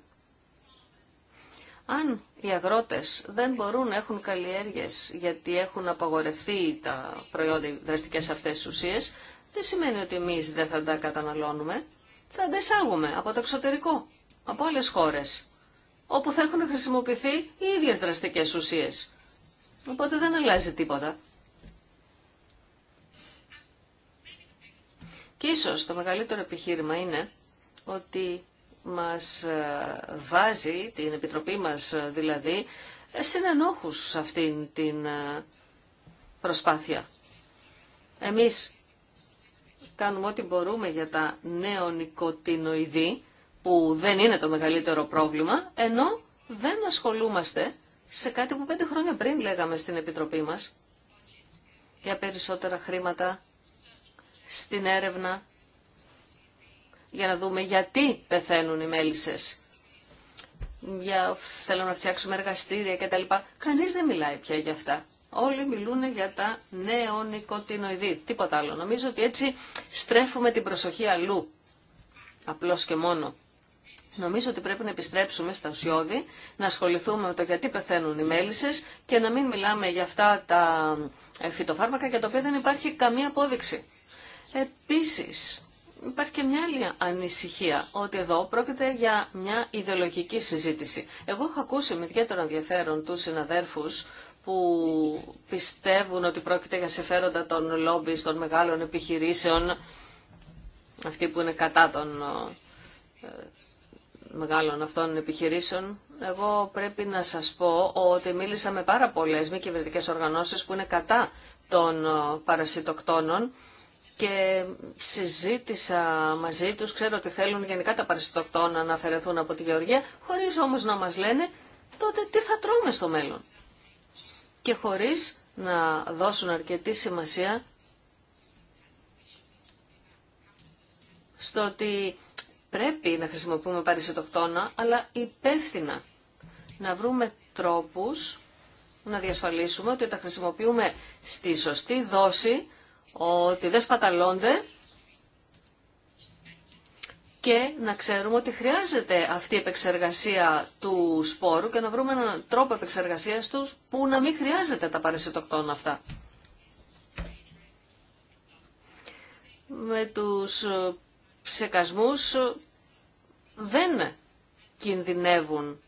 Αν οι αγρότες δεν μπορούν να έχουν καλλιέργειες γιατί έχουν απαγορευτεί τα προϊόντα δραστικές αυτές ουσίες, δεν σημαίνει ότι εμείς δεν θα τα καταναλώνουμε. Θα τα από το εξωτερικό, από άλλες χώρες, όπου θα έχουν χρησιμοποιηθεί οι ίδιες δραστικές ουσίες. Οπότε δεν αλλάζει τίποτα. Και ίσως το μεγαλύτερο επιχείρημα είναι ότι μας ε, βάζει, την Επιτροπή μας ε, δηλαδή, σε ενόχους σε αυτήν την ε, προσπάθεια. Εμείς κάνουμε ό,τι μπορούμε για τα νεονικοτινοειδή, που δεν είναι το μεγαλύτερο πρόβλημα, ενώ δεν ασχολούμαστε σε κάτι που πέντε χρόνια πριν λέγαμε στην Επιτροπή μας για περισσότερα χρήματα στην έρευνα για να δούμε γιατί πεθαίνουν οι μέλισσες. Για, θέλω να φτιάξουμε εργαστήρια κτλ. Κανείς δεν μιλάει πια για αυτά. Όλοι μιλούν για τα νεονικοτινοειδή, τίποτα άλλο. Νομίζω ότι έτσι στρέφουμε την προσοχή αλλού, απλώς και μόνο. Νομίζω ότι πρέπει να επιστρέψουμε στα ουσιώδη, να ασχοληθούμε με το γιατί πεθαίνουν οι μέλισσες και να μην μιλάμε για αυτά τα φυτοφάρμακα για τα οποία δεν υπάρχει καμία απόδειξη. Επίσης, Υπάρχει και μια άλλη ανησυχία, ότι εδώ πρόκειται για μια ιδεολογική συζήτηση. Εγώ έχω ακούσει με ιδιαίτερο ενδιαφέρον του συναδέρφους που πιστεύουν ότι πρόκειται για συμφέροντα των λόμπι, των μεγάλων επιχειρήσεων, αυτοί που είναι κατά των ε, μεγάλων αυτών επιχειρήσεων. Εγώ πρέπει να σας πω ότι μίλησα με πάρα πολλές μη κυβερνητικέ οργανώσεις που είναι κατά των ε, παρασιτοκτόνων και συζήτησα μαζί τους, ξέρω ότι θέλουν γενικά τα παριστοκτόνα να αφαιρεθούν από τη Γεωργία, χωρίς όμως να μας λένε τότε τι θα τρώμε στο μέλλον. Και χωρίς να δώσουν αρκετή σημασία στο ότι πρέπει να χρησιμοποιούμε παριστοκτόνα, αλλά υπεύθυνα να βρούμε τρόπους να διασφαλίσουμε ότι τα χρησιμοποιούμε στη σωστή δόση ότι δεν σπαταλώνται και να ξέρουμε ότι χρειάζεται αυτή η επεξεργασία του σπόρου και να βρούμε έναν τρόπο επεξεργασίας τους που να μην χρειάζεται τα παρασιτοκτόνα αυτά. Με τους ψεκασμούς δεν κινδυνεύουν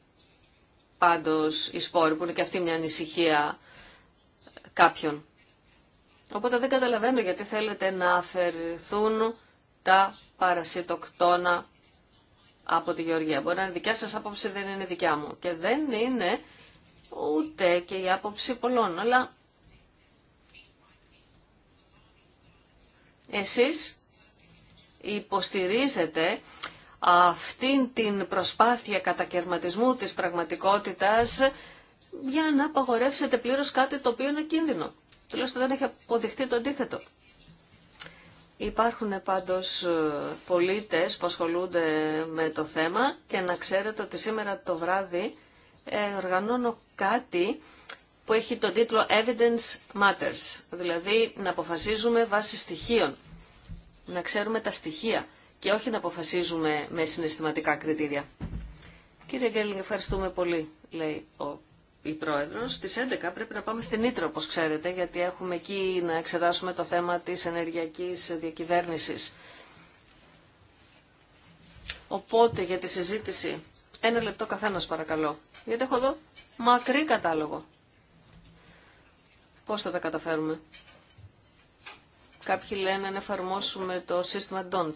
πάντως οι σπόροι που είναι και αυτή μια ανησυχία κάποιων. Οπότε δεν καταλαβαίνω γιατί θέλετε να αφαιρεθούν τα παρασιτοκτόνα από τη Γεωργία. Μπορεί να είναι δικιά σας άποψη, δεν είναι δικιά μου. Και δεν είναι ούτε και η άποψη πολλών, αλλά εσείς υποστηρίζετε αυτήν την προσπάθεια κατακαιρματισμού της πραγματικότητας για να απαγορεύσετε πλήρως κάτι το οποίο είναι κίνδυνο. Τουλάχιστον δεν έχει αποδειχτεί το αντίθετο. Υπάρχουν πάντως ε, πολίτες που ασχολούνται με το θέμα και να ξέρετε ότι σήμερα το βράδυ ε, οργανώνω κάτι που έχει τον τίτλο Evidence Matters, δηλαδή να αποφασίζουμε βάσει στοιχείων, να ξέρουμε τα στοιχεία και όχι να αποφασίζουμε με συναισθηματικά κριτήρια. Κύριε Γκέλινγκ, ευχαριστούμε πολύ, λέει ο η Πρόεδρος. Της 11 πρέπει να πάμε στην Ήτρο, όπω ξέρετε, γιατί έχουμε εκεί να εξετάσουμε το θέμα τη ενεργειακή διακυβέρνηση. Οπότε για τη συζήτηση, ένα λεπτό καθένα παρακαλώ. Γιατί έχω εδώ μακρύ κατάλογο. Πώ θα τα καταφέρουμε. Κάποιοι λένε να εφαρμόσουμε το σύστημα DONT.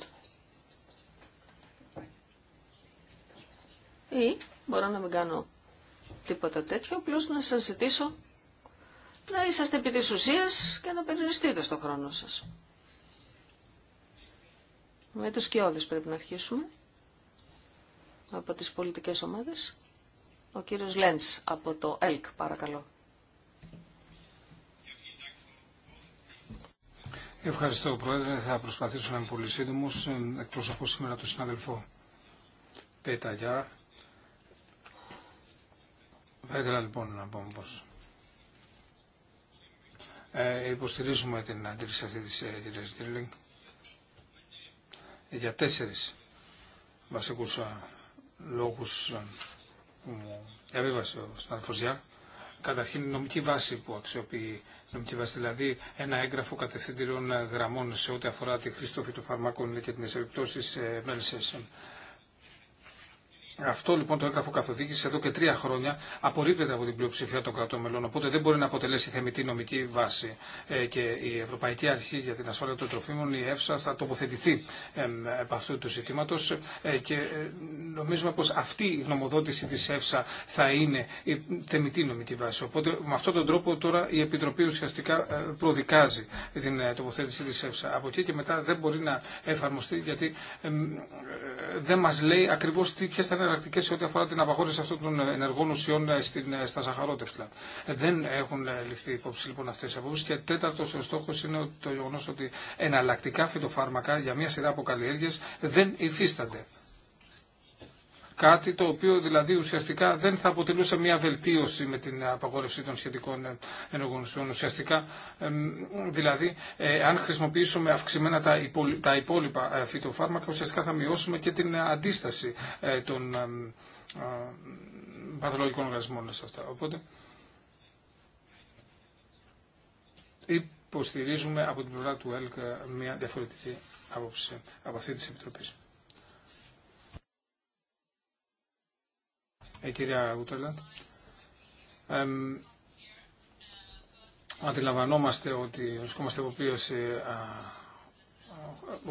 Ή μπορώ να μην κάνω τίποτα τέτοιο, απλώ να σας ζητήσω να είσαστε επί τη ουσία και να περιοριστείτε στο χρόνο σας. Με τους κοιόδες πρέπει να αρχίσουμε από τις πολιτικές ομάδες. Ο κύριος Λένς από το ΕΛΚ, παρακαλώ. Ευχαριστώ, Πρόεδρε. Θα προσπαθήσω να είμαι πολύ σύντομο. Ε, Εκπροσωπώ σήμερα τον συνάδελφο Πέταγιά, θα ήθελα λοιπόν να πω πως ε, υποστηρίζουμε την αντίληψη αυτή της κυρία ε, κυρίας για τέσσερις βασικούς λόγου ε, λόγους ε, που μου διαβίβασε ο συνάδελφος Καταρχήν η νομική βάση που αξιοποιεί νομική βάση, δηλαδή ένα έγγραφο κατευθυντηριών γραμμών σε ό,τι αφορά τη χρήση των φυτοφαρμάκων και τις επιπτώσεις μέλισσες αυτό λοιπόν το έγγραφο καθοδήγηση εδώ και τρία χρόνια απορρίπτεται από την πλειοψηφία των κρατών μελών, οπότε δεν μπορεί να αποτελέσει θεμητή νομική βάση. Ε, και η Ευρωπαϊκή Αρχή για την Ασφάλεια των Τροφίμων, η ΕΦΣΑ, θα τοποθετηθεί από αυτού του ζητήματο ε, και ε, νομίζουμε πω αυτή η γνωμοδότηση τη ΕΦΣΑ θα είναι η θεμητή νομική βάση. Οπότε με αυτόν τον τρόπο τώρα η Επιτροπή ουσιαστικά προδικάζει την τοποθέτηση τη ΕΦΣΑ. Από εκεί και μετά δεν μπορεί να εφαρμοστεί γιατί δεν μα λέει ακριβώ ποιε θα εναλλακτικέ σε ό,τι αφορά την απαγόρευση αυτών των ενεργών ουσιών ε, ε, στα σαχαρότευσλα. Δεν έχουν ε, ληφθεί υπόψη λοιπόν αυτέ οι απόψει. Και τέταρτο ο στόχο είναι το γεγονό ότι εναλλακτικά φυτοφάρμακα για μια σειρά από καλλιέργειε δεν υφίστανται κάτι το οποίο δηλαδή ουσιαστικά δεν θα αποτελούσε μια βελτίωση με την απαγόρευση των σχετικών ενεργών Ουσιαστικά δηλαδή ε, αν χρησιμοποιήσουμε αυξημένα τα υπόλοιπα ε, φυτοφάρμακα ουσιαστικά θα μειώσουμε και την αντίσταση ε, των παθολογικών οργανισμών σε αυτά. Οπότε υποστηρίζουμε από την πλευρά του ΕΛΚ μια διαφορετική άποψη από αυτή της Επιτροπής. η ε, κυρία Ούτελαντ. Ε, αντιλαμβανόμαστε ότι βρισκόμαστε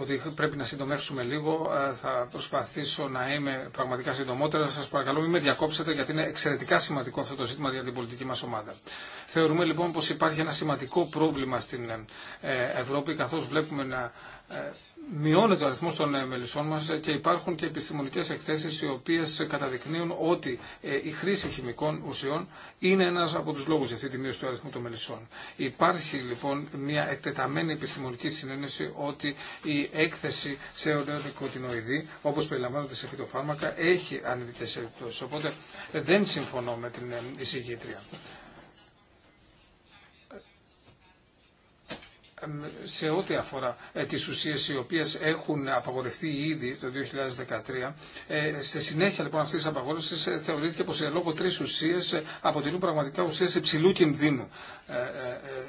ότι πρέπει να συντομεύσουμε λίγο. Θα προσπαθήσω να είμαι πραγματικά συντομότερα. Σας παρακαλώ μην με διακόψετε γιατί είναι εξαιρετικά σημαντικό αυτό το ζήτημα για την πολιτική μας ομάδα. Θεωρούμε λοιπόν πως υπάρχει ένα σημαντικό πρόβλημα στην ε, Ευρώπη καθώς βλέπουμε να ε, μειώνεται ο αριθμός των ε, μελισσών μας και υπάρχουν και επιστημονικές εκθέσεις οι οποίες καταδεικνύουν ότι η χρήση χημικών ουσιών είναι ένας από τους λόγους για αυτή τη μείωση του αριθμού των μελισσών. Υπάρχει λοιπόν μια εκτεταμένη επιστημονική συνένεση ότι η έκθεση σε οδεοδικοτινοειδή όπως περιλαμβάνονται σε φυτοφάρμακα έχει ανεδικές επιπτώσεις. Οπότε δεν συμφωνώ με την εισηγήτρια. σε ό,τι αφορά ε, τις ουσίες οι οποίες έχουν απαγορευτεί ήδη το 2013. Ε, σε συνέχεια λοιπόν αυτής της απαγόρευσης ε, θεωρήθηκε πως λόγω τρεις ουσίες αποτελούν πραγματικά ουσίες υψηλού κινδύνου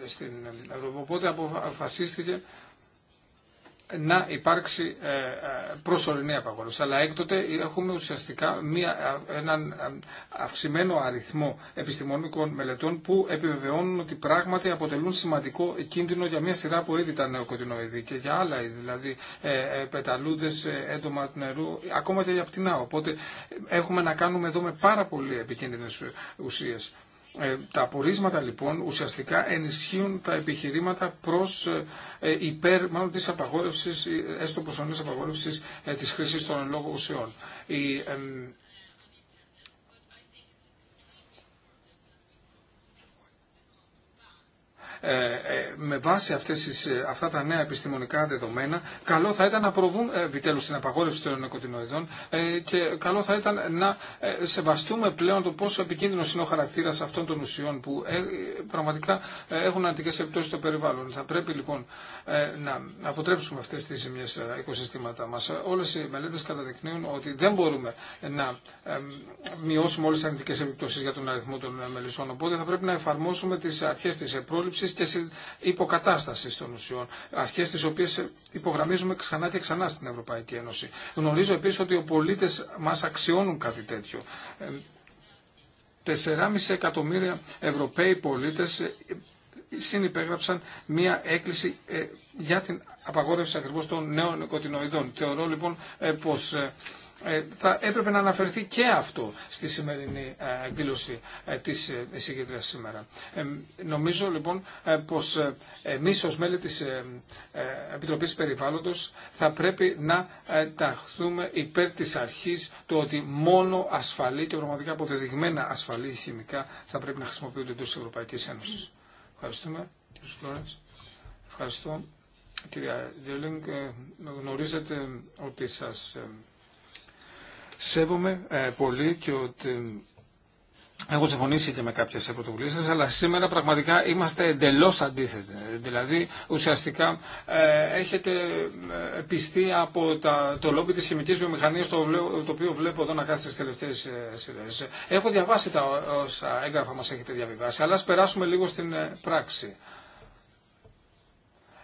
στην Ευρώπη. Οπότε αποφασίστηκε να υπάρξει ε, ε, προσωρινή απαγόρευση. Αλλά έκτοτε έχουμε ουσιαστικά μια, ε, έναν αυξημένο αριθμό επιστημονικών μελετών που επιβεβαιώνουν ότι πράγματι αποτελούν σημαντικό κίνδυνο για μια σειρά από είδη τα νεοκοτινοειδή και για άλλα είδη, δηλαδή πεταλούδες, έντομα του νερού, ακόμα και για πτηνά. Οπότε έχουμε να κάνουμε εδώ με πάρα πολύ επικίνδυνες ουσίες. Ε, τα απορίσματα λοιπόν ουσιαστικά ενισχύουν τα επιχειρήματα προς ε, ε, υπέρ μάλλον της απαγόρευσης, έστω προσωρινής απαγόρευσης της χρήσης των λόγω ουσιών. Ε, ε, με βάση αυτές τις, ε, αυτά τα νέα επιστημονικά δεδομένα, καλό θα ήταν να προβούν επιτέλους την απαγόρευση των νοικοτινοειδών και καλό θα ήταν να σεβαστούμε πλέον το πόσο επικίνδυνο είναι ο χαρακτήρας αυτών των ουσιών που πραγματικά έχουν αρνητικές επιπτώσεις στο περιβάλλον. Θα πρέπει λοιπόν να αποτρέψουμε αυτές τις ζημιές οικοσυστήματα μας. Όλες οι μελέτες καταδεικνύουν ότι δεν μπορούμε να μειώσουμε όλες τις αρνητικές επιπτώσεις για τον αριθμό των μελισσών. Οπότε θα πρέπει να εφαρμόσουμε τις αρχές της πρόληψης και και υποκατάσταση των ουσιών, αρχές τι οποίες υπογραμμίζουμε ξανά και ξανά στην Ευρωπαϊκή Ένωση. Γνωρίζω επίσης ότι οι πολίτες μας αξιώνουν κάτι τέτοιο. 4,5 εκατομμύρια Ευρωπαίοι πολίτες συνυπέγραψαν μία έκκληση ε, για την απαγόρευση ακριβώ των νέων νοικοτινοειδών. Θεωρώ λοιπόν ε, πως ε, ε, θα έπρεπε να αναφερθεί και αυτό στη σημερινή ε, εκδήλωση ε, της εισηγήτριας σήμερα. Νομίζω λοιπόν πως εμείς ως μέλη της Επιτροπής Περιβάλλοντος θα πρέπει να ταχθούμε υπέρ της αρχής το ότι μόνο ασφαλή και πραγματικά αποδεδειγμένα ασφαλή χημικά θα πρέπει να χρησιμοποιούνται τους της Ευρωπαϊκής Ένωσης. Ευχαριστούμε. Ευχαριστώ. Κυρία γνωρίζετε ότι σας Σέβομαι ε, πολύ και ότι έχω συμφωνήσει και με κάποιες πρωτοβουλίε σα, αλλά σήμερα πραγματικά είμαστε εντελώ αντίθετοι. Δηλαδή ουσιαστικά ε, έχετε ε, πιστεί από τα, το λόμπι της χημική βιομηχανία, το, το οποίο βλέπω εδώ να κάθεται στις τελευταίες σειρέ. Έχω διαβάσει τα όσα έγγραφα μας έχετε διαβιβάσει, αλλά α περάσουμε λίγο στην πράξη.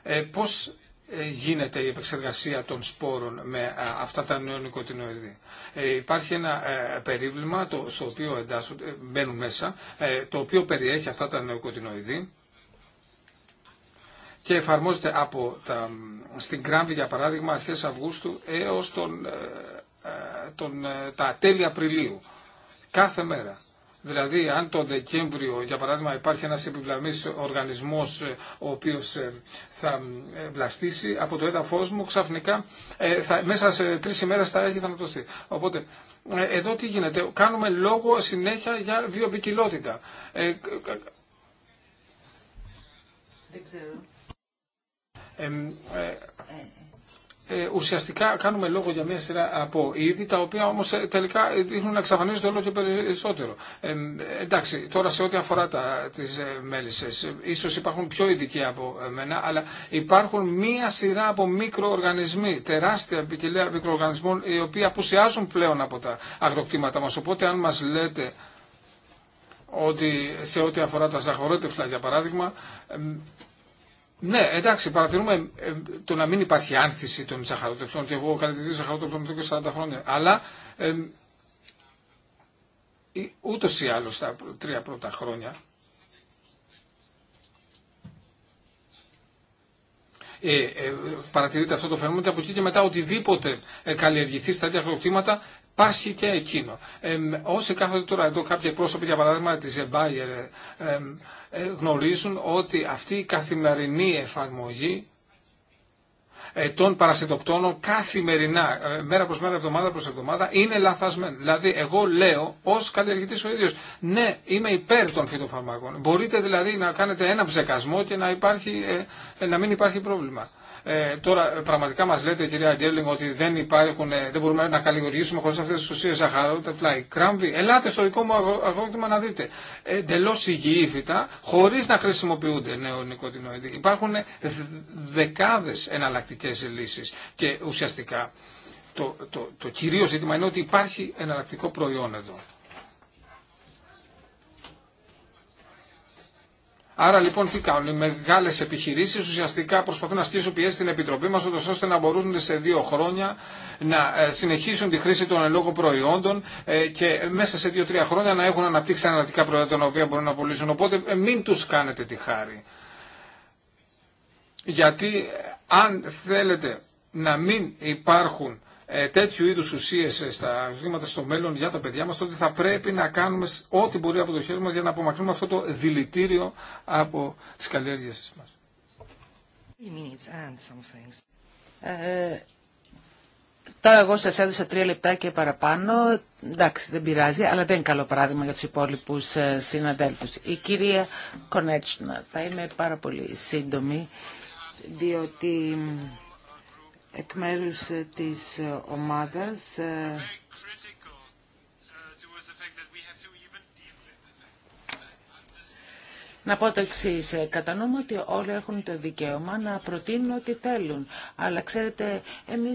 Ε, πώς ε, γίνεται η επεξεργασία των σπόρων με ε, αυτά τα νεονικοτινοειδή. Ε, υπάρχει ένα περίβλημα το, στο οποίο μπαίνουν μέσα, το οποίο περιέχει αυτά τα νεοκοτινοειδή και εφαρμόζεται από τα, στην Κράμβη για παράδειγμα αρχές Αυγούστου έως τον, τον, τα τέλη Απριλίου κάθε μέρα. Δηλαδή, αν τον Δεκέμβριο, για παράδειγμα, υπάρχει ένας επιβλαμής οργανισμός ε, ο οποίος ε, θα ε, βλαστήσει από το έδαφος μου, ξαφνικά θα, μέσα σε τρεις ημέρες θα έχει θανατωθεί. Οπότε, εδώ τι γίνεται. Κάνουμε λόγο συνέχεια για βιοπικιλότητα. Δεν ξέρω. Ε, ουσιαστικά κάνουμε λόγο για μια σειρά από είδη, τα οποία όμω ε, τελικά ε, δείχνουν να εξαφανίζονται όλο και περισσότερο. Ε, εντάξει, τώρα σε ό,τι αφορά τι μέλισσε, ίσω υπάρχουν πιο ειδικοί από μένα, αλλά υπάρχουν μια σειρά από μικροοργανισμοί, τεράστια ποικιλία μικροοργανισμών, οι οποίοι απουσιάζουν πλέον από τα αγροκτήματά μα. Οπότε, αν μα λέτε ότι σε ό,τι αφορά τα ζαχαρότεφλα, για παράδειγμα, ναι, εντάξει, παρατηρούμε ε, το να μην υπάρχει άνθηση των ζαχαροτευτών και εγώ τη ζαχαροτευτών εδώ και 40 χρόνια. Αλλά ε, ούτω ή άλλω τα τρία πρώτα χρόνια ε, ε, παρατηρείται αυτό το φαινόμενο και από εκεί και μετά οτιδήποτε ε, καλλιεργηθεί στα ίδια πάσχει και εκείνο. Ε, όσοι κάθονται τώρα εδώ κάποιοι πρόσωποι, για παράδειγμα της Bayer, ε, ε, γνωρίζουν ότι αυτή η καθημερινή εφαρμογή ε, των παρασυντοκτόνων καθημερινά, ε, μέρα προς μέρα, εβδομάδα προς εβδομάδα, είναι λαθασμένη. Δηλαδή, εγώ λέω ως καλλιεργητής ο ίδιος, ναι, είμαι υπέρ των φυτοφαρμάκων. Μπορείτε δηλαδή να κάνετε ένα ψεκασμό και να, υπάρχει, να μην υπάρχει πρόβλημα. Ε, τώρα ε, πραγματικά μας λέτε κυρία Γκέρλινγκ ότι δεν υπάρχουν, ε, δεν μπορούμε να καλλιεργήσουμε χωρίς αυτές τις ουσίες ζαχαρότητα, πλάι, κράμβι. Ελάτε στο δικό μου αγρότημα να δείτε. Ε, Εντελώ υγιή φυτά, χωρίς να χρησιμοποιούνται νεονικοτινοειδή. Υπάρχουν δεκάδες εναλλακτικέ λύσει. και ουσιαστικά το, το, το, το ζήτημα είναι ότι υπάρχει εναλλακτικό προϊόν εδώ. Άρα λοιπόν τι κάνουν. Οι μεγάλε επιχειρήσει ουσιαστικά προσπαθούν να στήσουν πιέσει στην Επιτροπή μα, ώστε να μπορούν σε δύο χρόνια να ε, συνεχίσουν τη χρήση των ελόγων προϊόντων ε, και μέσα σε δύο-τρία χρόνια να έχουν αναπτύξει αναλυτικά προϊόντα τα οποία μπορούν να πουλήσουν. Οπότε ε, μην του κάνετε τη χάρη. Γιατί αν θέλετε να μην υπάρχουν ε, τέτοιου είδους ουσίες ε, στα γλύματα στο μέλλον για τα παιδιά μας, τότε θα πρέπει να κάνουμε ό,τι μπορεί από το χέρι μας για να απομακρύνουμε αυτό το δηλητήριο από τις καλλιέργειες μας. Ε, τώρα εγώ σας έδωσα τρία λεπτά και παραπάνω. Εντάξει, δεν πειράζει, αλλά δεν είναι καλό παράδειγμα για τους υπόλοιπους συναδέλφους. Η κυρία Κονέτσνα, θα είμαι πάρα πολύ σύντομη, διότι εκ μέρους ε, της ε, ομάδας ε, Να πω το εξή. Κατανοούμε ότι όλοι έχουν το δικαίωμα να προτείνουν ό,τι θέλουν. Αλλά ξέρετε, εμεί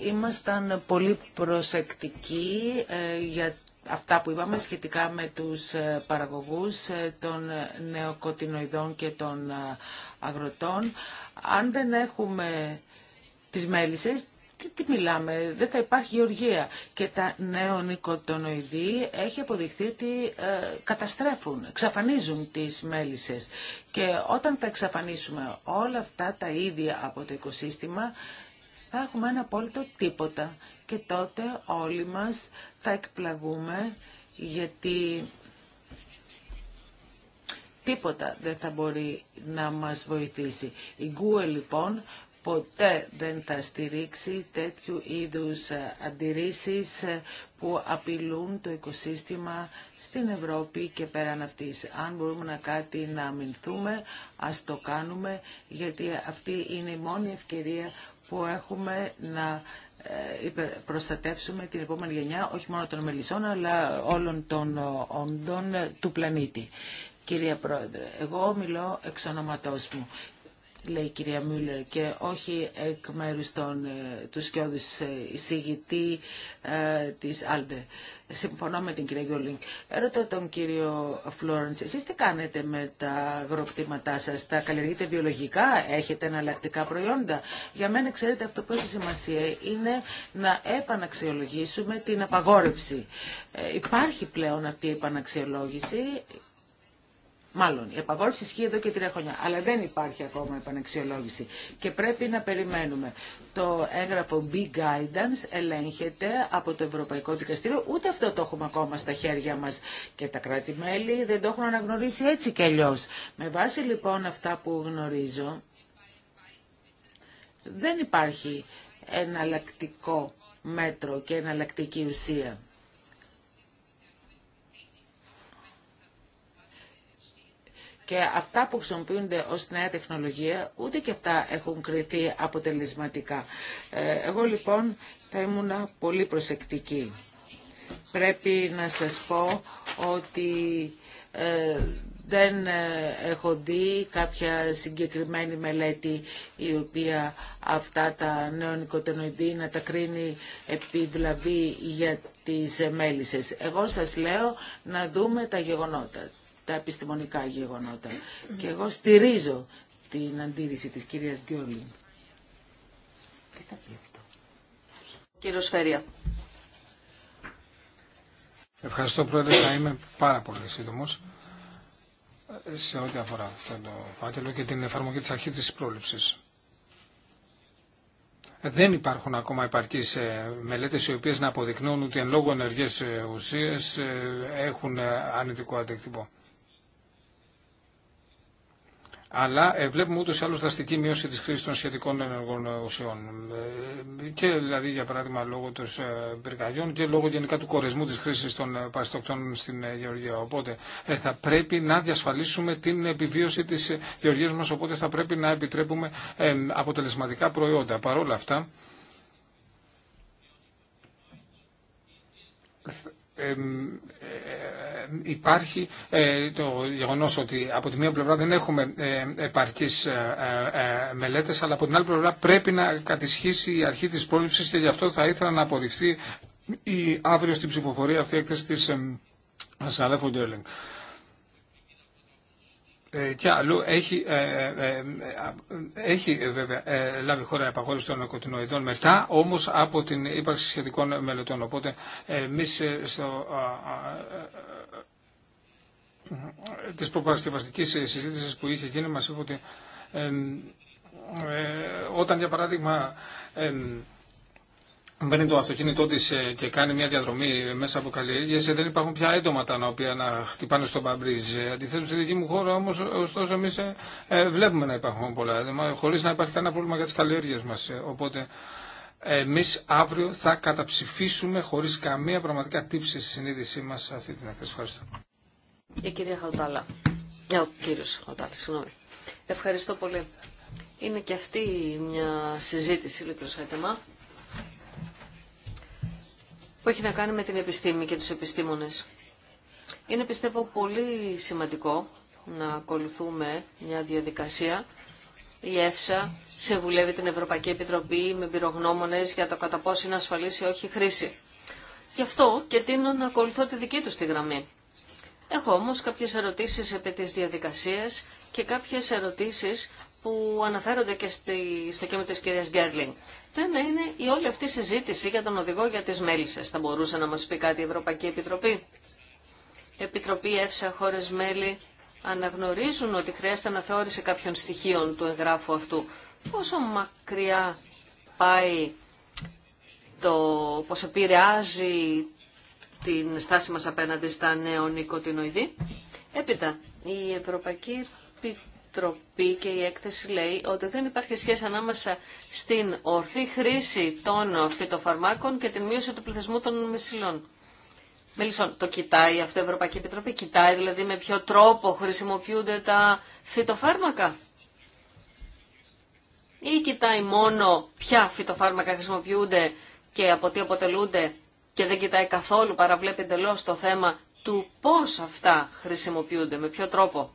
ήμασταν πολύ προσεκτικοί για αυτά που είπαμε σχετικά με τους παραγωγούς των νεοκοτινοειδών και των αγροτών. Αν δεν έχουμε τις μέλισσες, τι, μιλάμε, δεν θα υπάρχει γεωργία. Και τα νεονικοτονοειδή έχει αποδειχθεί ότι ε, καταστρέφουν, εξαφανίζουν τις μέλισσες. Και όταν θα εξαφανίσουμε όλα αυτά τα ίδια από το οικοσύστημα, θα έχουμε ένα απόλυτο τίποτα. Και τότε όλοι μας θα εκπλαγούμε γιατί τίποτα δεν θα μπορεί να μας βοηθήσει. Η Google λοιπόν ποτέ δεν θα στηρίξει τέτοιου είδους ε, αντιρρήσεις ε, που απειλούν το οικοσύστημα στην Ευρώπη και πέραν αυτής. Αν μπορούμε να κάτι να αμυνθούμε, ας το κάνουμε, γιατί αυτή είναι η μόνη ευκαιρία που έχουμε να ε, προστατεύσουμε την επόμενη γενιά, όχι μόνο των μελισσών, αλλά όλων των όντων του πλανήτη. Κυρία Πρόεδρε, εγώ μιλώ εξ ονοματός μου λέει η κυρία Μούλερ και όχι εκ μέρους ε, του σκιώδης ε, εισηγητή ε, της άλδε. Συμφωνώ με την κυρία Γιόλινγκ. Ρωτώ τον κύριο Φλόρεντ, εσείς τι κάνετε με τα αγροκτήματά σας, τα καλλιεργείτε βιολογικά, έχετε εναλλακτικά προϊόντα. Για μένα, ξέρετε, αυτό που έχει σημασία είναι να επαναξιολογήσουμε την απαγόρευση. υπάρχει πλέον αυτή η επαναξιολόγηση, Μάλλον, η απαγόρευση ισχύει εδώ και τρία χρόνια, αλλά δεν υπάρχει ακόμα επαναξιολόγηση και πρέπει να περιμένουμε. Το έγγραφο B-Guidance ελέγχεται από το Ευρωπαϊκό Δικαστήριο, ούτε αυτό το έχουμε ακόμα στα χέρια μας και τα κράτη-μέλη δεν το έχουν αναγνωρίσει έτσι και αλλιώ. Με βάση λοιπόν αυτά που γνωρίζω, δεν υπάρχει εναλλακτικό μέτρο και εναλλακτική ουσία. Και αυτά που χρησιμοποιούνται ως νέα τεχνολογία, ούτε και αυτά έχουν κριθεί αποτελεσματικά. Ε, εγώ λοιπόν θα ήμουν πολύ προσεκτική. Πρέπει να σας πω ότι ε, δεν ε, έχω δει κάποια συγκεκριμένη μελέτη η οποία αυτά τα νεονικοτενοειδή να τα κρίνει επιβλαβή για τις μέλισσες. Εγώ σας λέω να δούμε τα γεγονότα τα επιστημονικά γεγονότα. Και εγώ στηρίζω την αντίρρηση της κυρίας Γκιόλιν. θα πει αυτό. Κύριο Σφαιρία. Ευχαριστώ πρόεδρε, θα είμαι πάρα πολύ σύντομος σε ό,τι αφορά αυτό το φάκελο και την εφαρμογή της αρχής της πρόληψης. Δεν υπάρχουν ακόμα επαρκείς ε, μελέτες οι οποίες να αποδεικνύουν ότι εν λόγω ενεργές ε, ουσίες ε, έχουν αρνητικό αντίκτυπο αλλά ε, βλέπουμε ούτω ή άλλω δραστική μείωση τη χρήση των σχετικών ενεργών ουσιών. Ε, και δηλαδή για παράδειγμα λόγω των ε, πυρκαγιών και λόγω γενικά του κορεσμού τη χρήση των παριστοκτών στην Γεωργία. Οπότε θα πρέπει να διασφαλίσουμε την επιβίωση της γεωργία μα, οπότε θα πρέπει να επιτρέπουμε αποτελεσματικά προϊόντα. Παρ' όλα αυτά, ε, υπάρχει ε, το γεγονός ότι από τη μία πλευρά δεν έχουμε ε, επαρκείς μελέτες, αλλά από την άλλη πλευρά πρέπει να κατησχίσει η αρχή της πρόληψης και γι' αυτό θα ήθελα να απορριφθεί η, αύριο στην ψηφοφορία αυτή η έκθεση της συναδέλφου Γκέρλινγκ. Και αλλού έχει, έχει βέβαια λάβει χώρα η απαγόρευση των νοικοτινοειδών μετά, όμως από την ύπαρξη σχετικών μελετών. Οπότε εμείς στο Τη προπαρασκευαστική συζήτηση που είχε γίνει μα είπε ότι ε, όταν για παράδειγμα ε, μπαίνει το αυτοκίνητό τη ε, και κάνει μια διαδρομή μέσα από καλλιέργειε, ε, δεν υπάρχουν πια έντομα τα οποία να χτυπάνε στο μπαμπρίζ. Ε, Αντιθέτω, στη δική μου χώρα όμω, ωστόσο, εμεί βλέπουμε να υπάρχουν πολλά έντομα, χωρί να υπάρχει κανένα πρόβλημα για τι καλλιέργειε μα. Οπότε, εμεί αύριο θα καταψηφίσουμε χωρί καμία πραγματικά τύψη στη συνείδησή μα αυτή την εκθέση. Ευχαριστώ. Η κυρία Χαουτάλα. Ε, ο κύριος Χαουτάλα, συγγνώμη. Ευχαριστώ πολύ. Είναι και αυτή μια συζήτηση, λέει Σαϊτεμά, που έχει να κάνει με την επιστήμη και τους επιστήμονες. Είναι, πιστεύω, πολύ σημαντικό να ακολουθούμε μια διαδικασία. Η ΕΦΣΑ βουλεύει την Ευρωπαϊκή Επιτροπή με πυρογνώμονες για το κατά πόσο είναι ασφαλής ή όχι χρήση. Γι' αυτό και τίνω να ακολουθώ τη δική τους τη γραμμή. Έχω όμως κάποιες ερωτήσεις επί της διαδικασίας και κάποιες ερωτήσεις που αναφέρονται και στη, στο κείμενο της κυρίας Γκέρλινγκ. Το ένα είναι η όλη αυτή συζήτηση για τον οδηγό για τις μέλισσες. Θα μπορούσε να μας πει κάτι η Ευρωπαϊκή Επιτροπή. Επιτροπή, ΕΦΣΑ, χώρες μέλη αναγνωρίζουν ότι χρειάζεται αναθεώρηση κάποιων στοιχείων του εγγράφου αυτού. Πόσο μακριά πάει το πώς επηρεάζει την στάση μας απέναντι στα νεονικοτινοειδή. Έπειτα, η Ευρωπαϊκή Επιτροπή και η έκθεση λέει ότι δεν υπάρχει σχέση ανάμεσα στην ορθή χρήση των φυτοφαρμάκων και την μείωση του πληθυσμού των μεσηλών. Μελισσόν, το κοιτάει αυτό η Ευρωπαϊκή Επιτροπή, κοιτάει δηλαδή με ποιο τρόπο χρησιμοποιούνται τα φυτοφάρμακα ή κοιτάει μόνο ποια φυτοφάρμακα χρησιμοποιούνται και από τι αποτελούνται και δεν κοιτάει καθόλου, παραβλέπει εντελώ το θέμα του πώς αυτά χρησιμοποιούνται, με ποιο τρόπο.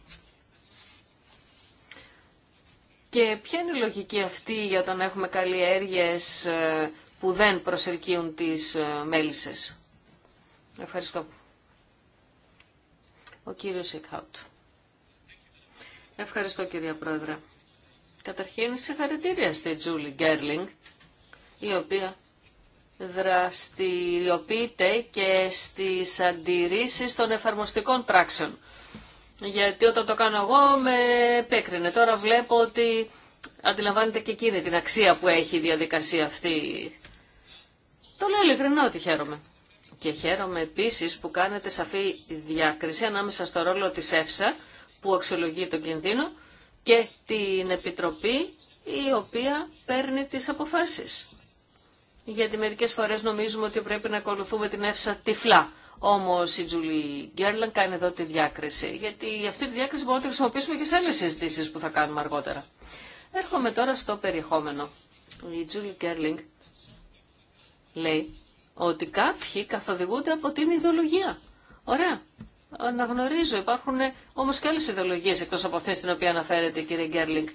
Και ποια είναι η λογική αυτή για το να έχουμε καλλιέργειες ε, που δεν προσελκύουν τις ε, μέλισσες. Ευχαριστώ. Ο κύριος Σιχάουτ. Ευχαριστώ κυρία Πρόεδρε. Καταρχήν συγχαρητήρια στη Τζούλη Γκέρλινγκ, η οποία δραστηριοποιείται και στις αντιρρήσεις των εφαρμοστικών πράξεων. Γιατί όταν το κάνω εγώ με επέκρινε. Τώρα βλέπω ότι αντιλαμβάνεται και εκείνη την αξία που έχει η διαδικασία αυτή. Το λέω ειλικρινά ότι χαίρομαι. Και χαίρομαι επίσης που κάνετε σαφή διάκριση ανάμεσα στο ρόλο της ΕΦΣΑ που αξιολογεί τον κινδύνο και την Επιτροπή η οποία παίρνει τις αποφάσεις γιατί μερικές φορές νομίζουμε ότι πρέπει να ακολουθούμε την εύσα τυφλά. Όμως η Τζουλή Γκέρλαν κάνει εδώ τη διάκριση, γιατί αυτή τη διάκριση μπορούμε να τη χρησιμοποιήσουμε και σε άλλες συζητήσεις που θα κάνουμε αργότερα. Έρχομαι τώρα στο περιεχόμενο. Η Τζούλη Γκέρλινγκ λέει ότι κάποιοι καθοδηγούνται από την ιδεολογία. Ωραία. Αναγνωρίζω. Υπάρχουν όμω και άλλε ιδεολογίε εκτό από αυτέ την οποία αναφέρεται, η κύριε Γκέρλινγκ.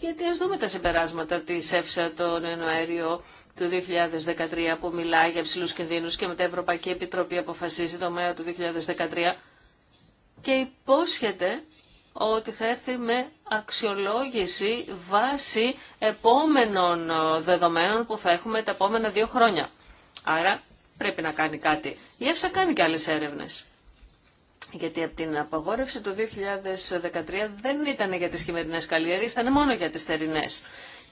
Γιατί α δούμε τα συμπεράσματα τη ΕΦΣΑ, τον Ιανουάριο, του 2013 που μιλάει για ψηλούς κινδύνου και με την Ευρωπαϊκή Επιτροπή αποφασίζει το Μέο του 2013 και υπόσχεται ότι θα έρθει με αξιολόγηση βάση επόμενων δεδομένων που θα έχουμε τα επόμενα δύο χρόνια. Άρα πρέπει να κάνει κάτι. Η ΕΦΣΑ κάνει και άλλες έρευνες. Γιατί από την απαγόρευση του 2013 δεν ήταν για τις χειμερινές καλλιέργειες, ήταν μόνο για τις θερινές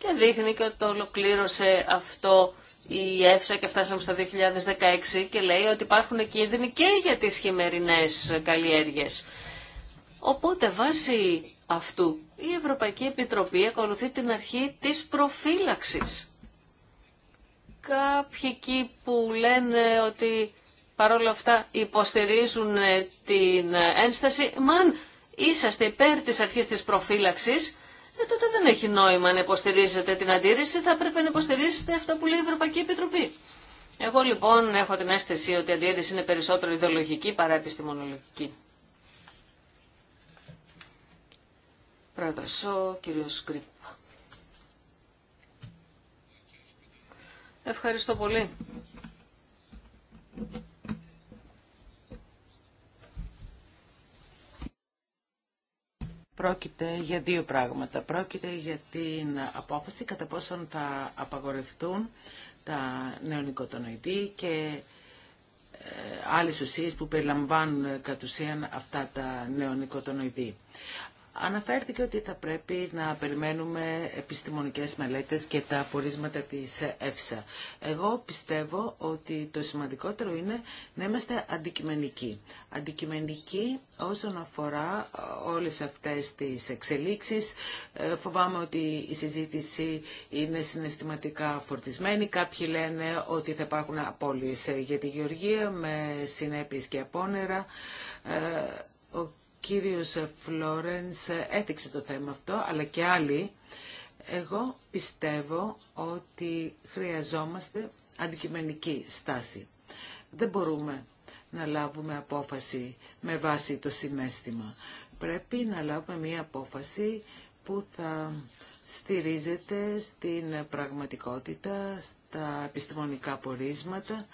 και δείχνει και το ολοκλήρωσε αυτό η ΕΦΣΑ και φτάσαμε στο 2016 και λέει ότι υπάρχουν κίνδυνοι και για τις χειμερινές καλλιέργειες. Οπότε βάσει αυτού η Ευρωπαϊκή Επιτροπή ακολουθεί την αρχή της προφύλαξης. Κάποιοι εκεί που λένε ότι παρόλα αυτά υποστηρίζουν ε, την ένσταση, μαν είσαστε υπέρ της αρχής της προφύλαξης, ε, τότε δεν έχει νόημα να υποστηρίζετε την αντίρρηση, θα πρέπει να υποστηρίζετε αυτό που λέει η Ευρωπαϊκή Επιτροπή. Εγώ λοιπόν έχω την αίσθηση ότι η αντίρρηση είναι περισσότερο ιδεολογική παρά επιστημονολογική. Πρόεδρος, κύριος Ευχαριστώ πολύ. Πρόκειται για δύο πράγματα. Πρόκειται για την απόφαση κατά πόσον θα απαγορευτούν τα νεονικοτονοειδή και ε, άλλες ουσίες που περιλαμβάνουν ε, κατ' ουσίαν αυτά τα νεονικοτονοειδή. Αναφέρθηκε ότι θα πρέπει να περιμένουμε επιστημονικές μελέτες και τα απορίσματα της ΕΦΣΑ. Εγώ πιστεύω ότι το σημαντικότερο είναι να είμαστε αντικειμενικοί. Αντικειμενικοί όσον αφορά ε, όλες αυτές τις εξελίξεις. Ε, φοβάμαι ότι η συζήτηση είναι συναισθηματικά φορτισμένη. Κάποιοι λένε ότι θα υπάρχουν απόλυες για τη Γεωργία με συνέπειες και απόνερα. Ε, κύριος Φλόρενς έθιξε το θέμα αυτό, αλλά και άλλοι. Εγώ πιστεύω ότι χρειαζόμαστε αντικειμενική στάση. Δεν μπορούμε να λάβουμε απόφαση με βάση το συνέστημα. Πρέπει να λάβουμε μία απόφαση που θα στηρίζεται στην πραγματικότητα, στα επιστημονικά πορίσματα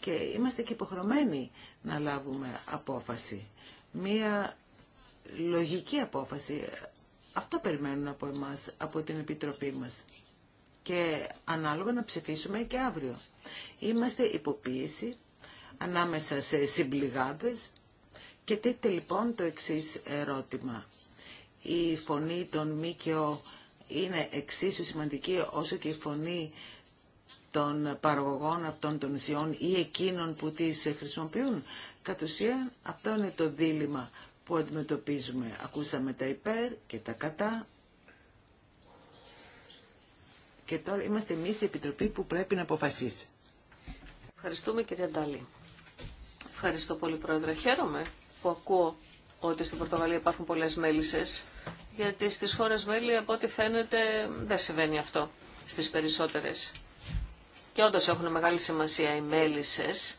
και είμαστε και υποχρεωμένοι να λάβουμε απόφαση μία λογική απόφαση. Αυτό περιμένουν από εμάς, από την Επιτροπή μας. Και ανάλογα να ψηφίσουμε και αύριο. Είμαστε υποποίηση ανάμεσα σε συμπληγάδες και τίτλε λοιπόν το εξής ερώτημα. Η φωνή των ΜΚΟ είναι εξίσου σημαντική όσο και η φωνή των παραγωγών αυτών των νησιών ή εκείνων που τις χρησιμοποιούν. Κατ' ουσίαν αυτό είναι το δίλημα που αντιμετωπίζουμε. Ακούσαμε τα υπέρ και τα κατά. Και τώρα είμαστε εμείς η Επιτροπή που πρέπει να αποφασίσει. Ευχαριστούμε κυρία Ντάλη. Ευχαριστώ πολύ πρόεδρε. Χαίρομαι που ακούω ότι στην Πορτογαλία υπάρχουν πολλές μέλισσες, γιατί στις χώρες μέλη από ό,τι φαίνεται δεν συμβαίνει αυτό στις περισσότερες. Και όντως έχουν μεγάλη σημασία οι μέλισσες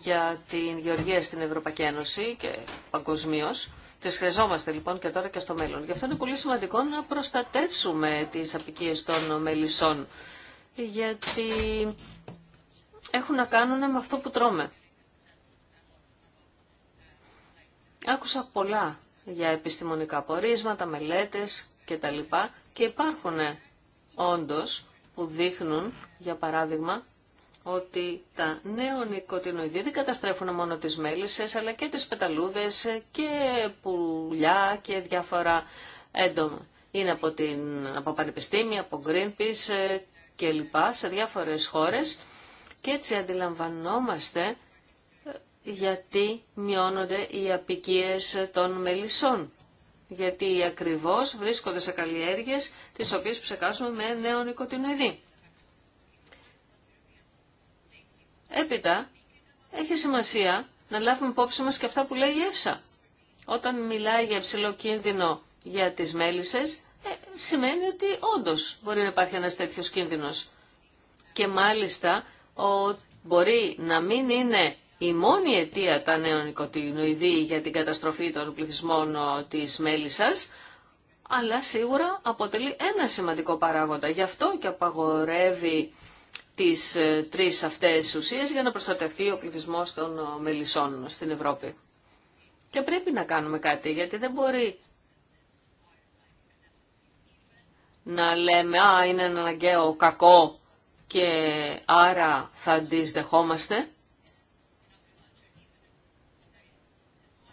για την γεωργία στην Ευρωπαϊκή Ένωση και παγκοσμίω. Τι χρειαζόμαστε λοιπόν και τώρα και στο μέλλον. Γι' αυτό είναι πολύ σημαντικό να προστατεύσουμε τις απικίε των μελισσών. Γιατί έχουν να κάνουν με αυτό που τρώμε. Άκουσα πολλά για επιστημονικά πορίσματα, μελέτες και τα και υπάρχουν όντως που δείχνουν, για παράδειγμα, ότι τα νέα νοικοτινοειδή δεν καταστρέφουν μόνο τις μέλισσες, αλλά και τις πεταλούδες και πουλιά και διάφορα έντομα. Είναι από, την, από πανεπιστήμια, από Greenpeace ε, και λοιπά, σε διάφορες χώρες και έτσι αντιλαμβανόμαστε ε, γιατί μειώνονται οι απικίες των μελισσών. Γιατί ακριβώς βρίσκονται σε καλλιέργειες τις οποίες ψεκάζουμε με νέο νοικοτινοειδή. Έπειτα, έχει σημασία να λάβουμε υπόψη μας και αυτά που λέει η Εύσα. Όταν μιλάει για υψηλό κίνδυνο για τις μέλισσες, ε, σημαίνει ότι όντως μπορεί να υπάρχει ένας τέτοιος κίνδυνος. Και μάλιστα ο, μπορεί να μην είναι η μόνη αιτία τα νεονικοτινοειδή για την καταστροφή των πληθυσμών της μέλισσας, αλλά σίγουρα αποτελεί ένα σημαντικό παράγοντα. Γι' αυτό και απαγορεύει τις ε, τρεις αυτές ουσίες για να προστατευτεί ο πληθυσμός των ε, μελισσών στην Ευρώπη. Και πρέπει να κάνουμε κάτι, γιατί δεν μπορεί να λέμε «Α, είναι ένα αναγκαίο κακό και άρα θα αντισδεχόμαστε».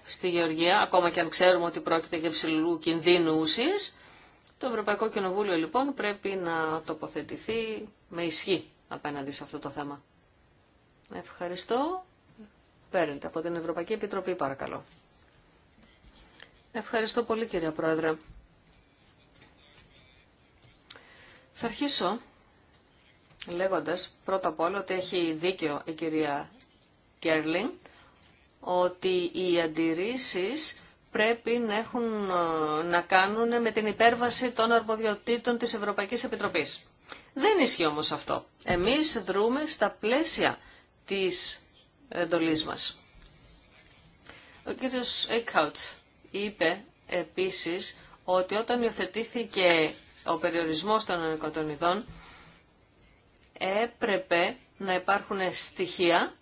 Στη Γεωργία, ακόμα και αν ξέρουμε ότι πρόκειται για ψηλού κινδύνου ουσίες, το Ευρωπαϊκό Κοινοβούλιο λοιπόν πρέπει να τοποθετηθεί με ισχύ απέναντι σε αυτό το θέμα. Ευχαριστώ. Παίρνετε από την Ευρωπαϊκή Επιτροπή, παρακαλώ. Ευχαριστώ πολύ, κύριε Πρόεδρε. Θα αρχίσω λέγοντας πρώτα απ' όλα ότι έχει δίκιο η κυρία Κέρλιν ότι οι αντιρρήσεις πρέπει να έχουν ε, να κάνουν με την υπέρβαση των αρμοδιοτήτων της Ευρωπαϊκής Επιτροπής. Δεν ισχύει όμως αυτό. Εμείς δρούμε στα πλαίσια της εντολής μας. Ο κύριος Έκχαουτ είπε επίσης ότι όταν υιοθετήθηκε ο περιορισμός των ανοικοτονιδών έπρεπε να υπάρχουν στοιχεία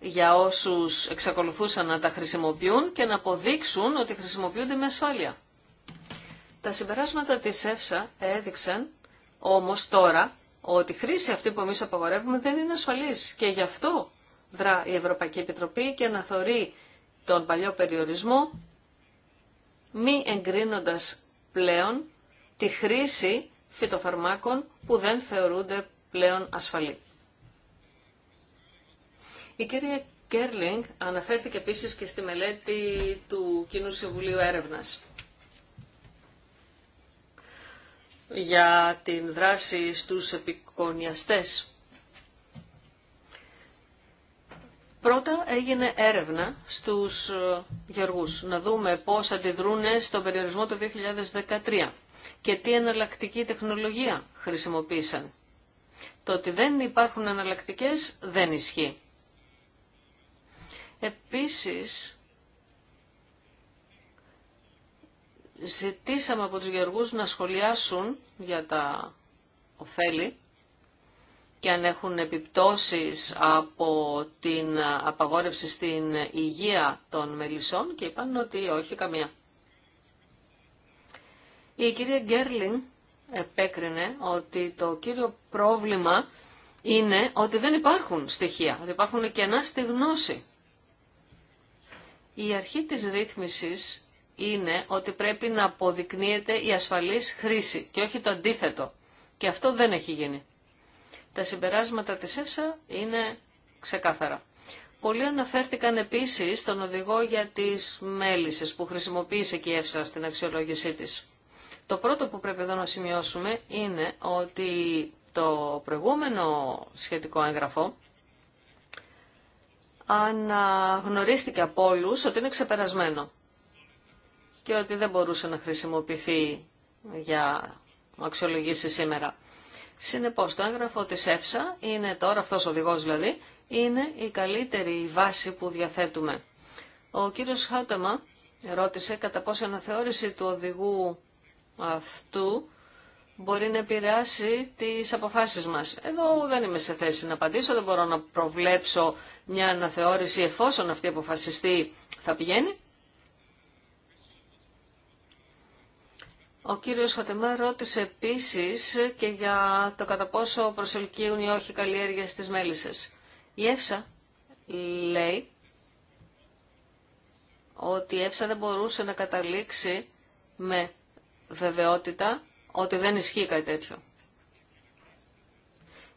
για όσους εξακολουθούσαν να τα χρησιμοποιούν και να αποδείξουν ότι χρησιμοποιούνται με ασφάλεια. Τα συμπεράσματα της ΕΦΣΑ έδειξαν όμως τώρα ότι η χρήση αυτή που εμείς απαγορεύουμε δεν είναι ασφαλής και γι' αυτό δρά η Ευρωπαϊκή Επιτροπή και αναθωρεί τον παλιό περιορισμό μη εγκρίνοντας πλέον τη χρήση φυτοφαρμάκων που δεν θεωρούνται πλέον ασφαλή. Η κυρία Κέρλινγκ αναφέρθηκε επίσης και στη μελέτη του Κοινού Συμβουλίου Έρευνας. για την δράση στους επικονιαστές. Πρώτα έγινε έρευνα στους ε, γεωργούς, να δούμε πώς αντιδρούν στον περιορισμό του 2013 και τι εναλλακτική τεχνολογία χρησιμοποίησαν. Το ότι δεν υπάρχουν εναλλακτικέ δεν ισχύει. Επίσης, ζητήσαμε από τους γεωργούς να σχολιάσουν για τα ωφέλη και αν έχουν επιπτώσεις από την απαγόρευση στην υγεία των μελισσών και είπαν ότι όχι καμία. Η κυρία Γκέρλιν επέκρινε ότι το κύριο πρόβλημα είναι ότι δεν υπάρχουν στοιχεία, ότι υπάρχουν κενά στη γνώση. Η αρχή της ρύθμισης είναι ότι πρέπει να αποδεικνύεται η ασφαλής χρήση και όχι το αντίθετο. Και αυτό δεν έχει γίνει. Τα συμπεράσματα της ΕΦΣΑ είναι ξεκάθαρα. Πολλοί αναφέρθηκαν επίσης στον οδηγό για τις μέλισσες που χρησιμοποίησε και η ΕΦΣΑ στην αξιολόγησή της. Το πρώτο που πρέπει εδώ να σημειώσουμε είναι ότι το προηγούμενο σχετικό έγγραφο αναγνωρίστηκε από όλου ότι είναι ξεπερασμένο και ότι δεν μπορούσε να χρησιμοποιηθεί για αξιολογήσει σήμερα. Συνεπώς το έγγραφο της ΕΦΣΑ είναι τώρα, αυτός ο οδηγός δηλαδή, είναι η καλύτερη βάση που διαθέτουμε. Ο κύριος Χάουτεμα ρώτησε κατά πόσο αναθεώρηση του οδηγού αυτού μπορεί να επηρεάσει τις αποφάσεις μας. Εδώ δεν είμαι σε θέση να απαντήσω, δεν μπορώ να προβλέψω μια αναθεώρηση εφόσον αυτή αποφασιστεί θα πηγαίνει. Ο κύριος Χατεμά ρώτησε επίσης και για το κατά πόσο προσελκύουν ή όχι καλλιέργειες της μέλισσες. Η ΕΦΣΑ λέει ότι η ΕΦΣΑ δεν μπορούσε να καταλήξει με βεβαιότητα ότι δεν ισχύει κάτι τέτοιο.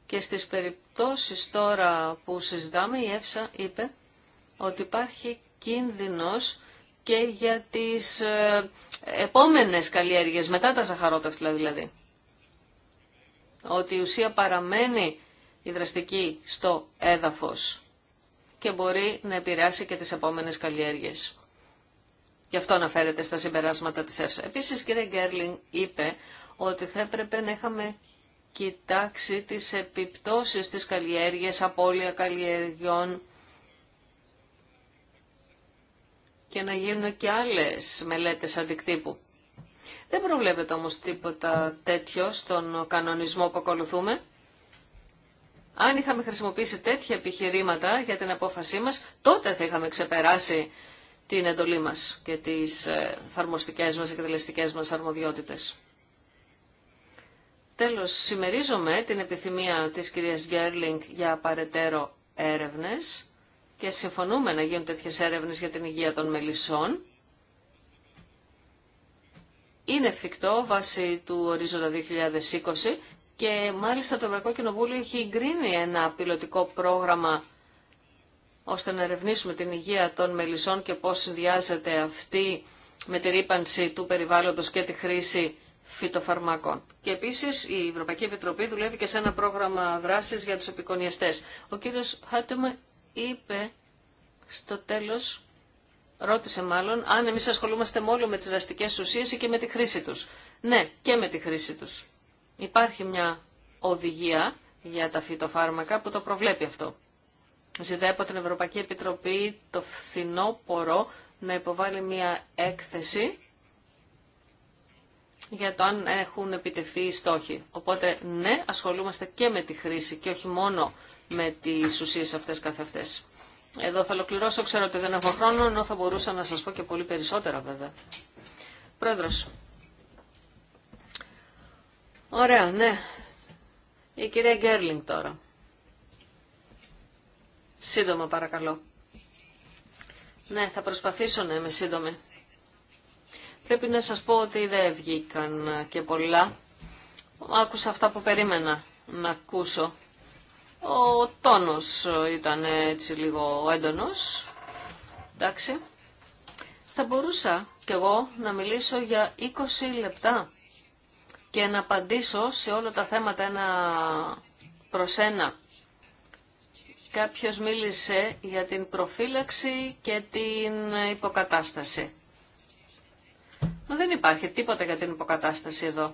Και στις περιπτώσεις τώρα που συζητάμε η ΕΦΣΑ είπε ότι υπάρχει κίνδυνος και για τις ε, επόμενες καλλιέργειες, μετά τα ζαχαρότευτλα δηλαδή. Ότι η ουσία παραμένει υδραστική στο έδαφος και μπορεί να επηρεάσει και τις επόμενες καλλιέργειες. Γι' αυτό αναφέρεται στα συμπεράσματα της ΕΦΣΑ. Επίσης, κύριε Γκέρλινγκ είπε ότι θα έπρεπε να είχαμε κοιτάξει τις επιπτώσεις της καλλιέργειας, απώλεια καλλιεργειών, και να γίνουν και άλλες μελέτες αντικτύπου. Δεν προβλέπεται όμως τίποτα τέτοιο στον κανονισμό που ακολουθούμε. Αν είχαμε χρησιμοποιήσει τέτοια επιχειρήματα για την απόφασή μας, τότε θα είχαμε ξεπεράσει την εντολή μας και τις ε, εφαρμοστικές μας, εκτελεστικές μας αρμοδιότητες. Τέλος, συμμερίζομαι την επιθυμία της κυρίας Γκέρλινγκ για παρετέρω έρευνες και συμφωνούμε να γίνουν τέτοιες έρευνες για την υγεία των μελισσών. Είναι εφικτό βάσει του ορίζοντα 2020 και μάλιστα το Ευρωπαϊκό Κοινοβούλιο έχει εγκρίνει ένα πιλωτικό πρόγραμμα ώστε να ερευνήσουμε την υγεία των μελισσών και πώς συνδυάζεται αυτή με τη ρήπανση του περιβάλλοντος και τη χρήση φυτοφαρμάκων. Και επίσης η Ευρωπαϊκή Επιτροπή δουλεύει και σε ένα πρόγραμμα δράσης για τους επικονιαστές είπε στο τέλος, ρώτησε μάλλον, αν εμείς ασχολούμαστε μόνο με τις δραστικές ουσίες ή και με τη χρήση τους. Ναι, και με τη χρήση τους. Υπάρχει μια οδηγία για τα φυτοφάρμακα που το προβλέπει αυτό. Ζητάει από την Ευρωπαϊκή Επιτροπή το πορό να υποβάλει μια έκθεση για το αν έχουν επιτευχθεί οι στόχοι. Οπότε ναι, ασχολούμαστε και με τη χρήση και όχι μόνο με τις ουσίες αυτές καθ' Εδώ θα ολοκληρώσω, ξέρω ότι δεν έχω χρόνο, ενώ θα μπορούσα να σας πω και πολύ περισσότερα βέβαια. Πρόεδρος. Ωραία, ναι. Η κυρία Γκέρλινγκ τώρα. Σύντομα παρακαλώ. Ναι, θα προσπαθήσω να είμαι σύντομη. Πρέπει να σας πω ότι δεν βγήκαν και πολλά. Άκουσα αυτά που περίμενα να ακούσω ο τόνος ήταν έτσι λίγο έντονος. Εντάξει. Θα μπορούσα κι εγώ να μιλήσω για 20 λεπτά και να απαντήσω σε όλα τα θέματα ένα προς ένα. Κάποιος μίλησε για την προφύλαξη και την υποκατάσταση. Μα δεν υπάρχει τίποτα για την υποκατάσταση εδώ.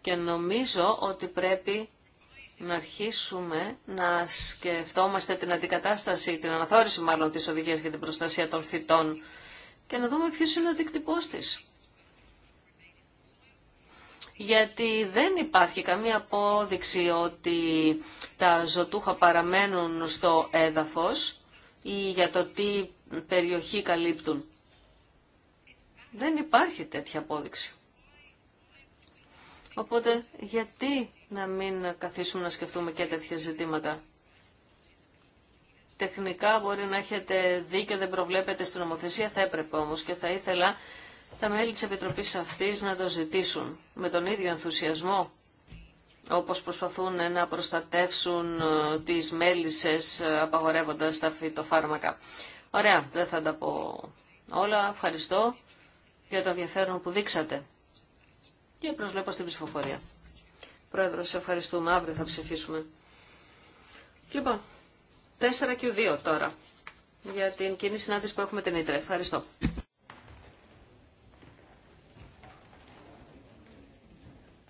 Και νομίζω ότι πρέπει να αρχίσουμε να σκεφτόμαστε την αντικατάσταση, την αναθόρηση μάλλον της οδηγίας για την προστασία των φυτών και να δούμε ποιος είναι ο αντικτυπός της. Γιατί δεν υπάρχει καμία απόδειξη ότι τα ζωτούχα παραμένουν στο έδαφος ή για το τι περιοχή καλύπτουν. Δεν υπάρχει τέτοια απόδειξη. Οπότε γιατί να μην καθίσουμε να σκεφτούμε και τέτοια ζητήματα. Τεχνικά μπορεί να έχετε δίκιο, δεν προβλέπετε στην νομοθεσία, θα έπρεπε όμως και θα ήθελα τα μέλη της Επιτροπής αυτής να το ζητήσουν με τον ίδιο ενθουσιασμό όπως προσπαθούν να προστατεύσουν ε, τις μέλισσες ε, απαγορεύοντας τα φυτοφάρμακα. Ωραία, δεν θα τα πω όλα. Ευχαριστώ για το ενδιαφέρον που δείξατε και προσβλέπω στην ψηφοφορία. Πρόεδρο, σε ευχαριστούμε. Αύριο θα ψηφίσουμε. Λοιπόν, 4 και 2 τώρα για την κοινή συνάντηση που έχουμε την Ήτρε. Ευχαριστώ.